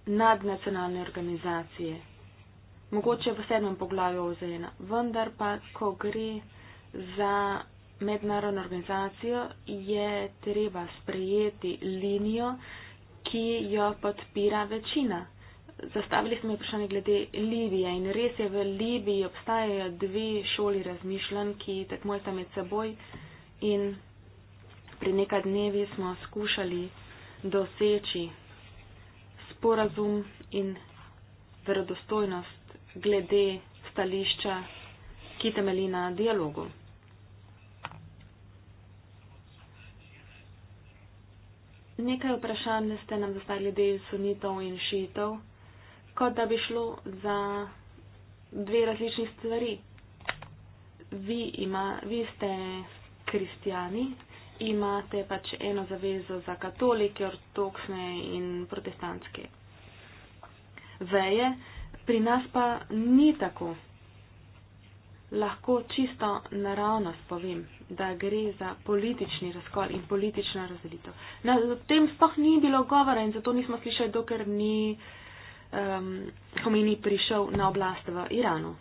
nadnacionalne organizacije, mogoče v sedmem poglavju OZN-a, vendar pa, ko gre za mednarodno organizacijo, je treba sprejeti linijo, ki jo podpira večina. Zastavili smo jo vprašanje glede Libije in res je, v Libiji obstajajo dve šoli razmišljanj, ki tekmoj sta med seboj in pred nekaj dnevi smo skušali doseči sporazum in verodostojnost glede stališča, ki temeli na dialogu. Nekaj vprašanj ste nam zastavili glede sunitov in šitov, kot da bi šlo za dve različni stvari. Vi, ima, vi ste kristijani, imate pač eno zavezo za katolike, ortoksne in protestantske veje, pri nas pa ni tako. Lahko čisto naravno spovem, da gre za politični razkol in politično razdelitev. O tem sploh ni bilo govora in zato nismo slišali, dokler ni um, Homeni prišel na oblast v Iranu.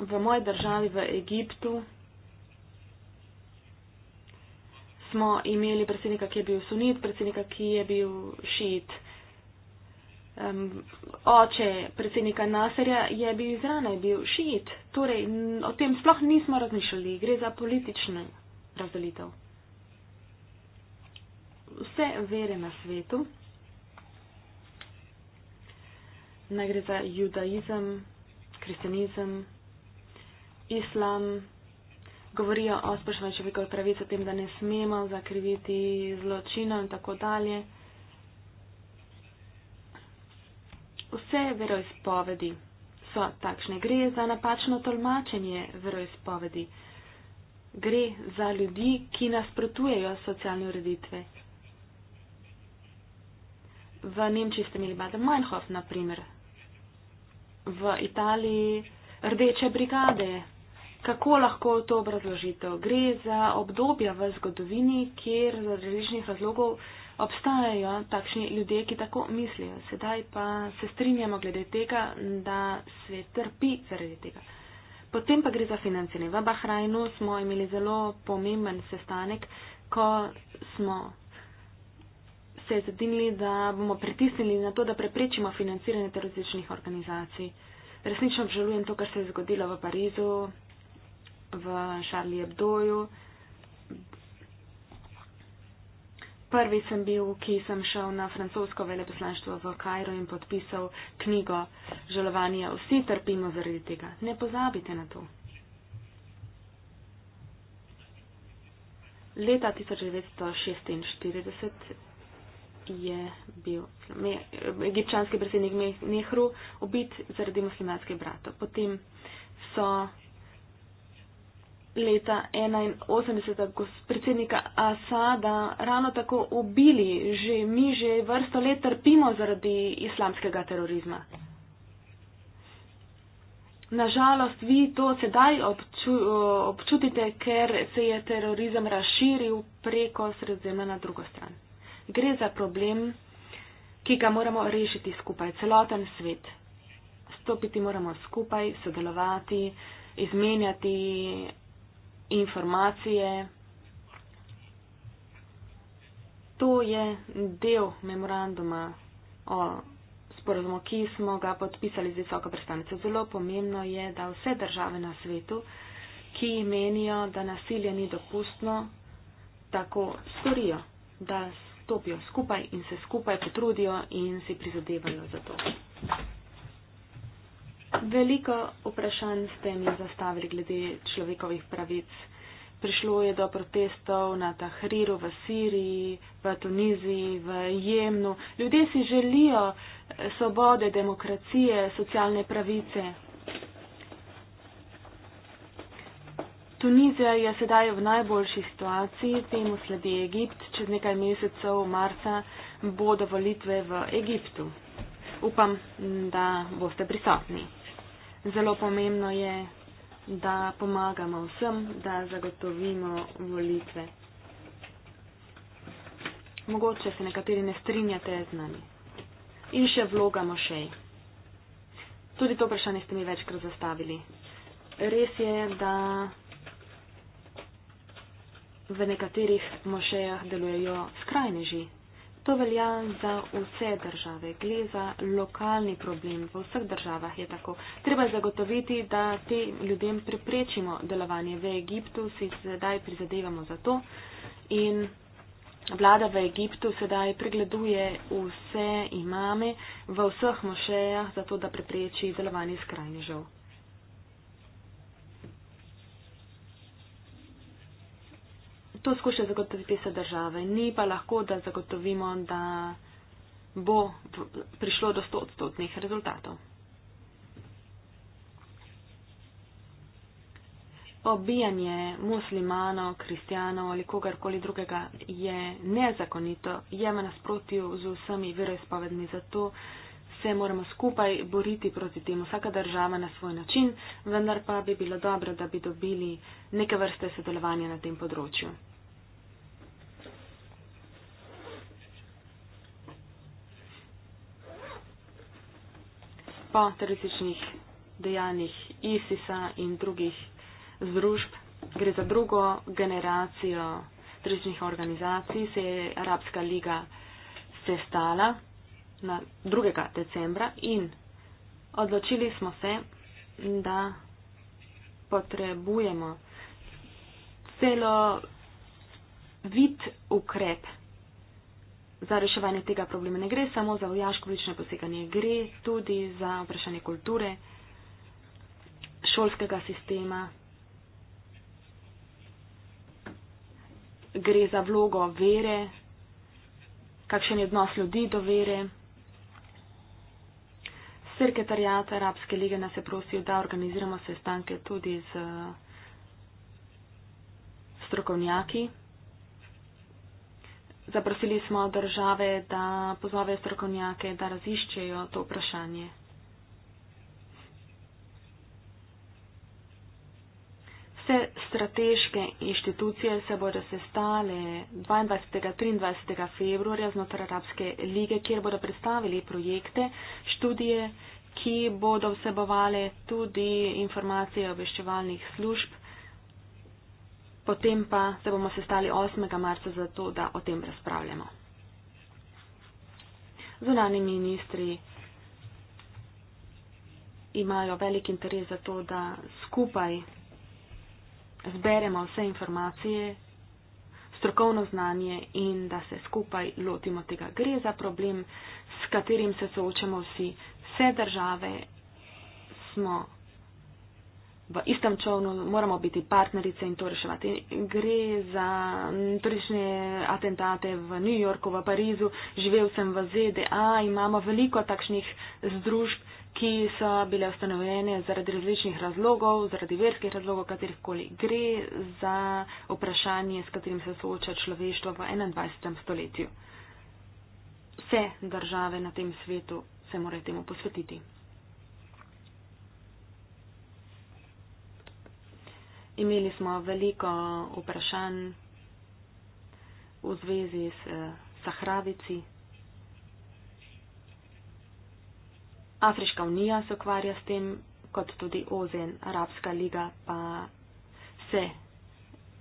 v moji državi v Egiptu smo imeli predsednika, ki je bil sunit, predsednika, ki je bil šit. Um, oče predsednika Naserja je bil izrana, je bil šit. Torej, o tem sploh nismo razmišljali. Gre za politično razdelitev. Vse vere na svetu, naj gre za judaizem, kristjanizem, islam govorijo o spoštovanju človekovih pravic, o tem, da ne smemo zakriviti zločinov in tako dalje. Vse veroizpovedi so takšne. Gre za napačno tolmačenje veroizpovedi. Gre za ljudi, ki nasprotujejo socialne ureditve. V Nemčiji ste imeli Baden Meinhof, naprimer. V Italiji rdeče brigade. Kako lahko to obrazložite? Gre za obdobja v zgodovini, kjer z različnih razlogov obstajajo takšni ljudje, ki tako mislijo. Sedaj pa se strinjamo glede tega, da svet trpi zaradi tega. Potem pa gre za financiranje. V Bahrajnu smo imeli zelo pomemben sestanek, ko smo se zadinili, da bomo pritisnili na to, da preprečimo financiranje terorističnih organizacij. Resnično obžalujem to, kar se je zgodilo v Parizu, v Charlie Hebdoju. Prvi sem bil, ki sem šel na francosko veleposlaništvo v Kajru in podpisal knjigo Žalovanje. Vsi trpimo zaradi tega. Ne pozabite na to. Leta 1946 je bil egipčanski predsednik Nehru ubit zaradi muslimanskih bratov. Potem so leta 81 predsednika Asada ravno tako ubili, že mi že vrsto let trpimo zaradi islamskega terorizma. Nažalost, vi to sedaj obču, občutite, ker se je terorizem razširil preko sredzemlja na drugo stran. Gre za problem, ki ga moramo rešiti skupaj, celoten svet. Stopiti moramo skupaj, sodelovati, izmenjati informacije. To je del memoranduma o sporozumu, ki smo ga podpisali z visoko predstavnico. Zelo pomembno je, da vse države na svetu, ki menijo, da nasilje ni dopustno, tako storijo, da stopijo skupaj in se skupaj potrudijo in si prizadevajo za to. Thank you. Veliko vprašanj ste mi zastavili glede človekovih pravic. Prišlo je do protestov na Tahriru v Siriji, v Tuniziji, v Jemnu. Ljudje si želijo eh, svobode, demokracije, socialne pravice. Tunizija je sedaj v najboljši situaciji, temu sledi Egipt. Čez nekaj mesecev, marca, bodo volitve v Egiptu. Upam, da boste prisotni zelo pomembno je, da pomagamo vsem, da zagotovimo volitve. Mogoče se nekateri ne strinjate z nami. In še vloga mošej. Tudi to vprašanje ste mi večkrat zastavili. Res je, da v nekaterih mošejah delujejo skrajneži. To velja za vse države. Gre za lokalni problem. V vseh državah je tako. Treba zagotoviti, da te ljudem preprečimo delovanje v Egiptu, si sedaj prizadevamo za to. In vlada v Egiptu sedaj pregleduje vse imame v vseh mošejah, zato da prepreči delovanje skrajnežev. to skuša zagotoviti vse države. Ni pa lahko, da zagotovimo, da bo prišlo do 100 odstotnih rezultatov. Obijanje muslimanov, kristijanov ali kogarkoli drugega je nezakonito, je v nasprotju z vsemi veroizpovedmi, zato se moramo skupaj boriti proti temu, vsaka država na svoj način, vendar pa bi bilo dobro, da bi dobili neke vrste sodelovanja na tem področju. Po terorističnih dejanjih ISIS-a in drugih združb gre za drugo generacijo terorističnih organizacij, se je Arabska liga sestala na 2. decembra in odločili smo se, da potrebujemo celo vid ukrep za reševanje tega problema. Ne gre samo za vojaško politično poseganje, gre tudi za vprašanje kulture, šolskega sistema, gre za vlogo vere, kakšen je odnos ljudi do vere sekretarijata Arabske lige nas je prosil, da organiziramo sestanke tudi z strokovnjaki. Zaprosili smo države, da pozovejo strokovnjake, da raziščejo to vprašanje. Vse strateške inštitucije se bodo sestale 22. in 23. februarja znotraj Arabske lige, kjer bodo predstavili projekte, študije, ki bodo vsebovale tudi informacije obveščevalnih služb. Potem pa se bomo sestali 8. marca za to, da o tem razpravljamo. Zunani ministri imajo velik interes za to, da skupaj zberemo vse informacije, strokovno znanje in da se skupaj lotimo tega. Gre za problem, s katerim se soočamo vsi. Vse države smo v istem čovnu, moramo biti partnerice in to reševati. Gre za turistične atentate v New Yorku, v Parizu, živel sem v ZDA, imamo veliko takšnih združb, ki so bile ustanovljene zaradi različnih razlogov, zaradi verskih razlogov, katerih koli gre za vprašanje, s katerim se sooča človeštvo v 21. stoletju. Vse države na tem svetu se morajo temu posvetiti. Imeli smo veliko vprašanj v zvezi s eh, Sahravici, Afriška unija se ukvarja s tem, kot tudi OZN, Arabska liga pa se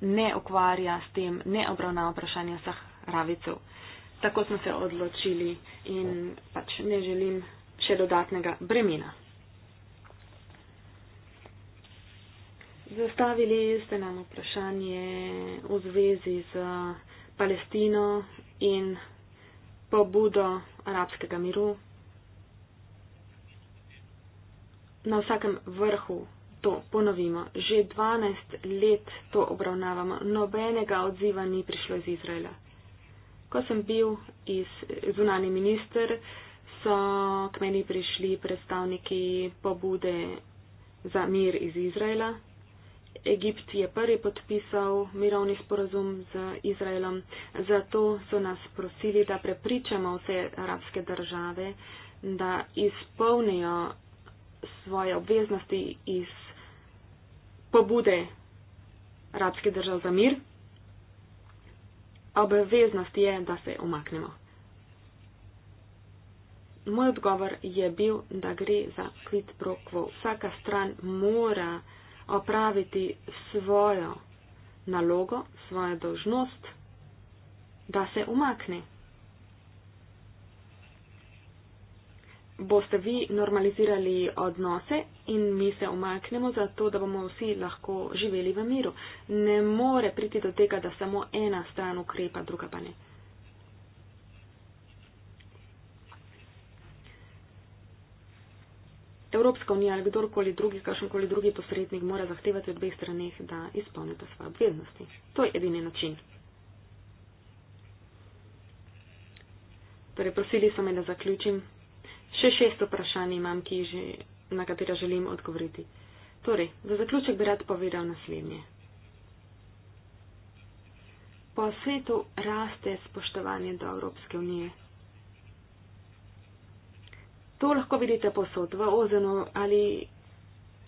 ne ukvarja s tem, ne obravnava vprašanja sahravicev. Tako smo se odločili in pač ne želim še dodatnega bremena. Zastavili ste nam vprašanje v zvezi z Palestino in pobudo arabskega miru, na vsakem vrhu to ponovimo. Že 12 let to obravnavamo. Nobenega odziva ni prišlo iz Izraela. Ko sem bil iz zunani minister, so k meni prišli predstavniki pobude za mir iz Izraela. Egipt je prvi podpisal mirovni sporazum z Izraelom, zato so nas prosili, da prepričamo vse arabske države, da izpolnijo svoje obveznosti iz pobude arabske države za mir. Obveznost je, da se umaknemo. Moj odgovor je bil, da gre za kvit prokvo. Vsaka stran mora opraviti svojo nalogo, svojo dožnost, da se umakne. boste vi normalizirali odnose in mi se omaknemo za to, da bomo vsi lahko živeli v miru. Ne more priti do tega, da samo ena stran ukrepa, druga pa ne. Evropska unija ali kdorkoli drugi, kakšenkoli drugi posrednik mora zahtevati od dveh straneh, da izpolnite svoje obveznosti. To je edini način. Torej, prosili so me, da zaključim Še šest vprašanj imam, ki že, na katera želim odgovoriti. Torej, za zaključek bi rad povedal naslednje. Po svetu raste spoštovanje do Evropske unije. To lahko vidite posod v Ozenu ali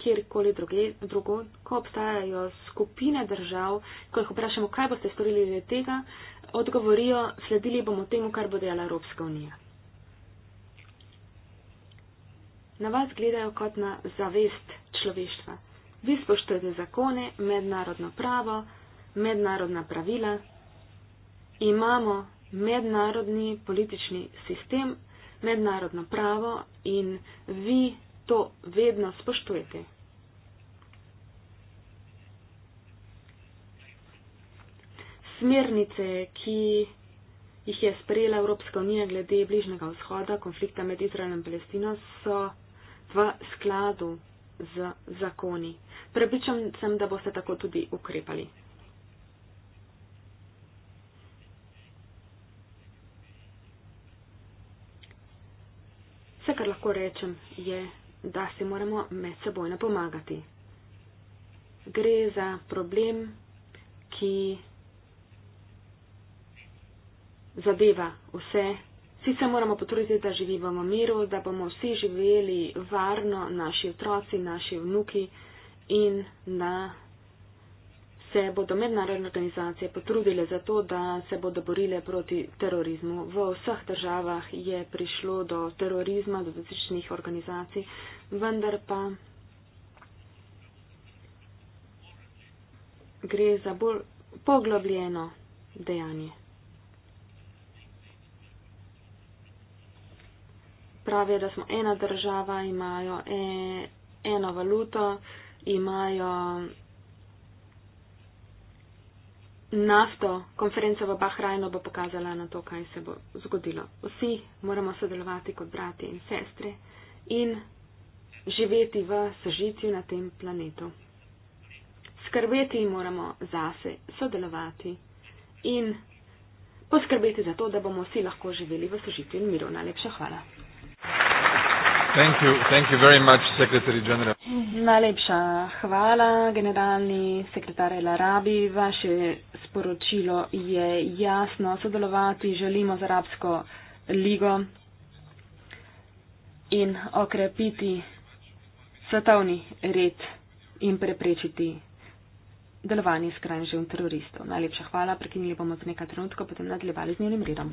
kjerkoli drugo, ko obstajajo skupine držav, ko jih vprašamo, kaj boste storili glede tega, odgovorijo, sledili bomo temu, kar bo delala Evropska unija. na vas gledajo kot na zavest človeštva. Vi spoštujete zakone, mednarodno pravo, mednarodna pravila. Imamo mednarodni politični sistem, mednarodno pravo in vi to vedno spoštujete. Smernice, ki jih je sprejela Evropska unija glede bližnjega vzhoda, konflikta med Izraelom in Palestino, so v skladu z zakoni. Prepričam sem, da boste tako tudi ukrepali. Vse, kar lahko rečem, je, da si moramo med seboj napomagati. Gre za problem, ki zadeva vse Vsi se moramo potruditi, da živimo v miru, da bomo vsi živeli varno, naši otroci, naši vnuki in da se bodo mednarodne organizacije potrudile za to, da se bodo borile proti terorizmu. V vseh državah je prišlo do terorizma, do različnih organizacij, vendar pa gre za bolj poglobljeno dejanje. pravijo, da smo ena država, imajo e, eno valuto, imajo nafto. Konferenca v Bahrajnu bo pokazala na to, kaj se bo zgodilo. Vsi moramo sodelovati kot brati in sestre in živeti v sožitju na tem planetu. Skrbeti moramo zase, sodelovati in poskrbeti za to, da bomo vsi lahko živeli v sožitju in miru. Najlepša hvala. Thank you. Thank you very much, Najlepša hvala, generalni sekretar El Arabi. Vaše sporočilo je jasno. Sodelovati želimo z Arabsko ligo in okrepiti svetovni red in preprečiti delovanje skrajnežev in teroristov. Najlepša hvala. Prekinili bomo za nekaj trenutkov, potem nadaljevali z njenim redom.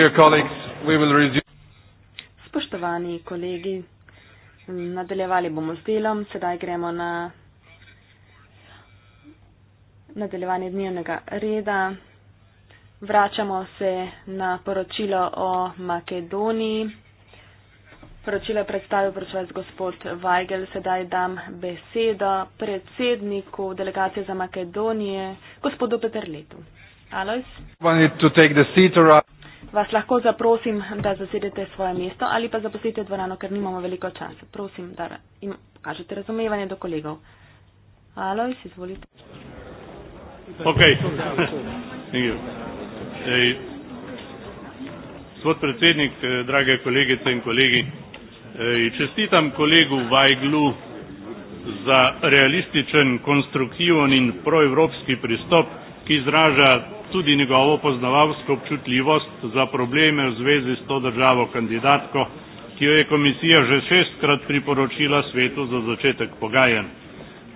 Dear colleagues, we will resume. Spoštovani kolegi, nadaljevali bomo s delom, sedaj gremo na nadaljevanje dnevnega reda. Vračamo se na poročilo o Makedoniji. Poročilo je predstavil predsednik gospod Weigel, sedaj dam besedo predsedniku delegacije za Makedonije, gospodu Peterletu. Alois vas lahko zaprosim, da zasedete svoje mesto ali pa zaposlite dvorano, ker nimamo veliko časa. Prosim, da im pokažete razumevanje do kolegov. Alois, izvolite. Ok. Svod predsednik, eh, drage kolegice in kolegi, Ej, čestitam kolegu Vajglu za realističen, konstruktivni in proevropski pristop, ki izraža tudi njegovo poznavalsko občutljivost za probleme v zvezi s to državo kandidatko, ki jo je komisija že šestkrat priporočila svetu za začetek pogajanj.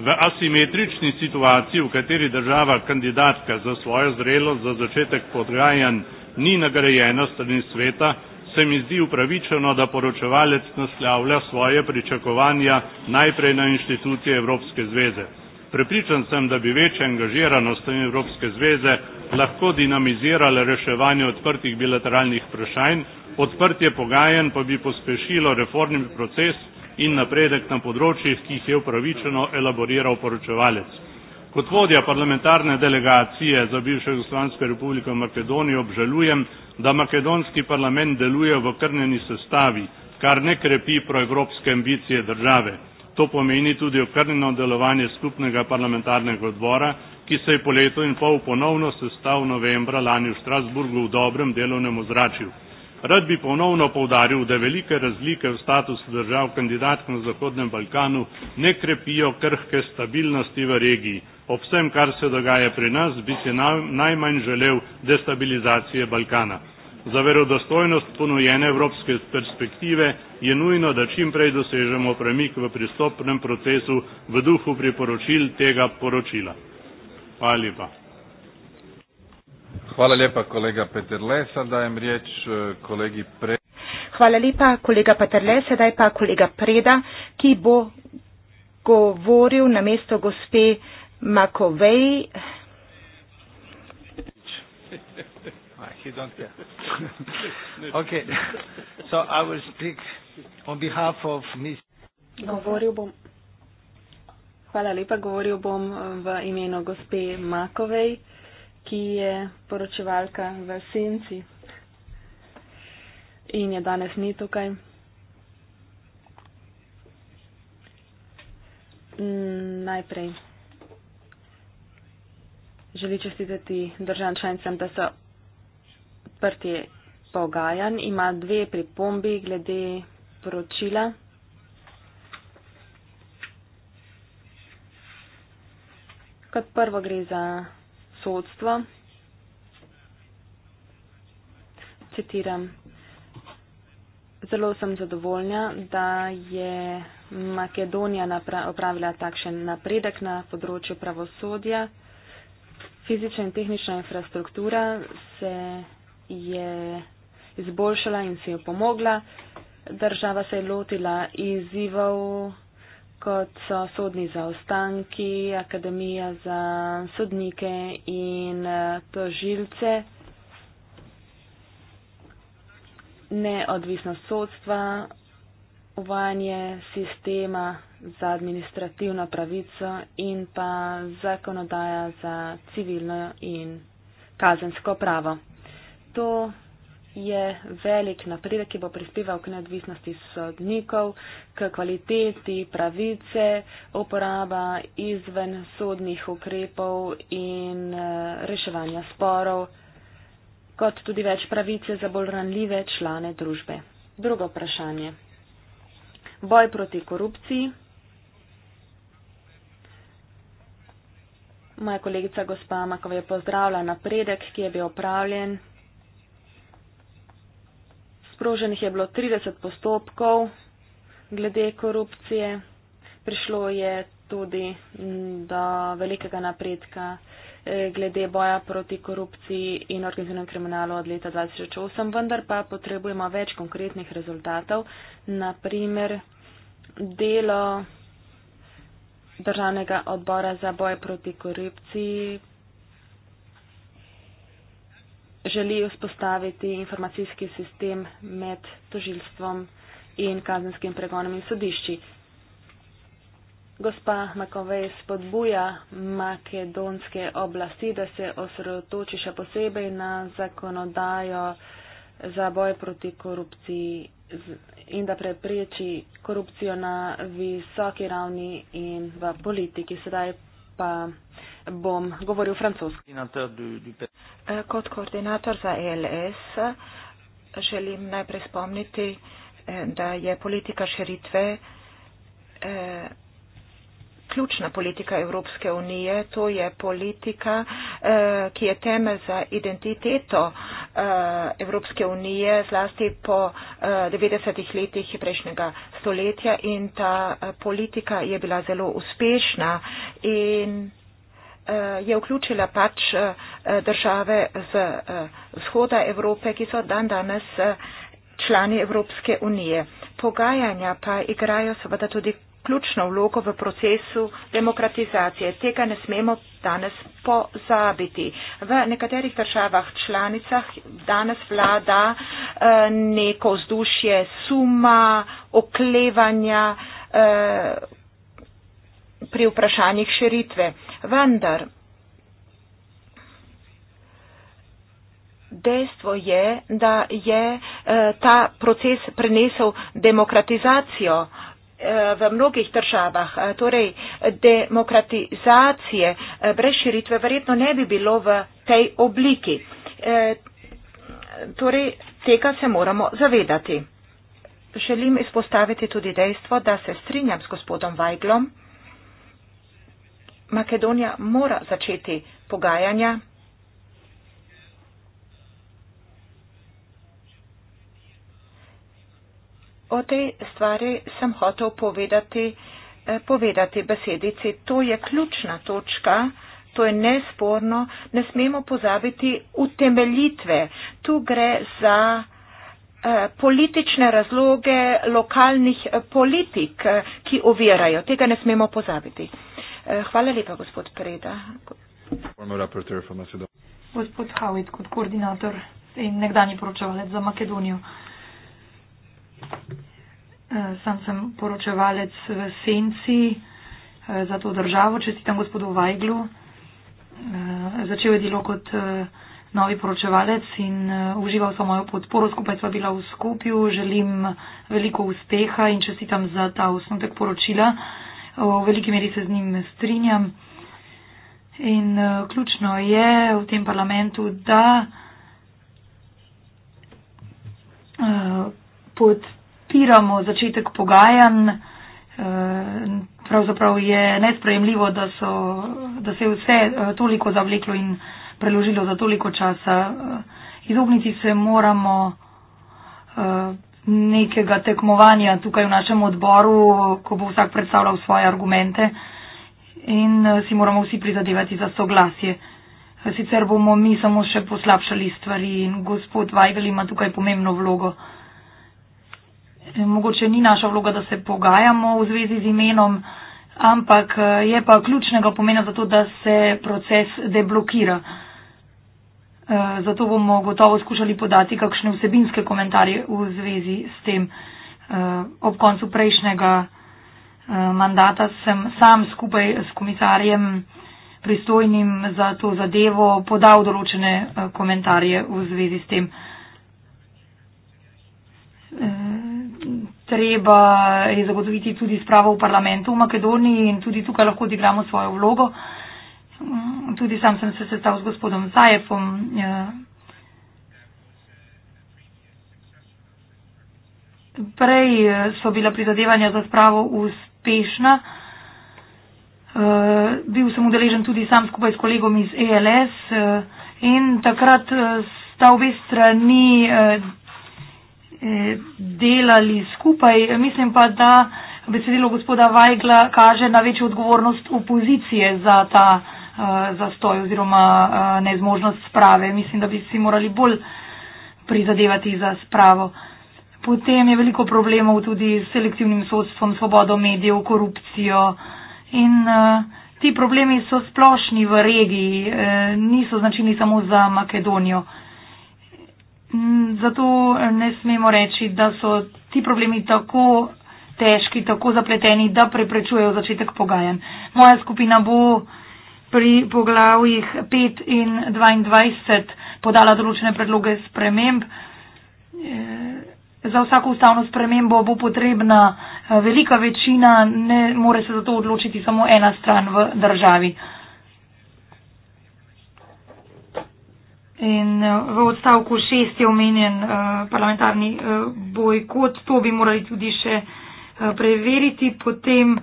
V asimetrični situaciji, v kateri država kandidatka za svojo zrelost za začetek pogajanj ni nagrajena strani sveta, se mi zdi upravičeno, da poročevalec naslavlja svoje pričakovanja najprej na inštitucije Evropske zveze. Prepričan sem, da bi večja angažiranost Evropske zveze lahko dinamizirala reševanje odprtih bilateralnih vprašanj, odprtje pogajanj pa bi pospešilo reformni proces in napredek na področjih, ki jih je upravičeno elaboriral poročevalec. Kot vodja parlamentarne delegacije za bivše Jugoslavijske republike v Makedoniji obžalujem, da makedonski parlament deluje v okrnjeni sestavi, kar ne krepi proevropske ambicije države. To pomeni tudi okrnjeno delovanje skupnega parlamentarnega odbora, ki se je po letu in pol ponovno sestal novembra lani v Strasburgu v dobrem delovnem ozračju. Rad bi ponovno povdaril, da velike razlike v statusu držav kandidatk na Zahodnem Balkanu ne krepijo krhke stabilnosti v regiji. Ob vsem, kar se dogaja pri nas, bi si najmanj želel destabilizacije Balkana. Za verodostojnost ponujene evropske perspektive je nujno, da čim prej dosežemo premik v pristopnem procesu v duhu priporočil tega poročila. Hvala lepa. Hvala lepa, kolega Peter Lesa. Dajem riječ eh, kolegi Pre. Hvala lepa, kolega Peter Lesa. Sedaj pa kolega Preda, ki bo govoril na mesto gospe Makovej you don't care. okay. So I will speak on behalf of Miss. Govoril bom. Hvala lepa. Govoril bom eh, v imenu gospe Makovej, ki je poročevalka v Senci in je danes ni tukaj. Mm, najprej želi čestitati državčancem, da so odprti pogajan, ima dve pripombi glede poročila. Kot prvo gre za sodstvo. Citiram. Zelo sem zadovoljna, da je Makedonija opravila takšen napredek na področju pravosodja. Fizična in tehnična infrastruktura se je izboljšala in si jo pomogla. Država se je lotila izzivov, kot so sodni zaostanki, akademija za sodnike in eh, tožilce, neodvisnost sodstva, uvajanje sistema za administrativno pravico in pa zakonodaja za civilno in kazensko pravo to je velik napredek, ki bo prispeval k neodvisnosti sodnikov, k kvaliteti pravice, uporaba izven sodnih ukrepov in eh, reševanja sporov, kot tudi več pravice za bolj ranljive člane družbe. Drugo vprašanje. Boj proti korupciji. Moja kolegica gospa Makova je pozdravila napredek, ki je bil opravljen sproženih je bilo 30 postopkov glede korupcije. Prišlo je tudi do velikega napredka eh, glede boja proti korupciji in organiziranem kriminalu od leta 2008, vendar pa potrebujemo več konkretnih rezultatov, naprimer delo državnega odbora za boj proti korupciji želi vzpostaviti informacijski sistem med tožilstvom in kazenskim pregonom in sodišči. Gospa Makovej spodbuja makedonske oblasti, da se osredotoči še posebej na zakonodajo za boj proti korupciji in da prepreči korupcijo na visoki ravni in v politiki. Sedaj pa bom govoril francoski. Eh, kot koordinator za ELS želim najprej spomniti, eh, da je politika širitve eh, ključna politika Evropske unije, to je politika, eh, ki je temelj za identiteto eh, Evropske unije, zlasti po 90-ih eh, letih prejšnjega stoletja in ta politika je bila zelo uspešna in je vključila pač države z vzhoda Evrope, ki so dan danes člani Evropske unije. Pogajanja pa igrajo seveda tudi ključno vlogo v procesu demokratizacije. Tega ne smemo danes pozabiti. V nekaterih državah članicah danes vlada eh, neko vzdušje suma, oklevanja eh, pri vprašanjih širitve. Vendar dejstvo je, da je eh, ta proces prenesel demokratizacijo v mnogih državah. Torej, demokratizacije brez širitve verjetno ne bi bilo v tej obliki. E, torej, tega se moramo zavedati. Želim izpostaviti tudi dejstvo, da se strinjam s gospodom Vajglom. Makedonija mora začeti pogajanja o tej stvari sem hotel povedati, eh, povedati besedici. To je ključna točka, to je nesporno, ne smemo pozabiti utemeljitve. Tu gre za eh, politične razloge lokalnih eh, politik, ki ovirajo. Tega ne smemo pozabiti. Hvala lepa, gospod Preda. Gospod Hawit, kot koordinator in nekdani poročevalec za Makedonijo. Eh, sam sem poročevalec v Senci eh, za to državo, čestitam gospodu Vajglu. Eh, začel je delo kot novi poročevalec in užival sem mojo podporo, skupaj sva bila v skupju. Želim veliko uspeha in čestitam za ta osnutek poročila. V veliki meri se z njim strinjam. In ključno je v tem parlamentu, da pod podpiramo začetek pogajanj. Eh, pravzaprav je nesprejemljivo, da, so, da se je vse eh, toliko zavleklo in preložilo za toliko časa. Eh, izogniti se moramo nekega tekmovanja tukaj v našem odboru, ko bo vsak predstavljal svoje argumente in si moramo vsi prizadevati za soglasje. Sicer bomo mi samo še poslabšali stvari in gospod Vajgel ima tukaj pomembno vlogo mogoče ni naša vloga, da se pogajamo v zvezi z imenom, ampak eh, je pa ključnega pomena za to, da se proces deblokira. Eh, zato bomo gotovo skušali podati kakšne vsebinske komentarje v zvezi s tem. Eh, ob koncu prejšnjega mandata sem sam skupaj s komisarjem pristojnim za to zadevo podal določene komentarje v zvezi s tem treba je zagotoviti tudi spravo v parlamentu v Makedoniji in tudi tukaj lahko odigramo svojo vlogo. Mm, tudi sam sem se sestal z gospodom Zajefom. Ja. Prej eh, so bila prizadevanja za spravo uspešna. Eh, bil sem udeležen tudi sam skupaj s kolegom iz ELS eh, in takrat sta obe strani Eh, delali skupaj. Mislim pa, da besedilo gospoda Vajgla kaže na večjo odgovornost opozicije za ta uh, zastoj oziroma uh, nezmožnost sprave. Mislim, da bi si morali bolj prizadevati za spravo. Potem je veliko problemov tudi s selektivnim sodstvom, svobodo medijev, korupcijo in uh, ti problemi so splošni v regiji, uh, niso značilni samo za Makedonijo. Uh, Mm, zato ne smemo reči, da so ti problemi tako težki, tako zapleteni, da preprečujejo začetek pogajanj. Moja skupina bo pri poglavjih 5 in 22 podala določene predloge sprememb. Eh, za vsako ustavno spremembo bo potrebna eh, velika večina, ne more se zato odločiti samo ena stran v državi. In eh, v odstavku šest je omenjen eh, parlamentarni eh, bojkot, to bi morali tudi še preveriti. Potem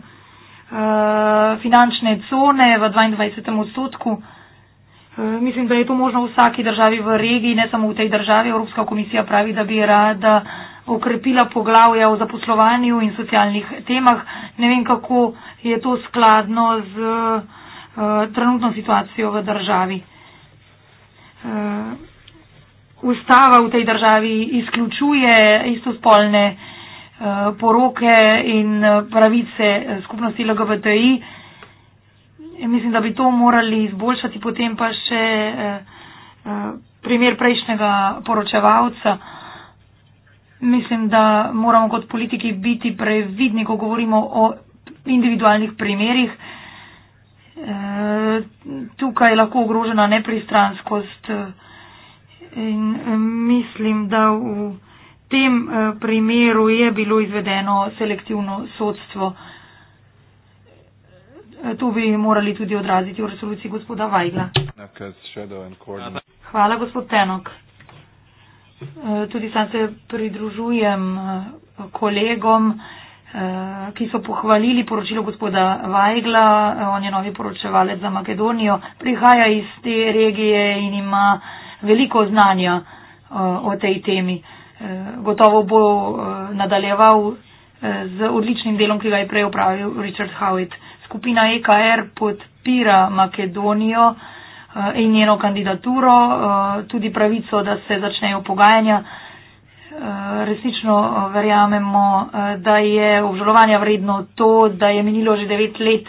finančne cone v 22. odstotku. Mislim, da je to možno v vsaki državi v regiji, ne samo v tej državi. Evropska komisija pravi, da bi rada okrepila poglavja o zaposlovanju in socialnih temah. Ne vem, kako je to skladno z uh, trenutno situacijo v državi uh, ustava v tej državi izključuje istospolne uh, poroke in eh, pravice skupnosti LGBTI. Mislim, da bi to morali izboljšati. Potem pa še uh, primer prejšnjega poročevalca. Mislim, da moramo kot politiki biti previdni, ko govorimo o individualnih primerih. Uh, Eh, tukaj je lahko ogrožena nepristranskost eh, in eh, mislim, da v tem primeru je bilo izvedeno selektivno sodstvo. To bi morali tudi odraziti v resoluciji gospoda Vajgla. Hvala, gospod Tenok. Tudi sam se pridružujem kolegom. Eh, ki so pohvalili poročilo gospoda Vajgla, eh, on je novi poročevalec za Makedonijo, prihaja iz te regije in ima veliko znanja eh, o tej temi. Gotovo bo nadaljeval z odličnim delom, ki ga je prej upravil Richard Howitt. Skupina EKR podpira Makedonijo in njeno kandidaturo, tudi pravico, da se začnejo pogajanja. Eh, resnično eh, verjamemo, eh, da je obžalovanja vredno to, da je minilo že devet let,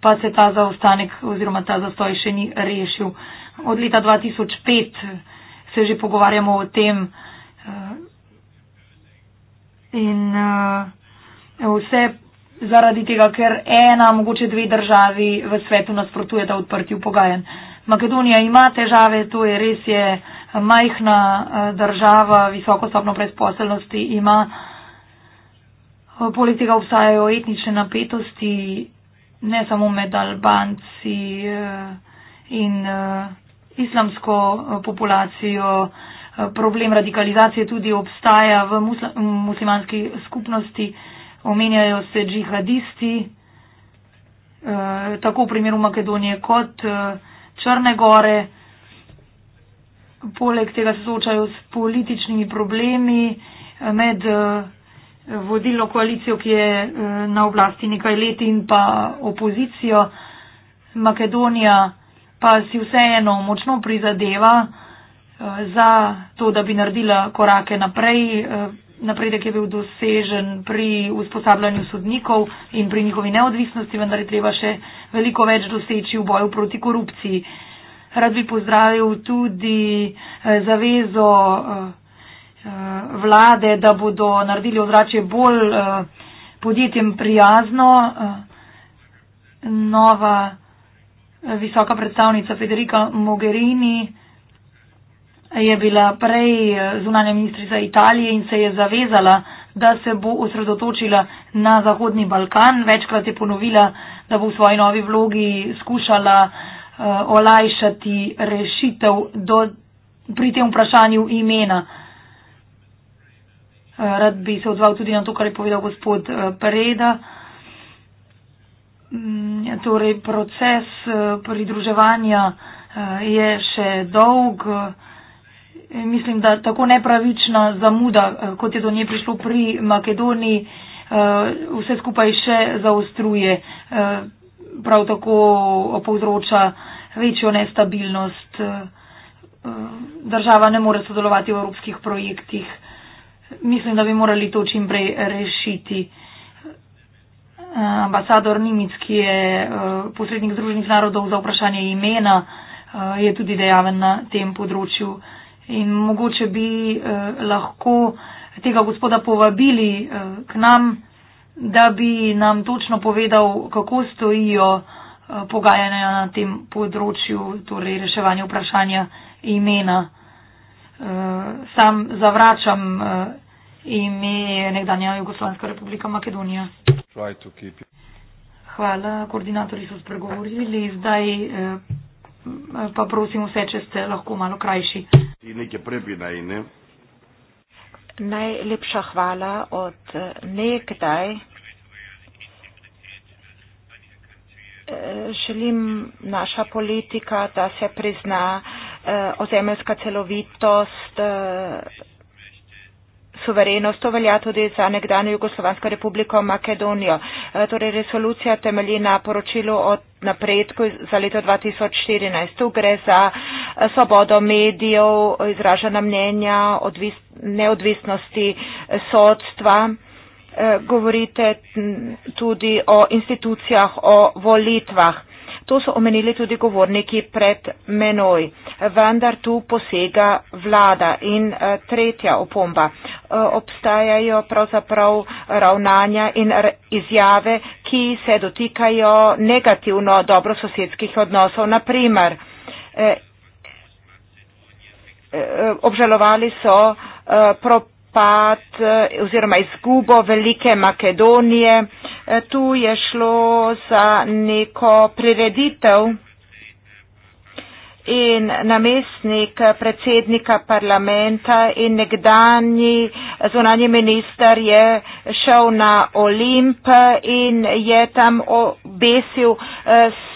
pa se ta zaostanek oziroma ta zastoj še ni rešil. Od leta 2005 se že pogovarjamo o tem in vse zaradi tega, ker ena, mogoče dve državi v svetu nasprotujeta odprtju pogajanj. Makedonija ima težave, to je res je majhna eh, država, visoko stopno brezposelnosti ima. Eh, poleg tega obstajajo etnične napetosti, ne samo med Albanci eh, in islamsko populacijo. Problem radikalizacije tudi obstaja v muslimanski skupnosti. Omenjajo se džihadisti, tako v primeru Makedonije kot Črne gore poleg tega se soočajo s političnimi problemi eh, med eh, vodilno koalicijo, ki je eh, na oblasti nekaj let in pa opozicijo. Makedonija pa si vseeno močno prizadeva za to, da bi naredila korake naprej. Napredek je bil dosežen pri usposabljanju sodnikov in pri njihovi neodvisnosti, vendar je treba še veliko več doseči v boju proti korupciji. Rad bi pozdravil tudi eh, zavezo eh, eh, vlade, da bodo naredili ozračje bolj podjetjem prijazno. Nova visoka predstavnica Federica Mogherini je bila prej zunanja ministrica Italije in se je zavezala, da se bo osredotočila na Zahodni Balkan. Večkrat je ponovila, da bo v svoji novi vlogi skušala Eh, olajšati rešitev do, pri tem vprašanju imena. Eh, rad bi se odzval tudi na to, kar je povedal gospod eh, Preda. Mm, torej, proces pridruževanja je še dolg. Mislim, da tako nepravična zamuda, kot je do nje prišlo pri Makedoniji, vse skupaj še zaostruje prav tako povzroča večjo nestabilnost. Eh, Država ne more sodelovati v evropskih projektih. Mislim, da bi morali to čim prej rešiti. Ambasador Nimic, ki je eh, posrednik Združenih narodov za vprašanje imena, eh, je tudi dejaven na tem področju. In mogoče bi lahko tega gospoda povabili k nam da bi nam točno povedal, kako stojijo eh, pogajanja na tem področju, torej reševanje vprašanja imena. Eh, sam zavračam eh, ime nekdanja Jugoslavijska republika Makedonija. Hvala, koordinatorji so spregovorili, zdaj pa prosim vse, če ste lahko malo krajši. In nekaj prebina, in ne? Najlepša hvala od eh, nekdaj. Eh, želim naša politika, da se prizna eh, ozemeljska celovitost, suverenost, to velja tudi za nekdanjo Jugoslovansko republiko Makedonijo. Torej, resolucija temelji na poročilu o napredku za leto 2014. Tu gre za svobodo medijev, izražena mnenja, odvisnost neodvisnosti eh, sodstva, eh, govorite tudi o institucijah, o volitvah. To so omenili tudi govorniki pred menoj. Vendar tu posega vlada. In eh, tretja opomba. Obstajajo pravzaprav ravnanja in izjave, ki se dotikajo negativno dobrososedskih odnosov. Naprimer, Eh, eh, obžalovali so eh, propad oziroma izgubo Velike Makedonije. Tu je šlo za neko prireditev in namestnik predsednika parlamenta in nekdani zunanji minister je šel na Olimp in je tam obesil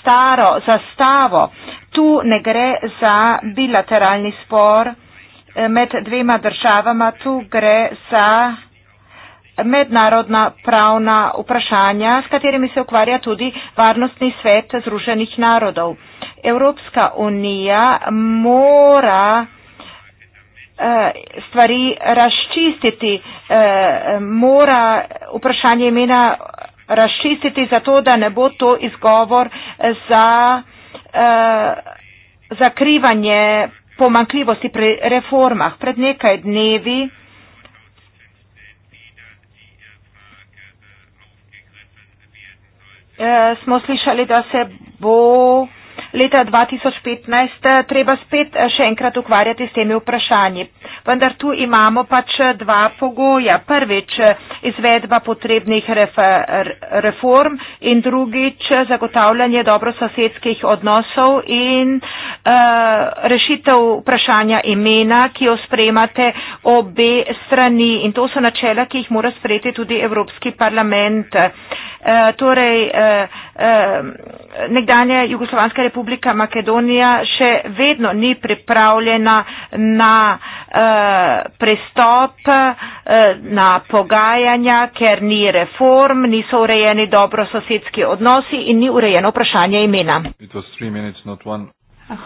staro zastavo. Tu ne gre za bilateralni spor eh, med dvema državama, tu gre za mednarodna pravna vprašanja, s katerimi se ukvarja tudi varnostni svet Združenih narodov. Evropska unija mora eh, stvari razčistiti, eh, mora vprašanje imena razčistiti zato, da ne bo to izgovor za eh, zakrivanje pomankljivosti pri reformah. Pred nekaj dnevi eh, smo slišali, da se bo leta 2015 eh, treba spet eh, še enkrat ukvarjati s temi vprašanji. Vendar tu imamo pač eh, dva pogoja. Prvič izvedba potrebnih reform in drugič zagotavljanje dobrososedskih odnosov in uh, rešitev vprašanja imena, ki jo spremate obe strani. In to so načela, ki jih mora sprejeti tudi Evropski parlament. Uh, Eh, torej eh, eh, nekdanja Jugoslovanska republika Makedonija še vedno ni pripravljena na prestop, na pogajanja, ker ni reform, niso urejeni dobro sosedski odnosi in ni urejeno vprašanje imena.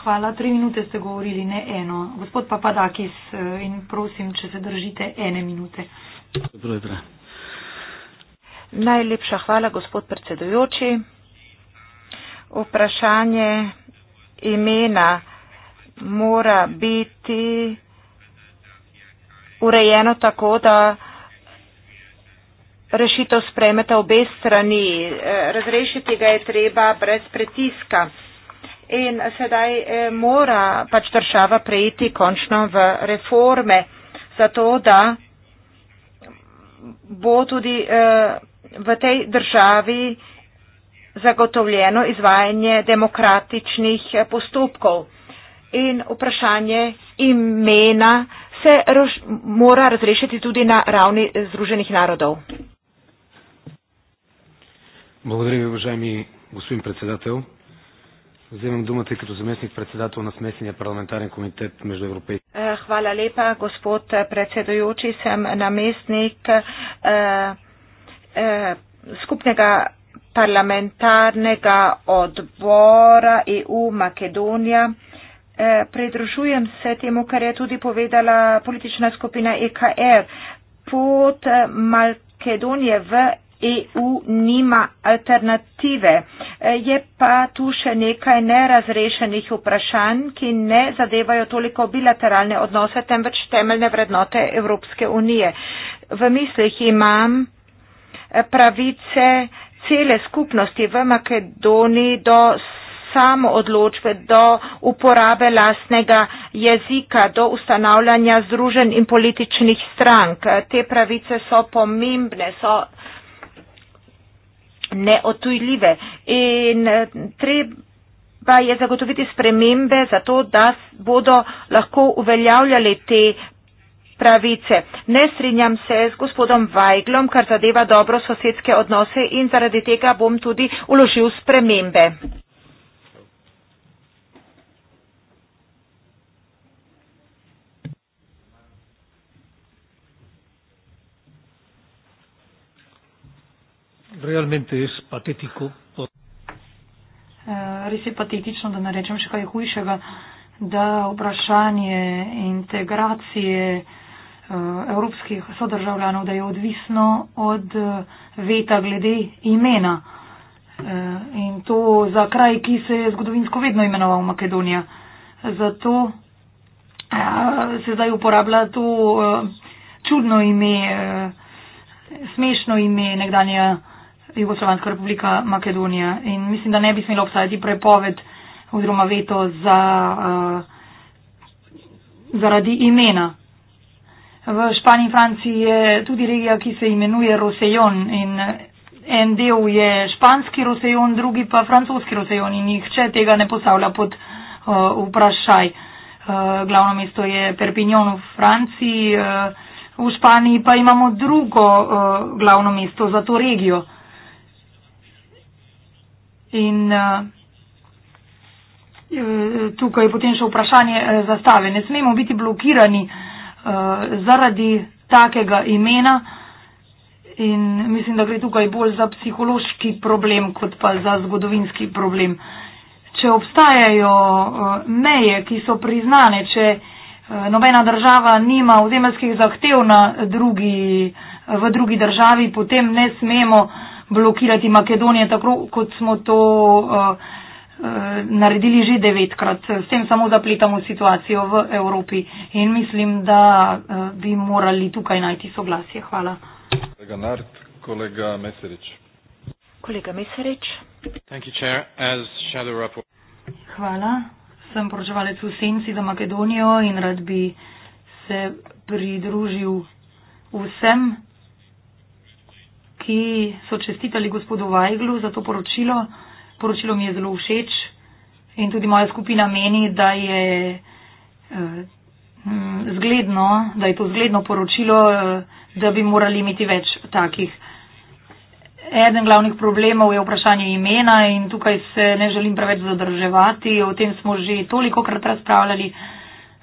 Hvala, tri minute ste govorili, ne eno. Gospod Papadakis in prosim, če se držite ene minute. Dobro, dobro. Najlepša hvala, gospod predsedujoči. Vprašanje imena mora biti urejeno tako, da rešitev spremeta obe strani. Eh, razrešiti ga je treba brez pritiska. In sedaj eh, mora pač država prejiti končno v reforme, zato da bo tudi eh, v tej državi zagotovljeno izvajanje demokratičnih eh, postopkov. In vprašanje imena se rož, mora razrešiti tudi na ravni eh, Združenih narodov. Благодаря ви, уважаеми господин председател. Вземам думата и като заместник председател на смесения парламентарен комитет между Европейски. Хвала лепа, господ председоючи, съм наместник. Uh... Eh, skupnega parlamentarnega odbora EU Makedonija. Eh, pridružujem se temu, kar je tudi povedala politična skupina EKR. Pot eh, Makedonije v EU nima alternative. Je pa tu še nekaj nerazrešenih vprašanj, ki ne zadevajo toliko bilateralne odnose, temveč temeljne vrednote Evropske unije. V mislih imam pravice cele skupnosti v Makedoniji do samo odločbe do uporabe lastnega jezika, do ustanavljanja združen in političnih strank. Te pravice so pomembne, so neotujljive in eh, treba je zagotoviti spremembe za to, da bodo lahko uveljavljali te pravice. Ne strinjam se z gospodom Vajglom, kar zadeva dobro sosedske odnose in zaradi tega bom tudi uložil spremembe. Eh, res je patetično, da ne rečem še kaj hujšega, da vprašanje integracije uh, Eh, evropskih sodržavljanov, da je odvisno od eh, veta glede imena. Eh, in to za kraj, ki se je zgodovinsko vedno imenoval Makedonija. Zato se zdaj uporablja to čudno ime, smešno ime nekdanja Jugoslovanska republika Makedonija. In mislim, da ne bi smelo obstajati prepoved oziroma veto za, zaradi imena. V Španiji in Franciji je tudi regija, ki se imenuje Rosejon in eh, en del je španski Rosejon, drugi pa francoski Rosejon in nihče tega ne postavlja pod uh, vprašaj. Uh, glavno mesto je Perpignan v Franciji, uh, v Španiji pa imamo drugo uh, glavno mesto za to regijo. In uh, tukaj je potem še vprašanje uh, zastave. Ne smemo biti blokirani uh, Eh, zaradi takega imena in mislim, da gre tukaj bolj za psihološki problem, kot pa za zgodovinski problem. Če obstajajo eh, meje, ki so priznane, če eh, nobena država nima ozemeljskih zahtev drugi, v drugi državi, potem ne smemo blokirati Makedonije tako, kot smo to. Uh, Eh, naredili že devetkrat. S tem samo zapletamo situacijo v Evropi in mislim, da eh, bi morali tukaj najti soglasje. Hvala. Kolega Nart, kolega Meserič. Kolega Meserič. Thank you, chair. As shadow report. Hvala. Sem poročevalec v Senci za Makedonijo in rad bi se pridružil vsem, ki so čestitali gospodu Vajglu za to poročilo poročilo mi je zelo všeč in tudi moja skupina meni, da je eh, zgledno, da je to zgledno poročilo, eh, da bi morali imeti več takih. Eden glavnih problemov je vprašanje imena in tukaj se ne želim preveč zadrževati, o tem smo že toliko krat razpravljali.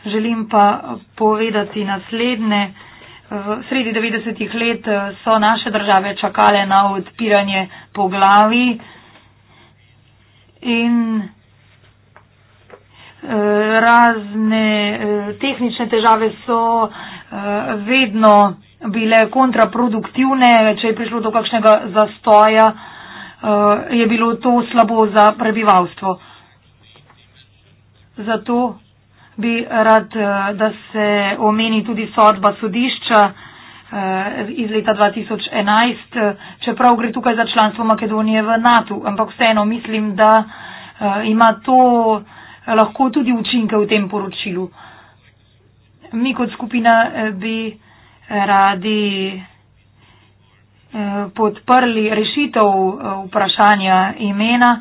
Želim pa povedati naslednje. V sredi 90-ih let eh, so naše države čakale na odpiranje poglavi in eh, razne eh, tehnične težave so eh, vedno bile kontraproduktivne, če je prišlo do kakšnega zastoja, je bilo to slabo za prebivalstvo. Zato bi rad, da se omeni tudi sodba sodišča, Eh, iz leta 2011, eh, čeprav gre tukaj za članstvo Makedonije v NATO. Ampak vseeno mislim, da eh, ima to lahko tudi učinke v tem poročilu. Mi kot skupina bi radi podprli rešitev vprašanja imena.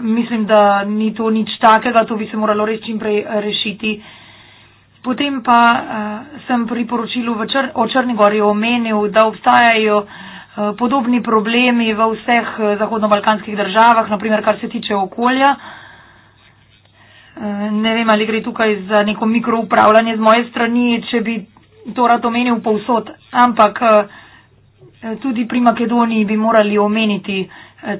Mislim, da ni to nič takega, to bi se moralo res čimprej rešiti. Potem pa uh, sem pri poročilu čr o Črnigori omenil, da obstajajo uh, podobni problemi v vseh uh, zahodnobalkanskih državah, naprimer kar se tiče okolja. Ne vem, ali gre tukaj za neko mikroupravljanje z moje strani, če bi to rad omenil povsod, ampak tudi pri Makedoniji bi morali omeniti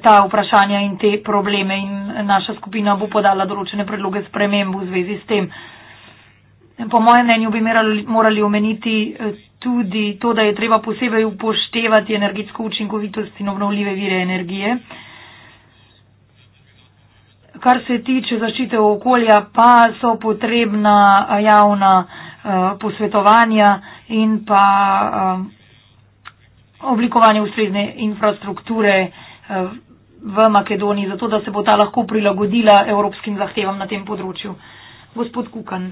ta vprašanja in te probleme in naša skupina bo podala določene predloge spremembu v zvezi s tem. Po mojem mnenju bi morali omeniti eh, tudi to, da je treba posebej upoštevati energetsko učinkovitost in obnovljive vire energije. Kar se tiče zaščite okolja, pa so potrebna eh, javna eh, posvetovanja in pa oblikovanje ustrezne infrastrukture v Makedoniji, zato da se bo ta lahko prilagodila evropskim zahtevam na tem področju. Gospod Kukan.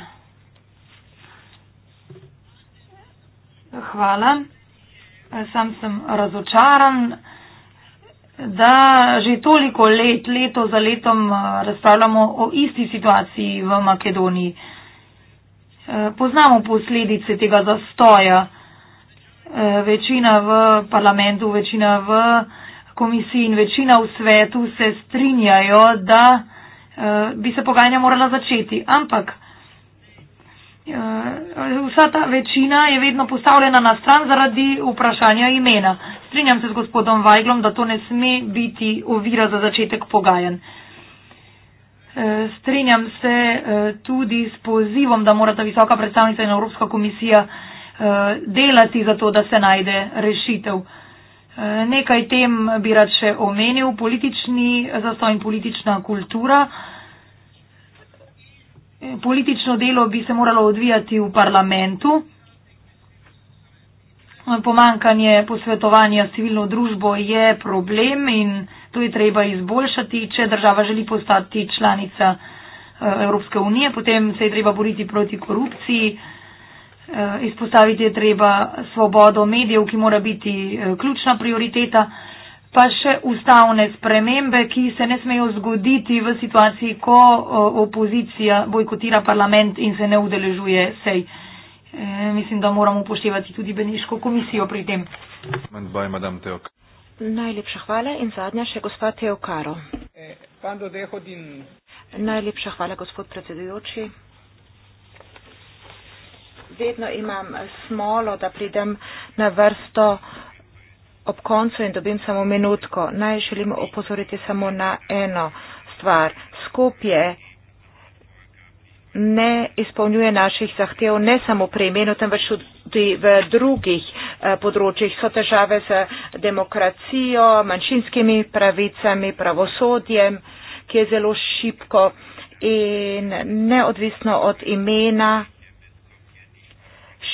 Hvala. Sam sem razočaran, da že toliko let, leto za letom, eh, razpravljamo o isti situaciji v Makedoniji. Eh, poznamo posledice tega zastoja. Eh, večina v parlamentu, večina v komisiji in večina v svetu se strinjajo, da bi se pogajanja morala začeti. Ampak Ja, vsa ta večina je vedno postavljena na stran zaradi vprašanja imena. Strinjam se z gospodom Vajglom, da to ne sme biti ovira za začetek pogajen. Strinjam se e, tudi s pozivom, da morata visoka predstavnica in Evropska komisija e, delati za to, da se najde rešitev. E, nekaj tem bi rad še omenil, politični zastoj in politična kultura. Eh, politično delo bi se moralo odvijati v parlamentu, eh, pomankanje posvetovanja s civilno družbo je problem in to je treba izboljšati. Če država želi postati članica eh, Evropske unije, potem se je treba boriti proti korupciji, izpostaviti je treba svobodo medijev, ki mora biti ključna prioriteta pa še ustavne spremembe, ki se ne smejo zgoditi v situaciji, ko opozicija bojkotira parlament in se ne udeležuje sej. E, mislim, da moramo upoštevati tudi Beniško komisijo pri tem. Bye, Madame, Najlepša hvala in zadnja še gospa Teokaro. Eh, in... Najlepša hvala, gospod predsedujoči. Vedno imam smolo, da pridem na vrsto eh, ob koncu in dobim samo minutko. Naj želim opozoriti samo na eno stvar. Skupje ne izpolnjuje naših zahtev ne samo pri imenu, temveč tudi v drugih eh, področjih. So težave z demokracijo, manjšinskimi pravicami, pravosodjem, ki je zelo šipko in neodvisno od imena.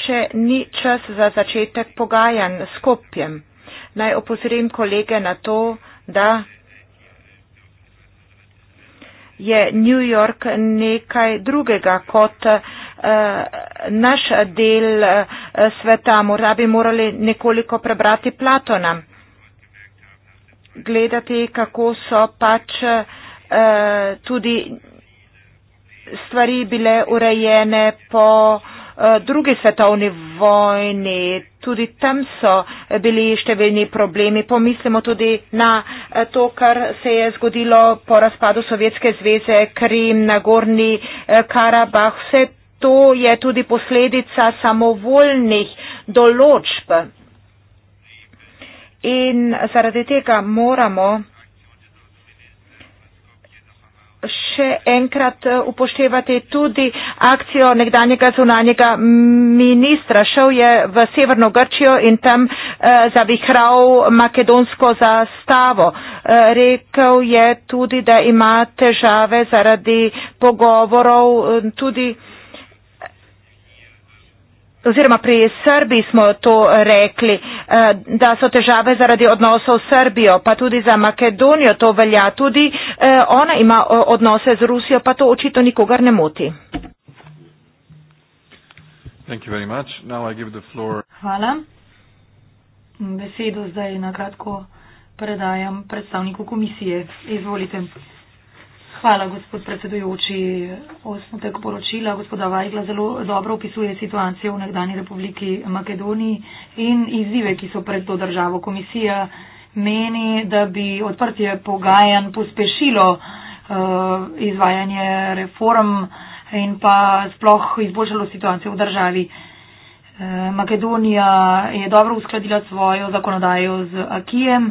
Še ni čas za začetek pogajanj s kopjem. Naj opozorim kolege na to, da je New York nekaj drugega kot uh, naš del uh, sveta. Morda bi morali nekoliko prebrati Platona, gledati, kako so pač uh, tudi stvari bile urejene po uh, Eh, drugi svetovni vojni. Tudi tam so bili številni problemi. Pomislimo tudi na eh, to, kar se je zgodilo po razpadu Sovjetske zveze, Krim, Nagorni eh, Karabah. Vse to je tudi posledica samovoljnih določb. In zaradi tega moramo še enkrat eh, upoštevati tudi akcijo nekdanjega zunanjega ministra. Šel je v severno Grčijo in tam eh, zavihral makedonsko zastavo. Eh, rekel je tudi, da ima težave zaradi pogovorov tudi oziroma pri Srbiji smo to rekli, eh, da so težave zaradi odnosov s Srbijo, pa tudi za Makedonijo to velja, tudi eh, ona ima eh, odnose z Rusijo, pa to očitno nikogar ne moti. Hvala. Besedo zdaj na kratko predajam predstavniku komisije. Izvolite. Hvala, gospod predsedujoči. Osnotek poročila gospoda Vajgla zelo dobro opisuje situacijo v nekdani republiki Makedoniji in izzive, ki so pred to državo. Komisija meni, da bi odprtje pogajanj pospešilo uh, izvajanje reform in pa sploh izboljšalo situacijo v državi. Eh, Makedonija je dobro uskladila svojo zakonodajo z Akijem.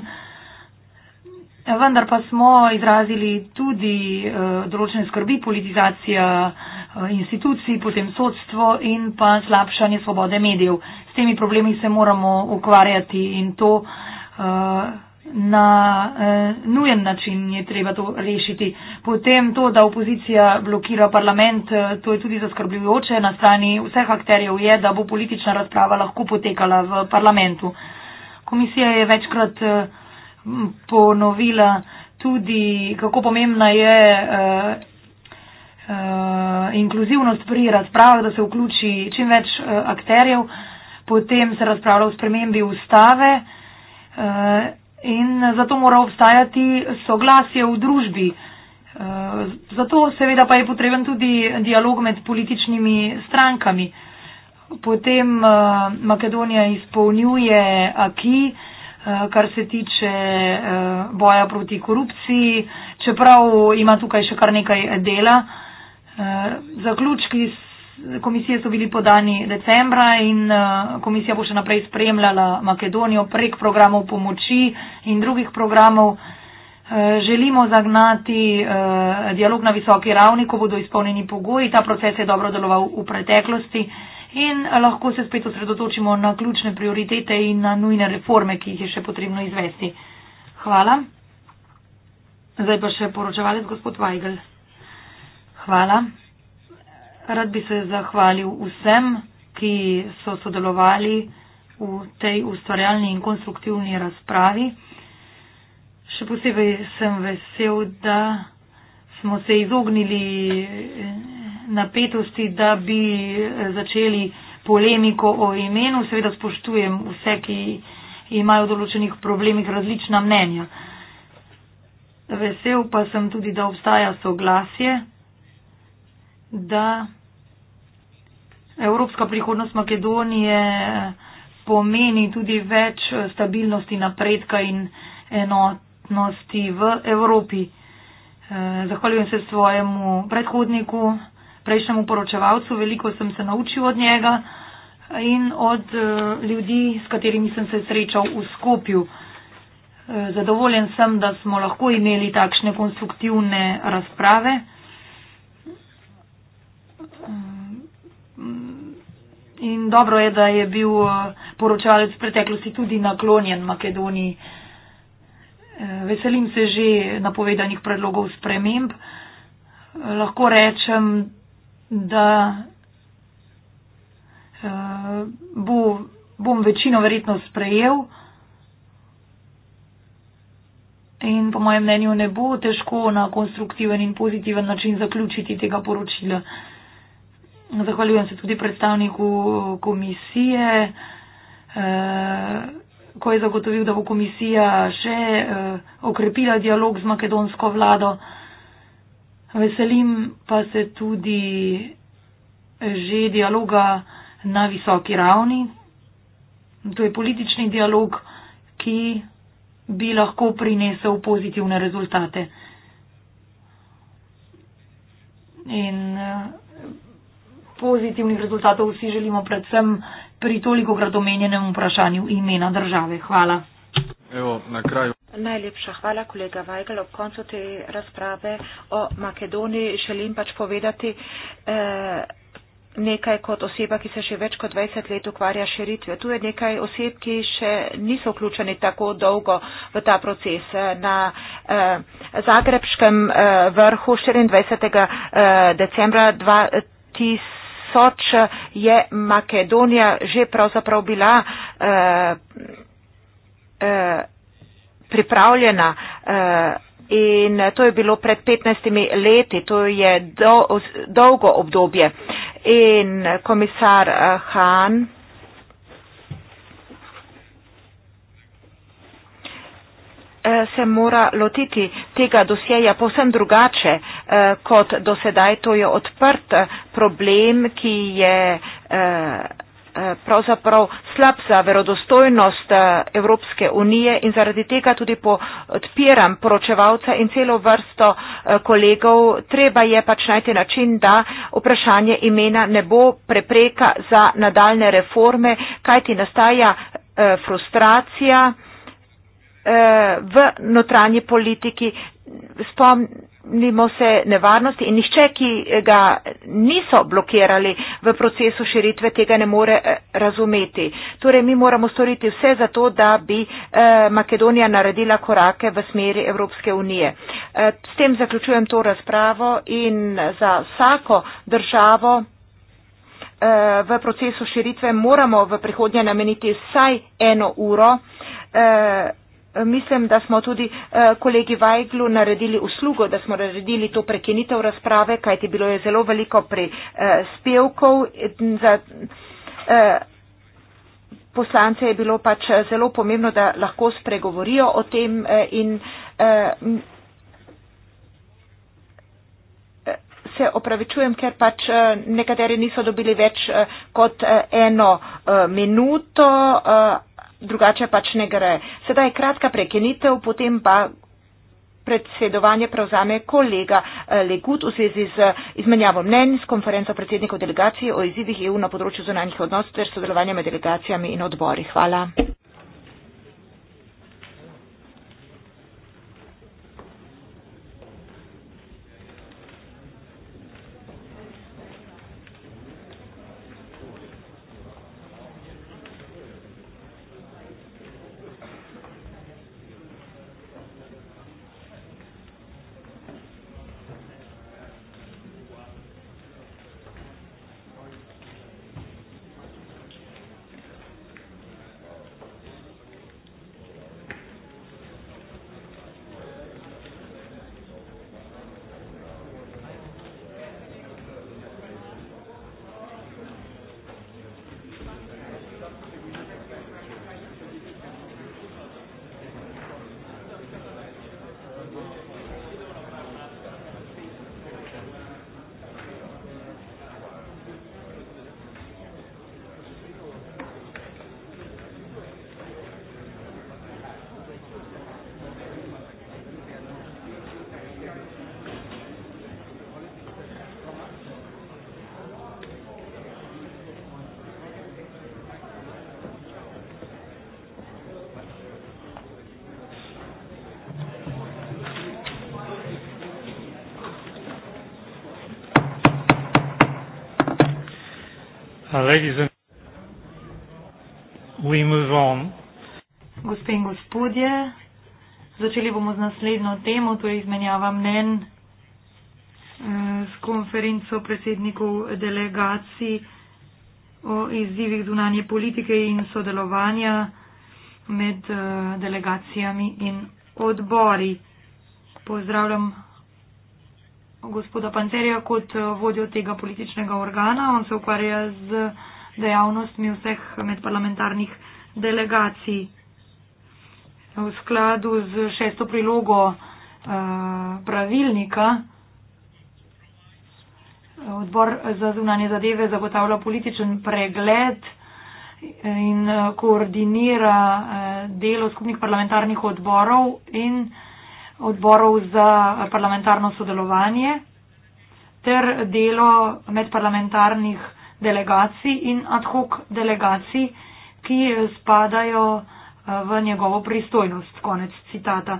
Vendar pa smo izrazili tudi uh, določene skrbi, politizacija uh, institucij, potem sodstvo in pa slabšanje svobode medijev. S temi problemi se moramo ukvarjati in to uh, na uh, nujen način je treba to rešiti. Potem to, da opozicija blokira parlament, uh, to je tudi zaskrbljujoče. Na strani vseh akterjev je, da bo politična razprava lahko potekala v parlamentu. Komisija je večkrat. Uh, ponovila tudi, kako pomembna je uh, uh, inkluzivnost pri razpravah, da se vključi čim več uh, akterjev. Potem se razpravlja o spremembi ustave uh, in zato mora obstajati soglasje v družbi. Zato seveda pa je potreben tudi dialog med političnimi strankami. Potem Makedonija izpolnjuje aki, Eh, kar se tiče eh, boja proti korupciji, čeprav ima tukaj še kar nekaj dela. Eh, zaključki komisije so bili podani decembra in komisija bo še naprej spremljala Makedonijo prek programov pomoči in drugih programov. Želimo zagnati dialog na visoki ravni, ko bodo izpolnjeni pogoji. Ta proces je dobro deloval v preteklosti in lahko se spet osredotočimo na ključne prioritete in na nujne reforme, ki jih je še potrebno izvesti. Hvala. Zdaj pa še poročevalec gospod Weigl. Hvala. Rad bi se zahvalil vsem, ki so sodelovali v tej ustvarjalni in konstruktivni razpravi. Še posebej sem vesel, da smo se izognili napetosti, da bi začeli polemiko o imenu. Seveda spoštujem vse, ki imajo v določenih problemih različna mnenja. Vesel pa sem tudi, da obstaja soglasje, da evropska prihodnost Makedonije pomeni tudi več stabilnosti, napredka in enotnosti v Evropi. Eh, zahvaljujem se svojemu predhodniku prejšnjemu poročevalcu, veliko sem se naučil od njega in od eh, ljudi, s katerimi sem se srečal v Skopju. Eh, zadovoljen sem, da smo lahko imeli takšne konstruktivne razprave. In dobro je, da je bil eh, poročalec v preteklosti tudi naklonjen Makedoniji. Veselim se že napovedanih predlogov sprememb. Lahko rečem, da uh, bo, bom večino verjetno sprejel in po mojem mnenju ne bo težko na konstruktiven in pozitiven način zaključiti tega poročila. Zahvaljujem se tudi predstavniku komisije, eh, ko je zagotovil, da bo komisija še eh, okrepila dialog z makedonsko vlado. Veselim pa se tudi že dialoga na visoki ravni. To je politični dialog, ki bi lahko prinesel pozitivne rezultate. In eh, pozitivnih rezultatov vsi želimo predvsem pri toliko krat omenjenem vprašanju imena države. Hvala. Evo, na kraju. Najlepša hvala, kolega Vajgel. Ob koncu te razprave o Makedoniji želim pač povedati eh, nekaj kot oseba, ki se že več kot 20 let ukvarja širitve. Tu je nekaj oseb, ki še niso vključeni tako dolgo v ta proces. Na eh, Zagrebskem eh, vrhu 24. decembra 2000 Soč je Makedonija že pravzaprav bila eh, eh, pripravljena eh, in to je bilo pred 15 leti, to je dolgo obdobje. In komisar eh, Han. Eh, se mora lotiti tega dosjeja povsem drugače kot do sedaj. To je odprt problem, ki je Eh, pravzaprav slab za verodostojnost eh, Evropske unije in zaradi tega tudi podpiram poročevalca in celo vrsto eh, kolegov. Treba je pač najti način, da vprašanje imena ne bo prepreka za nadaljne reforme, kajti nastaja frustracija v notranji politiki. Spomnim, Nimo se nevarnosti in nišče, ki ga niso blokirali v procesu širitve, tega ne more eh, razumeti. Torej, mi moramo storiti vse za to, da bi eh, Makedonija naredila korake v smeri Evropske unije. Eh, s tem zaključujem to razpravo in za vsako državo v procesu širitve moramo v prihodnje nameniti vsaj eno uro Mislim, da smo tudi eh, kolegi Vajglu naredili uslugo, da smo naredili to prekinitev razprave, kajti bilo je zelo veliko prispevkov. Eh, poslance je bilo pač eh, zelo pomembno, da lahko spregovorijo o tem in se opravičujem, ker pač nekateri niso dobili več kot eno minuto drugače pač ne gre. Sedaj je kratka prekinitev, potem pa predsedovanje prevzame kolega eh, Legut v zvezi z eh, izmenjavo mnenj s konferenco predsednikov delegacije o izzivih EU na področju zunanjih odnosov ter sodelovanja med delegacijami in odbori. Hvala. Ladies and we move on. Gospe in gospodje, začeli bomo z naslednjo temo, to je izmenjava mnen eh, s konferenco predsednikov delegacij o izzivih zunanje politike in sodelovanja med eh, delegacijami in odbori. Pozdravljam gospoda Panterja kot eh, vodjo tega političnega organa. On se ukvarja z dejavnostmi vseh medparlamentarnih delegacij. V skladu z šesto prilogo eh, pravilnika odbor za zunanje zadeve zagotavlja političen pregled in eh, koordinira delo skupnih parlamentarnih odborov in odborov za parlamentarno sodelovanje ter delo medparlamentarnih delegacij in ad hoc delegacij, ki spadajo eh, v njegovo pristojnost. Konec citata.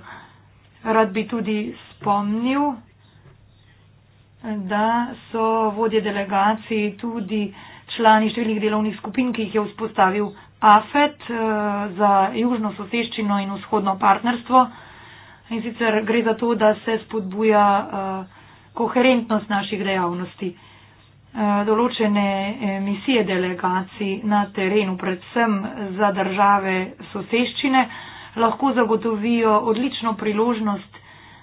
Rad bi tudi spomnil, da so vodje delegacij tudi člani številnih delovnih skupin, ki jih je vzpostavil AFET eh, za južno soseščino in vzhodno partnerstvo. In sicer gre za to, da se spodbuja eh, koherentnost naših dejavnosti. Eh, določene eh, misije delegacij na terenu, predvsem za države soseščine, lahko zagotovijo odlično priložnost,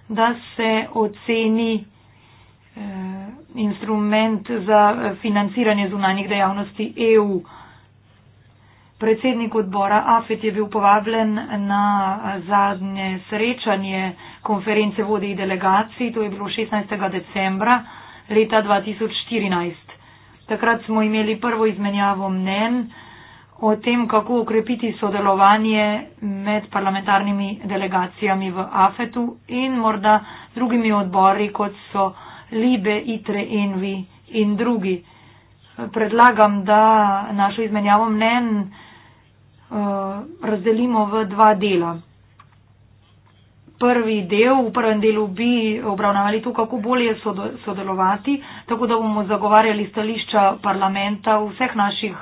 da se oceni instrument za financiranje zunanjih dejavnosti EU. Predsednik odbora AFET je bil povabljen na zadnje srečanje konference vodij delegacij, to je bilo 16. decembra leta 2014. Takrat smo imeli prvo izmenjavo mnen o tem, kako ukrepiti sodelovanje med parlamentarnimi delegacijami v AFET-u in morda drugimi odbori, kot so Libe, ITRE, ENVI in drugi. Predlagam, da našo izmenjavo mnen Eh, razdelimo v dva dela. Prvi del, v prvem delu bi obravnavali to, kako bolje sodelovati, tako da bomo zagovarjali stališča parlamenta v vseh naših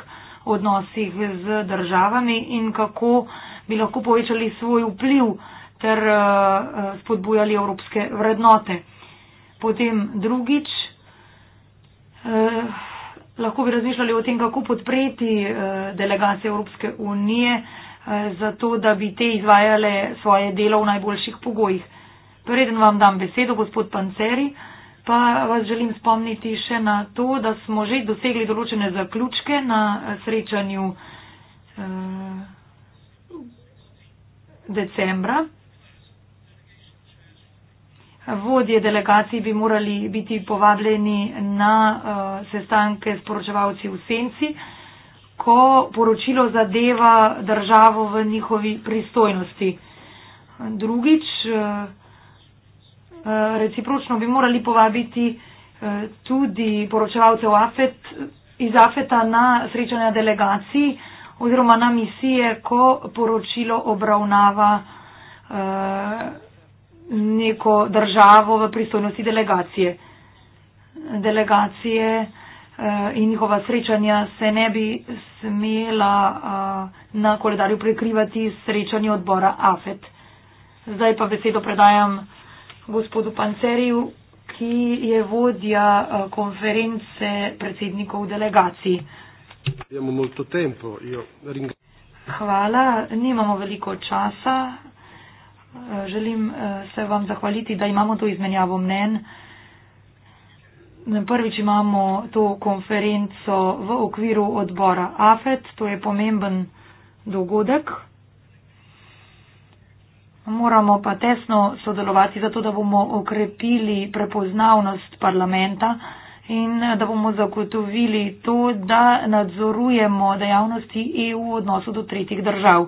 odnosih z državami in kako bi lahko povečali svoj vpliv ter eh, eh, spodbujali evropske vrednote. Potem drugič. Eh, lahko bi razmišljali o tem, kako podpreti eh, delegacije Evropske unije, eh, zato da bi te izvajale svoje delo v najboljših pogojih. Preden vam dam besedo, gospod Panceri, pa vas želim spomniti še na to, da smo že dosegli določene zaključke na eh, srečanju decembra Vodje delegacij bi morali biti povabljeni na uh, sestanke s poročevalci v senci, ko poročilo zadeva državo v njihovi pristojnosti. Drugič, uh, recipročno bi morali povabiti uh, tudi poročevalce Afet, iz Afeta na srečanja delegacij oziroma na misije, ko poročilo obravnava. Uh, neko državo v pristojnosti delegacije. Delegacije uh, in njihova srečanja se ne bi smela uh, na koledarju prekrivati srečanje odbora AFET. Zdaj pa besedo predajam gospodu Panceriju, ki je vodja uh, konference predsednikov delegacij. Hvala, nimamo veliko časa. Želim eh, se vam zahvaliti, da imamo to izmenjavo mnen. Prvič imamo to konferenco v okviru odbora AFET, to je pomemben dogodek. Moramo pa tesno sodelovati, zato da bomo okrepili prepoznavnost parlamenta in eh, da bomo zagotovili to, da nadzorujemo dejavnosti EU v odnosu do tretjih držav.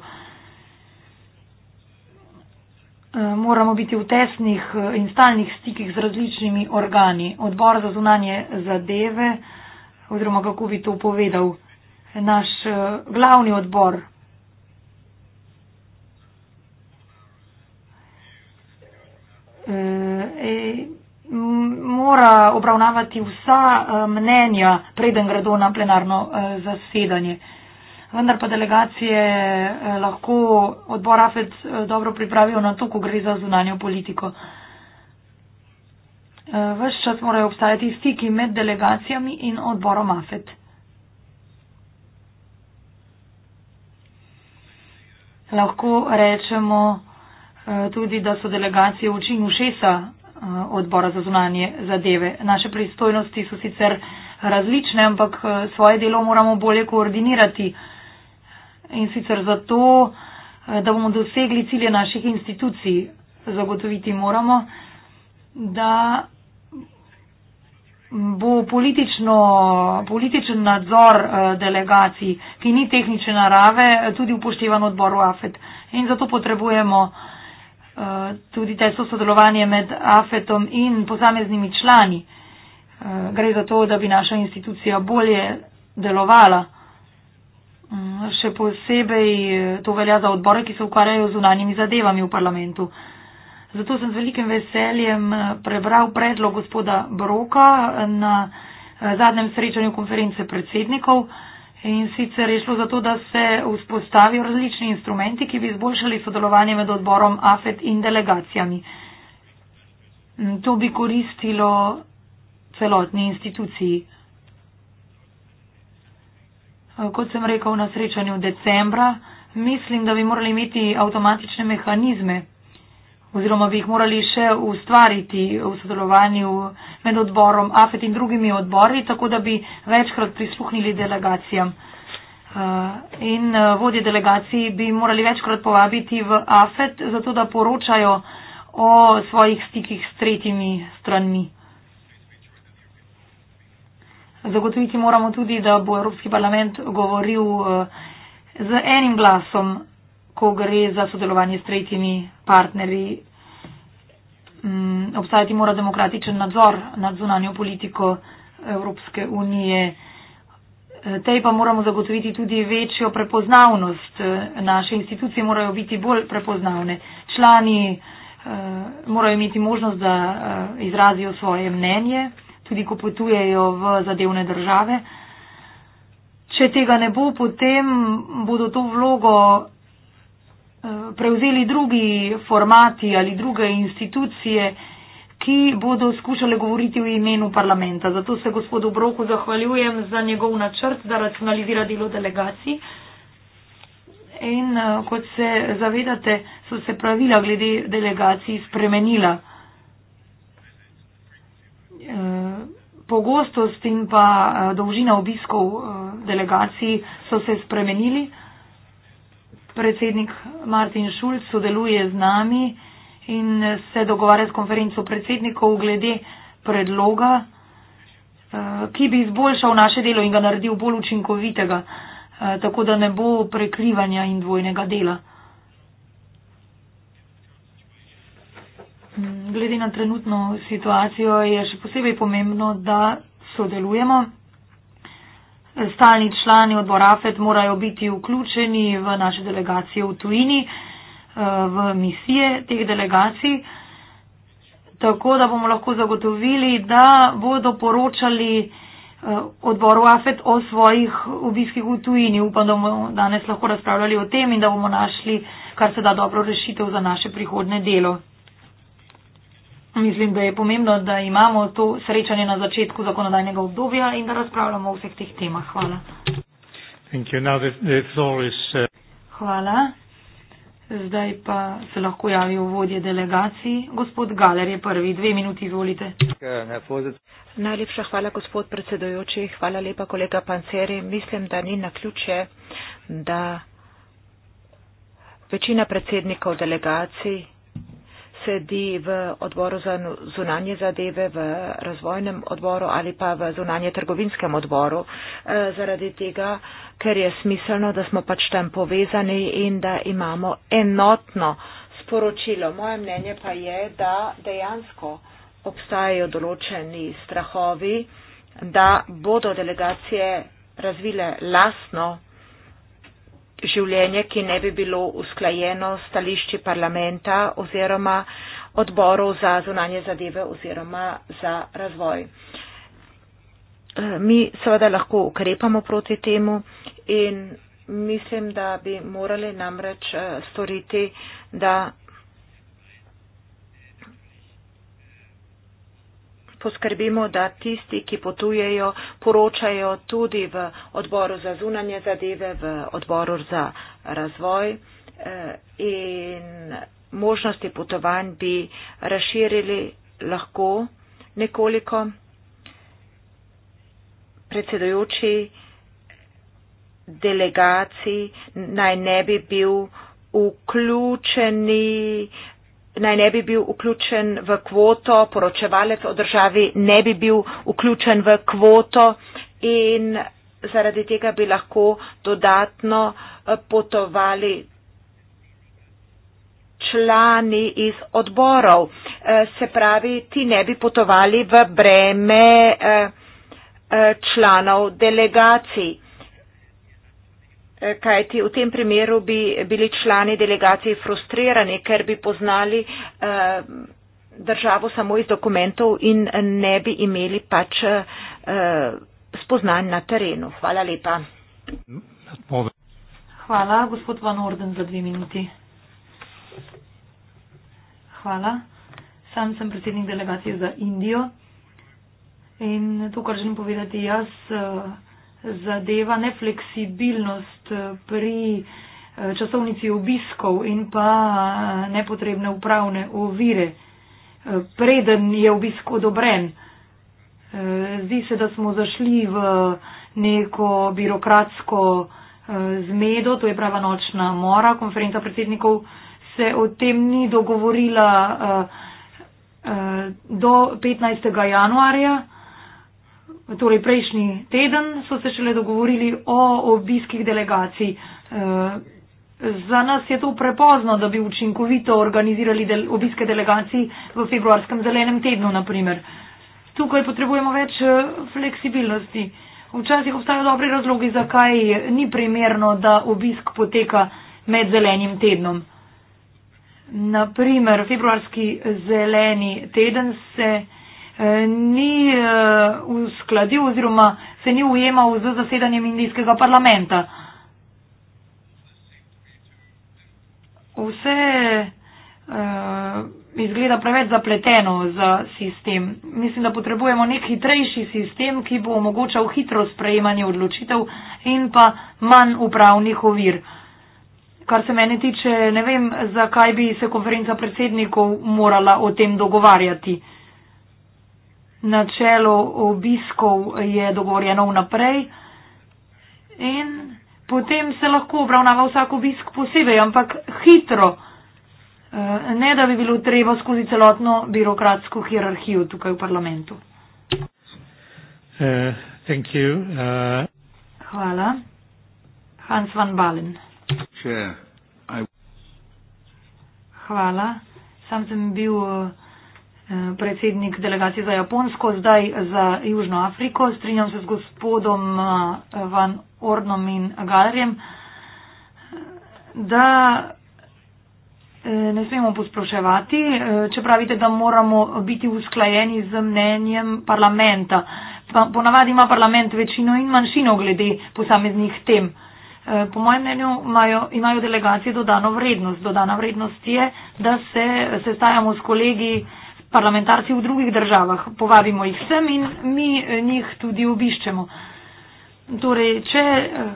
Eh, moramo biti v tesnih eh, in stalnih stikih z različnimi organi. Odbor za zunanje zadeve, oziroma kako bi to povedal, naš eh, glavni odbor. E, mora obravnavati vsa mnenja, preden gredo na plenarno zasedanje vendar pa delegacije eh, lahko odbor AFED eh, dobro pripravijo na to, ko gre za zunanjo politiko. Eh, ves čas morajo obstajati stiki med delegacijami in odborom AFED. Lahko rečemo tudi, da so delegacije v činu šesa odbora za zunanje zadeve. Naše pristojnosti so sicer različne, ampak svoje delo moramo bolje koordinirati in sicer zato, eh, da bomo dosegli cilje naših institucij. Zagotoviti moramo, da bo političen nadzor eh, delegacij, ki ni tehnične narave, tudi upoštevan odboru AFET. In zato potrebujemo eh, tudi tesno sodelovanje med AFETom in posameznimi člani. Gre za to, da bi naša institucija bolje delovala. Mm, še posebej eh, to velja za odbore, ki se ukvarjajo z unanjimi zadevami v parlamentu. Zato sem z velikim veseljem eh, prebral predlog gospoda Broka eh, na zadnjem srečanju konference predsednikov in sicer je šlo za to, da se vzpostavijo različni instrumenti, ki bi izboljšali sodelovanje med odborom AFET in delegacijami. Mm, to bi koristilo celotni instituciji kot sem rekel na srečanju decembra, mislim, da bi morali imeti avtomatične mehanizme oziroma bi jih morali še ustvariti v sodelovanju med odborom AFET in drugimi odbori, tako da bi večkrat prisluhnili delegacijam. Eh, in eh, vodje delegacij bi morali večkrat povabiti v AFET, zato da poročajo o svojih stikih s tretjimi stranmi. Zagotoviti moramo tudi, da bo Evropski parlament govoril eh, z enim glasom, ko gre za sodelovanje s tretjimi partnerji. Mm, obstajati mora demokratičen nadzor nad zunanjo politiko Evropske unije. Eh, tej pa moramo zagotoviti tudi večjo prepoznavnost. Eh, naše institucije morajo biti bolj prepoznavne. Člani morajo imeti možnost, da izrazijo svoje mnenje tudi ko potujejo v zadevne države. Če tega ne bo, potem bodo to vlogo eh, prevzeli drugi formati ali druge institucije, ki bodo skušale govoriti v imenu parlamenta. Zato se gospodu Broku zahvaljujem za njegov načrt, da racionalizira delo delegacij. In eh, kot se zavedate, so se pravila glede delegacij spremenila. Uh, pogostost in pa eh, dolžina obiskov eh, delegacij so se spremenili. Predsednik Martin Šulc sodeluje z nami in se dogovarja s konferenco predsednikov glede predloga, eh, ki bi izboljšal naše delo in ga naredil bolj učinkovitega, tako da ne bo prekrivanja in dvojnega dela. glede na trenutno situacijo je še posebej pomembno, da sodelujemo. Stalni člani odbora AFET morajo biti vključeni v naše delegacije v tujini, eh, v misije teh delegacij, tako da bomo lahko zagotovili, da bodo poročali eh, odboru AFET o svojih obiskih v tujini. Upam, da bomo danes lahko razpravljali o tem in da bomo našli kar se da dobro rešitev za naše prihodne delo mislim, da je pomembno, da imamo to srečanje na začetku zakonodajnega obdobja in da razpravljamo o vseh teh temah. Hvala. Uh, hvala. Zdaj pa se lahko javijo vodje delegacij. Gospod Galer je prvi. Dve minuti, izvolite. Najlepša hvala, gospod predsedojoči. Hvala lepa, kolega Panceri. Mislim, da ni na ključe, da večina predsednikov delegacij sedi v odboru za zunanje zadeve, v razvojnem odboru ali pa v zunanje trgovinskem odboru, eh, zaradi tega, ker je smiselno, da smo pač tam povezani in da imamo enotno sporočilo. Moje mnenje pa je, da dejansko obstajajo določeni strahovi, da bodo delegacije razvile lasno življenje, ki ne bi bilo usklajeno s stališči parlamenta oziroma odborov za zunanje zadeve oziroma za razvoj. Eh, mi seveda lahko ukrepamo proti temu in mislim, da bi morali namreč eh, storiti, da poskrbimo, da tisti, ki potujejo, poročajo tudi v odboru za zunanje zadeve, v odboru za razvoj eh, in možnosti potovanj bi razširili lahko nekoliko. Predsedujoči delegaciji naj ne bi bil vključeni naj ne bi bil vključen v kvoto, poročevalec o državi ne bi bil vključen v kvoto in zaradi tega bi lahko dodatno eh, potovali člani iz odborov. Eh, se pravi, ti ne bi potovali v breme eh, članov delegacij. Eh, kajti v tem primeru bi bili člani delegacij frustrirani, ker bi poznali eh, državo samo iz dokumentov in ne bi imeli pač eh, spoznanj na terenu. Hvala lepa. Hvala, gospod Van Orden, za dve minuti. Hvala. Sam sem predsednik delegacije za Indijo. In to, kar želim povedati jaz, zadeva nefleksibilnost eh, pri eh, časovnici obiskov in pa eh, nepotrebne upravne ovire, preden je obisk odobren. Zdi se, da smo zašli v neko birokratsko zmedo, to je prava nočna mora. Konferenca predsednikov se o tem ni dogovorila do 15. januarja torej prejšnji teden, so se šele dogovorili o obiskih delegacij. Eh, za nas je to prepozno, da bi učinkovito organizirali del obiske delegacij v februarskem zelenem tednu, naprimer. Tukaj potrebujemo več eh, fleksibilnosti. Včasih obstajajo dobri razlogi, zakaj ni primerno, da obisk poteka med zelenim tednom. Naprimer, februarski zeleni teden se. Eh, ni eh, uskladil oziroma se ni ujemal z zasedanjem indijskega parlamenta. Vse uh, izgleda preveč zapleteno za sistem. Mislim, da potrebujemo nek hitrejši sistem, ki bo omogočal hitro sprejemanje odločitev in pa manj upravnih ovir. Kar se mene tiče, ne vem, zakaj bi se konferenca predsednikov morala o tem dogovarjati načelo obiskov je dogovorjeno vnaprej in potem se lahko obravnava vsak obisk posebej, ampak hitro, eh, ne da bi bilo treba skozi celotno birokratsko hierarhijo tukaj v parlamentu. Uh, uh... Hvala. Hans van Balen. Chair, I... Hvala. Sam sem bil. Uh, predsednik delegacije za Japonsko, zdaj za Južno Afriko. Strinjam se z gospodom eh, Van Ornom in Galerjem, da eh, ne smemo posproševati, eh, če pravite, da moramo biti usklajeni z mnenjem parlamenta. Ponavadi ima parlament večino in manjšino glede posameznih tem. Po mojem mnenju imajo, imajo delegacije dodano vrednost. Dodana vrednost je, da se sestajamo s kolegi, parlamentarci v drugih državah. Povabimo jih sem in mi eh, njih tudi obiščemo. Torej, če eh,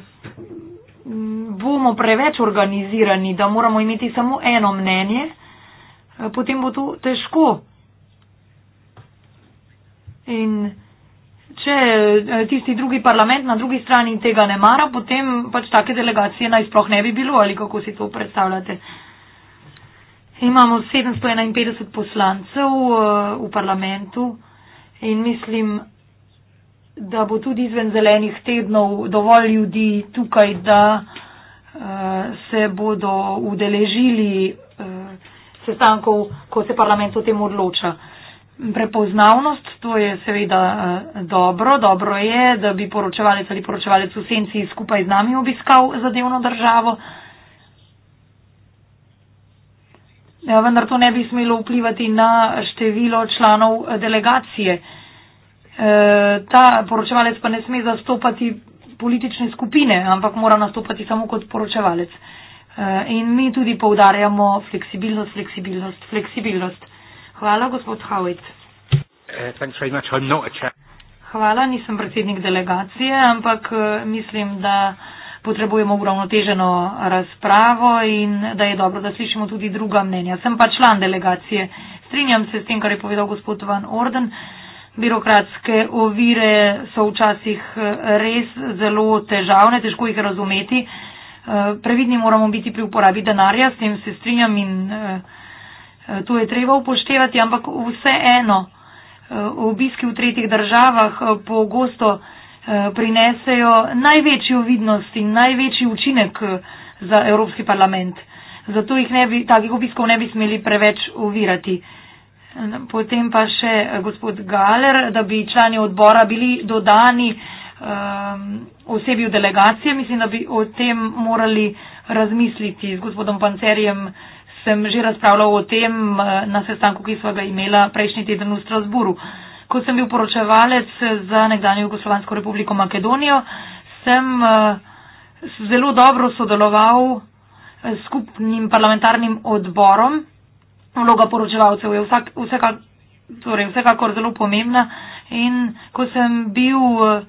bomo preveč organizirani, da moramo imeti samo eno mnenje, eh, potem bo to težko. In če tisti drugi parlament na drugi strani tega ne mara, potem pač take delegacije naj sploh ne bi bilo ali kako si to predstavljate imamo 751 poslancev eh, v parlamentu in mislim, da bo tudi izven zelenih tednov dovolj ljudi tukaj, da eh, se bodo udeležili eh, sestankov, ko se parlament o tem odloča. Prepoznavnost, to je seveda dobro, dobro je, da bi poročevalec ali poročevalec v senci skupaj z nami obiskal zadevno državo. Ja, vendar to ne bi smelo vplivati na število članov eh, delegacije. Eh, ta poročevalec pa ne sme zastopati politične skupine, ampak mora nastopati samo kot poročevalec. Eh, in mi tudi poudarjamo fleksibilnost, fleksibilnost, fleksibilnost. Hvala, gospod Howitt. Hvala, nisem predsednik delegacije, ampak mislim, da potrebujemo uravnoteženo razpravo in da je dobro, da slišimo tudi druga mnenja. Sem pa član delegacije. Strinjam se s tem, kar je povedal gospod Van Orden. Birokratske ovire so včasih eh, res zelo težavne, težko jih razumeti. Eh, previdni moramo biti pri uporabi denarja, s tem se strinjam in eh, to je treba upoštevati, ampak vseeno obiski v tretjih državah pogosto po Eh, prinesejo največjo vidnost in največji učinek eh, za Evropski parlament. Zato jih ne bi, takih obiskov ne bi smeli preveč ovirati. Potem pa še eh, gospod Galer, da bi člani odbora bili dodani um, osebi v delegacije. Mislim, da bi o tem morali razmisliti. Z gospodom Pancerjem sem že razpravljal o tem na sestanku, ki smo ga imela prejšnji teden v Strasburu. Uh, ko sem bil poročevalec za nekdanje Jugoslovansko republiko Makedonijo, sem eh, zelo dobro sodeloval eh, s skupnim parlamentarnim odborom. Vloga poročevalcev je vsak, vsaka, torej vsekakor zelo pomembna in ko sem bil eh,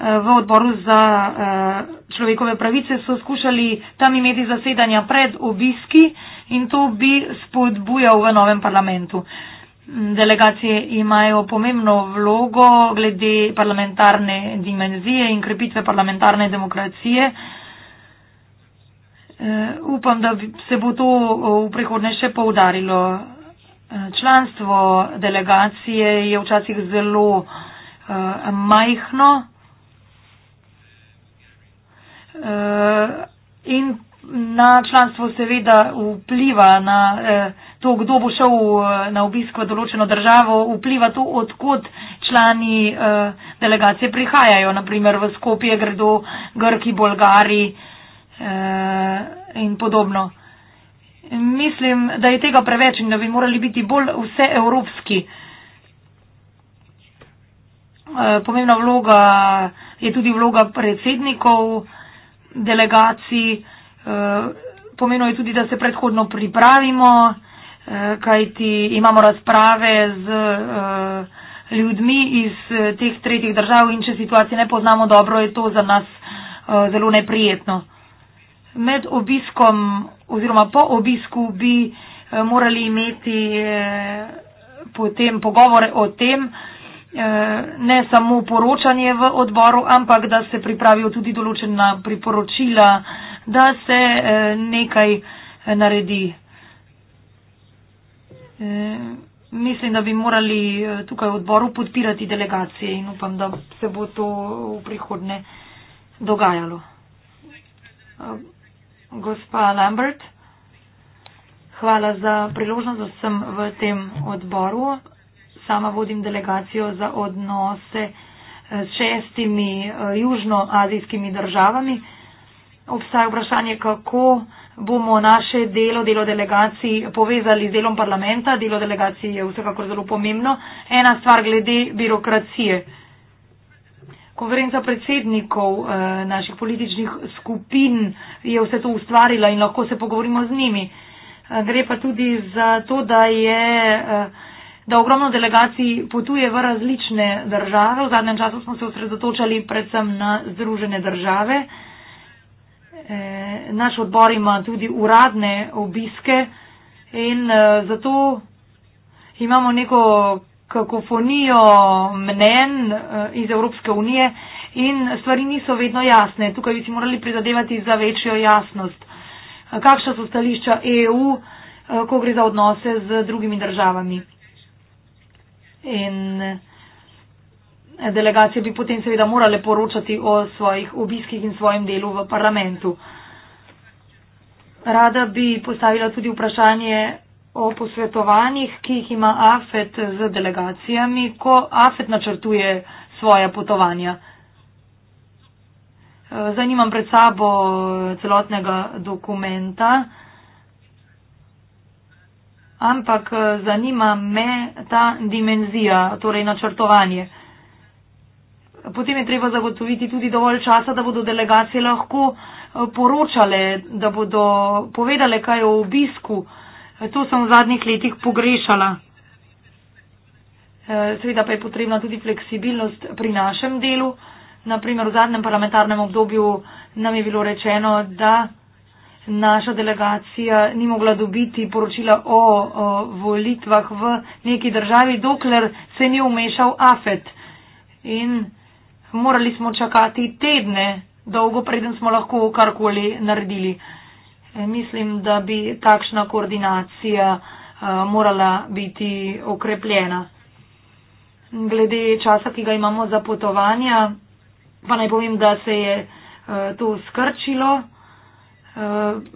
v odboru za človekove pravice, so skušali tam imeti zasedanja pred obiski in to bi spodbujal v novem parlamentu delegacije imajo pomembno vlogo glede parlamentarne dimenzije in krepitve parlamentarne demokracije. Eh, upam, da se bo to eh, v prihodnje še poudarilo. Eh, članstvo delegacije je včasih zelo majhno in na članstvo seveda vpliva na eh, to, kdo bo šel eh, na obisk v določeno državo, vpliva to, odkot člani eh, delegacije prihajajo. Naprimer v Skopje gredo Grki, Bolgari in podobno. Mislim, da je tega preveč in da bi morali biti bolj vse evropski. Pomembna vloga je tudi vloga predsednikov delegacij pomenilo je tudi, da se predhodno pripravimo, eh, kajti imamo razprave z eh, ljudmi iz eh, teh tretjih držav in če situacije ne poznamo dobro, je to za nas zelo neprijetno. Med obiskom oziroma po obisku bi morali imeti potem pogovore o tem, ne samo poročanje v odboru, ampak da se pripravijo tudi določena priporočila da se eh, nekaj eh, naredi. Eh, mislim, da bi morali tukaj v odboru podpirati delegacije in upam, da se bo to v prihodne dogajalo. Gospa Lambert, hvala za priložnost, da sem v tem odboru. Sama vodim delegacijo za odnose s šestimi južnoazijskimi državami obstaja vprašanje, kako bomo naše delo, delo delegacij povezali z delom parlamenta. Delo delegacij je vsekakor zelo pomembno. Ena stvar glede birokracije. Konferenca predsednikov eh, naših političnih skupin je vse to ustvarila in lahko se pogovorimo z njimi. Eh, gre pa tudi za to, da, je, eh, da ogromno delegacij potuje v različne države. V zadnjem času smo se osredotočali predvsem na združene države. Eh, Eh, naš odbor ima tudi uradne obiske in eh, zato imamo neko kakofonijo mnen eh, iz Evropske unije in stvari niso vedno jasne. Tukaj bi si morali prizadevati za večjo jasnost. Kakšna so stališča EU, ko gre za odnose z drugimi državami? In, delegacije bi potem seveda morale poročati o svojih obiskih in svojem delu v parlamentu. Rada bi postavila tudi vprašanje o posvetovanjih, ki jih ima AFET z delegacijami, ko AFET načrtuje svoja potovanja. Zanimam pred sabo celotnega dokumenta, ampak zanima me ta dimenzija, torej načrtovanje potem je treba zagotoviti tudi dovolj časa, da bodo delegacije lahko eh, poročale, da bodo povedale, kaj je o obisku. Eh, to sem v zadnjih letih pogrešala. Eh, seveda pa je potrebna tudi fleksibilnost pri našem delu. Naprimer, v zadnjem parlamentarnem obdobju nam je bilo rečeno, da naša delegacija ni mogla dobiti poročila o, o volitvah v neki državi, dokler se ni umešal AFET. In morali smo čakati tedne, dolgo preden smo lahko karkoli naredili. E, mislim, da bi takšna koordinacija e, morala biti okrepljena. Glede časa, ki ga imamo za potovanja, pa naj povem, da se je e, to skrčilo,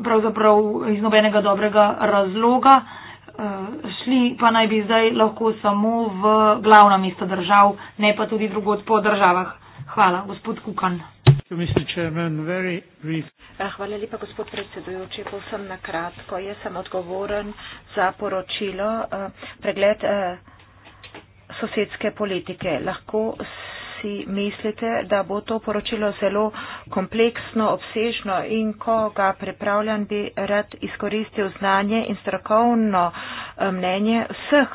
pravzaprav iz nobenega dobrega razloga. Šli pa naj bi zdaj lahko samo v glavna mesta držav, ne pa tudi drugot po državah. Hvala, gospod Kukan. Eh, hvala lepa, gospod predsedujoči. Povsem na kratko. Jaz sem odgovoren za poročilo eh, pregled eh, sosedske politike. Lahko si mislite, da bo to poročilo zelo kompleksno, obsežno in ko ga pripravljam, bi rad izkoristil znanje in strokovno mnenje vseh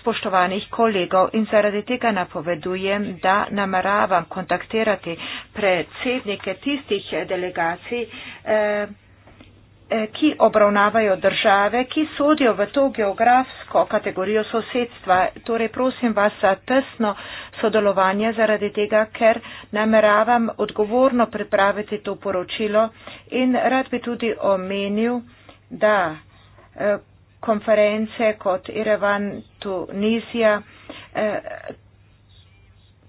spoštovanih kolegov in zaradi tega napovedujem, da nameravam kontaktirati predsednike tistih delegacij, eh, ki obravnavajo države, ki sodijo v to geografsko kategorijo sosedstva. Torej prosim vas za tesno sodelovanje zaradi tega, ker nameravam odgovorno pripraviti to poročilo in rad bi tudi omenil, da eh, konference kot Irevan Tunizija eh,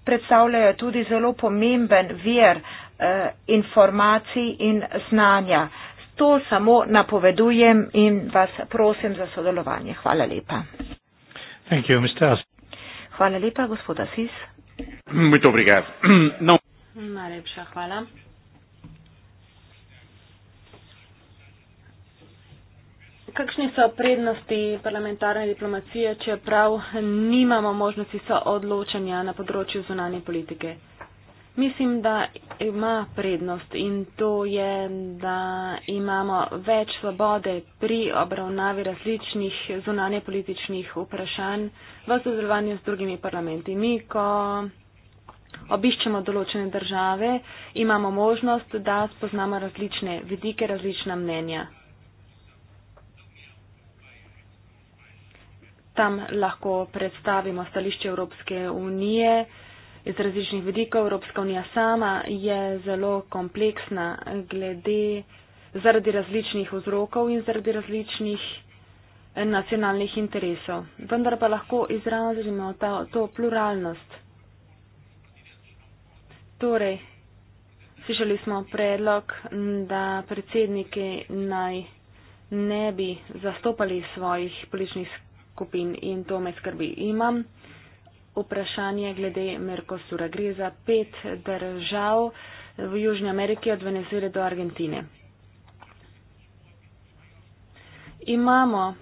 predstavljajo tudi zelo pomemben vir eh, informacij in znanja. To samo napovedujem in vas prosim za sodelovanje. Hvala lepa. You, hvala lepa, gospod Asis. No. Najlepša hvala. kakšni so prednosti parlamentarne diplomacije, čeprav nimamo možnosti soodločanja na področju zunanje politike? Mislim, da ima prednost in to je, da imamo več svobode pri obravnavi različnih zunanje političnih vprašanj v sodelovanju z drugimi parlamenti. Mi, ko obiščemo določene države, imamo možnost, da spoznamo različne vidike, različna mnenja. tam lahko predstavimo stališče Evropske unije iz različnih vidikov. Evropska unija sama je zelo kompleksna glede zaradi različnih vzrokov in zaradi različnih nacionalnih interesov. Vendar pa lahko izrazimo ta, to pluralnost. Torej, slišali smo predlog, da predsedniki naj ne bi zastopali svojih političnih skupin skupin in to me skrbi. Imam vprašanje glede Mercosura. Gre za pet držav v Južni Ameriki od Venezuele do Argentine. Imamo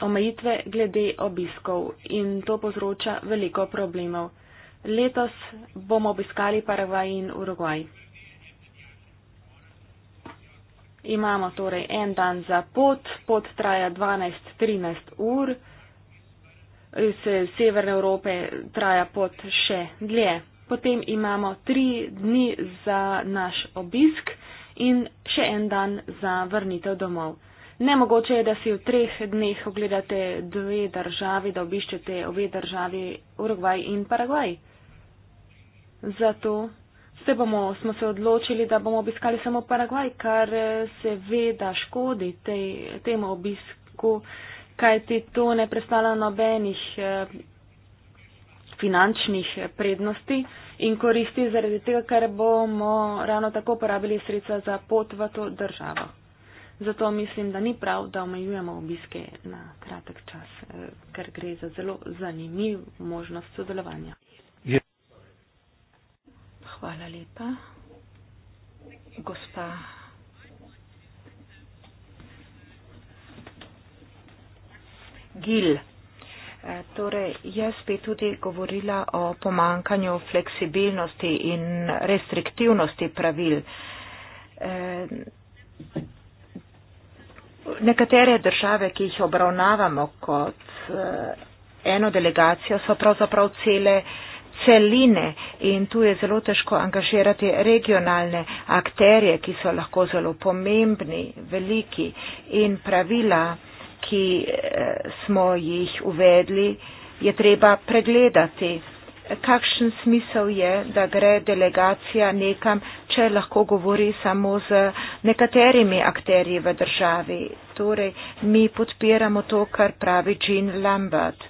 omejitve glede obiskov in to povzroča veliko problemov. Letos bomo obiskali Paragvaj in Urugvaj. Imamo torej en dan za pot, pot traja 12-13 ur iz eh, severne Evrope traja pot še dlje. Potem imamo tri dni za naš obisk in še en dan za vrnitev domov. Nemogoče je, da si v treh dneh ogledate dve državi, da obiščete obe državi Urugvaj in Paragvaj. Zato se bomo, smo se odločili, da bomo obiskali samo Paragvaj, kar eh, seveda škodi tej, temu obisku kajti to ne predstavlja nobenih eh, finančnih eh, prednosti in koristi zaradi tega, ker bomo ravno tako porabili sredstva za pot v to državo. Zato mislim, da ni prav, da omejujemo obiske na kratek čas, eh, ker gre za zelo zanimiv možnost sodelovanja. Hvala lepa. Gospa GIL. Eh, torej, jaz bi tudi govorila o pomankanju fleksibilnosti in restriktivnosti pravil. Eh, nekatere države, ki jih obravnavamo kot eh, eno delegacijo, so pravzaprav cele celine in tu je zelo težko angažirati regionalne akterje, ki so lahko zelo pomembni, veliki in pravila ki eh, smo jih uvedli, je treba pregledati, kakšen smisel je, da gre delegacija nekam, če lahko govori samo z nekaterimi akterji v državi. Torej, mi podpiramo to, kar pravi Jean Lambert.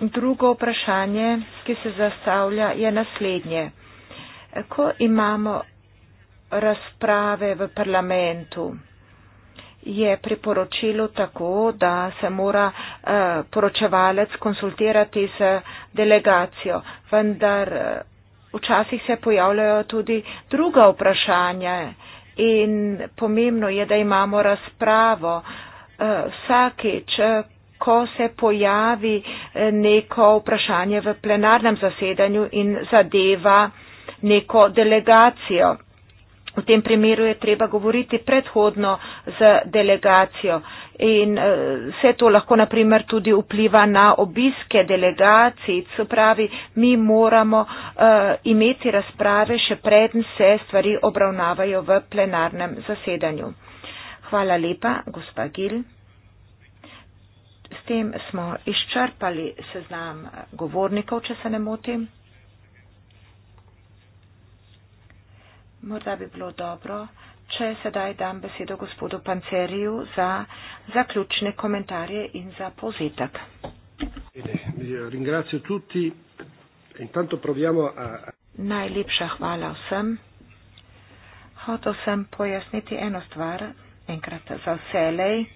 Drugo vprašanje, ki se zastavlja, je naslednje. Ko imamo razprave v parlamentu, je priporočilo tako, da se mora eh, poročevalec konsultirati z delegacijo, vendar eh, včasih se pojavljajo tudi druga vprašanja in pomembno je, da imamo razpravo eh, vsakeč, eh, ko se pojavi eh, neko vprašanje v plenarnem zasedanju in zadeva neko delegacijo. V tem primeru je treba govoriti predhodno z delegacijo in eh, vse to lahko naprimer tudi vpliva na obiske delegacij, se pravi, mi moramo uh, imeti razprave še preden se stvari obravnavajo v plenarnem zasedanju. Hvala lepa, gospa Gil. S tem smo izčrpali seznam govornikov, če se ne motim. Morda bi bilo dobro, če sedaj dam besedo gospodu Panceriju za zaključne komentarje in za povzetek. Najlepša hvala vsem. Hotel sem pojasniti eno stvar enkrat za vselej.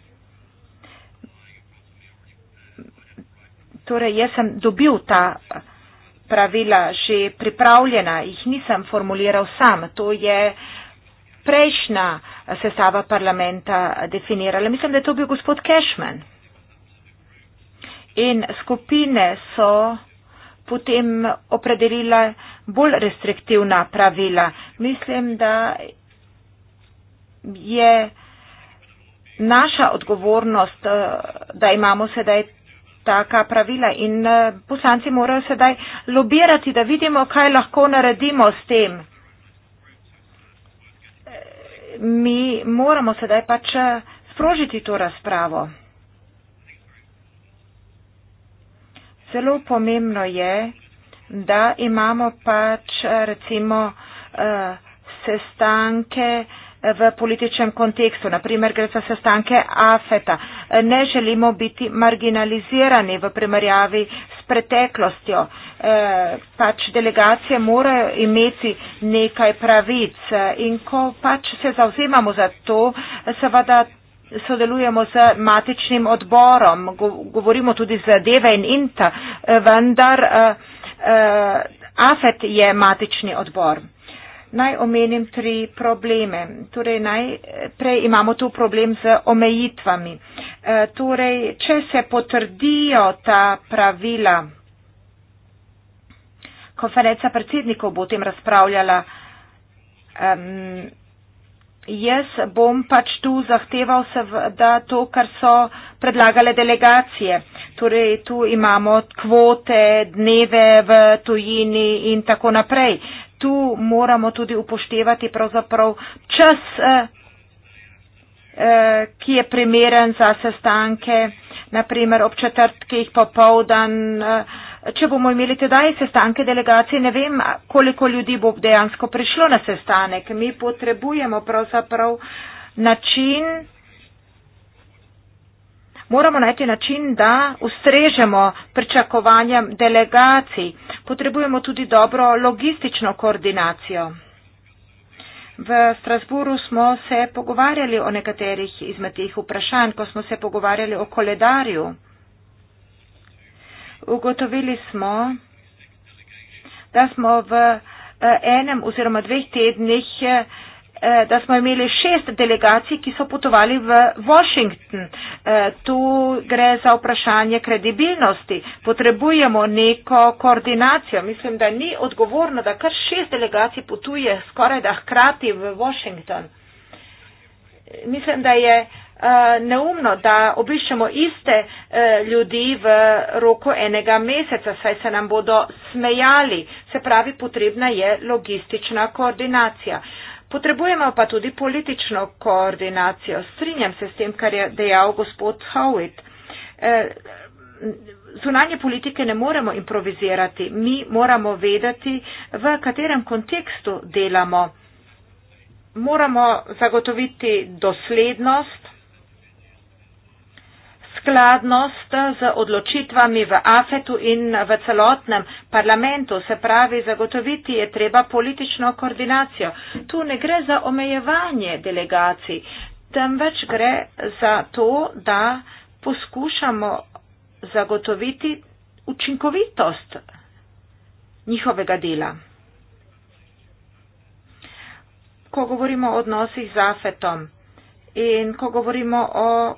Torej, jaz sem dobil ta pravila že pripravljena, jih nisem formuliral sam, to je prejšnja sestava parlamenta definirala. Mislim, da je to bil gospod Cashman. In skupine so potem opredelila bolj restriktivna pravila. Mislim, da je naša odgovornost, eh, da imamo sedaj taka pravila in eh, poslanci morajo sedaj lobirati, da vidimo, kaj lahko naredimo s tem. Mi moramo sedaj pač eh, sprožiti to razpravo. Zelo pomembno je, da imamo pač eh, recimo sestanke, v političnem kontekstu, naprimer gre za sestanke AFETA. Ne želimo biti marginalizirani v primerjavi s preteklostjo. E, pač delegacije morajo imeti nekaj pravic in ko pač se zauzemamo za to, seveda sodelujemo z matičnim odborom, govorimo tudi z DEVE in INTA, vendar e, e, AFET je matični odbor. Naj omenim tri probleme. Torej, najprej imamo tu problem z omejitvami. E, torej, če se potrdijo ta pravila, konferenca predsednikov bo o tem razpravljala, um, jaz bom pač tu zahteval seveda to, kar so predlagale delegacije. Torej, tu imamo kvote, dneve v tujini in tako naprej tu moramo tudi upoštevati pravzaprav čas, eh, eh, ki je primeren za sestanke, naprimer ob četrtkih popovdan. Eh, če bomo imeli tedaj sestanke delegacije, ne vem, koliko ljudi bo dejansko prišlo na sestanek. Mi potrebujemo pravzaprav način, moramo najti način, da ustrežemo pričakovanjem delegacij. Potrebujemo tudi dobro logistično koordinacijo. V Strasburu smo se pogovarjali o nekaterih izmed teh vprašanj, ko smo se pogovarjali o koledarju. Ugotovili smo, da smo v eh, enem oziroma dveh tednih eh, Eh, da smo imeli šest delegacij, ki so potovali v Washington. Eh, tu gre za vprašanje kredibilnosti. Potrebujemo neko koordinacijo. Mislim, da ni odgovorno, da kar šest delegacij potuje skoraj da hkrati v Washington. Mislim, da je eh, neumno, da obiščemo iste ljudi v roku enega meseca, saj se nam bodo smejali. Se pravi, potrebna je logistična koordinacija. Potrebujemo pa tudi politično koordinacijo. Strinjam se s tem, kar je dejal gospod Howitt. E, zunanje politike ne moremo improvizirati. Mi moramo vedeti, v katerem kontekstu delamo. Moramo zagotoviti doslednost skladnost z odločitvami v AFET-u in v celotnem parlamentu. Se pravi, zagotoviti je treba politično koordinacijo. Tu ne gre za omejevanje delegacij, temveč gre za to, da poskušamo zagotoviti učinkovitost njihovega dela. Ko govorimo o odnosih z AFET-om in ko govorimo o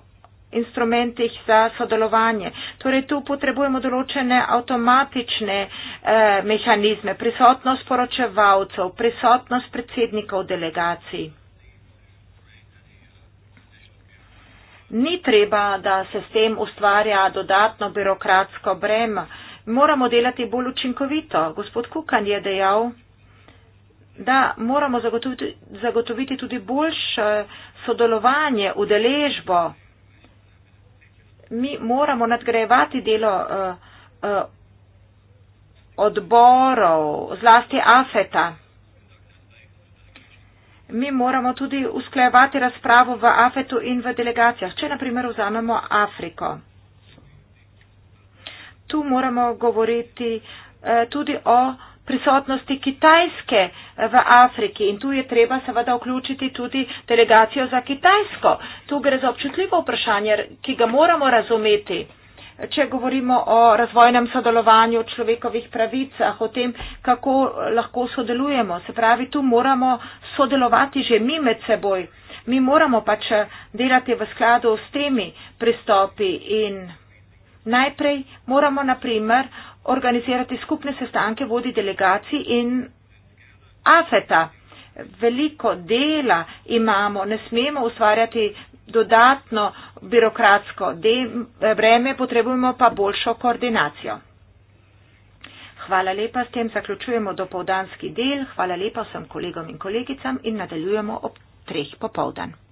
instrumentih za sodelovanje. Torej tu potrebujemo določene avtomatične eh, mehanizme, prisotnost poročevalcev, prisotnost predsednikov delegacij. Ni treba, da se s tem ustvarja dodatno birokratsko breme. Moramo delati bolj učinkovito. Gospod Kukan je dejal, da moramo zagotoviti, zagotoviti tudi boljše sodelovanje, udeležbo mi moramo nadgrajevati delo uh, uh, odborov, zlasti AFETA. Mi moramo tudi usklejevati razpravo v AFETU in v delegacijah. Če naprimer vzamemo Afriko, tu moramo govoriti uh, tudi o uh, prisotnosti Kitajske v Afriki in tu je treba seveda vključiti tudi delegacijo za Kitajsko. Tu gre za občutljivo vprašanje, ki ga moramo razumeti. Če govorimo o razvojnem sodelovanju, človekovih pravicah, o tem, kako eh, lahko sodelujemo, se pravi, tu moramo sodelovati že mi med seboj. Mi moramo pač eh, delati v skladu s temi pristopi in Najprej moramo, na primer, organizirati skupne sestanke vodi delegacij in afeta. Veliko dela imamo, ne smemo ustvarjati dodatno birokratsko breme, potrebujemo pa boljšo koordinacijo. Hvala lepa, s tem zaključujemo dopovdanski del. Hvala lepa vsem kolegom in kolegicam in nadaljujemo ob treh popovdan.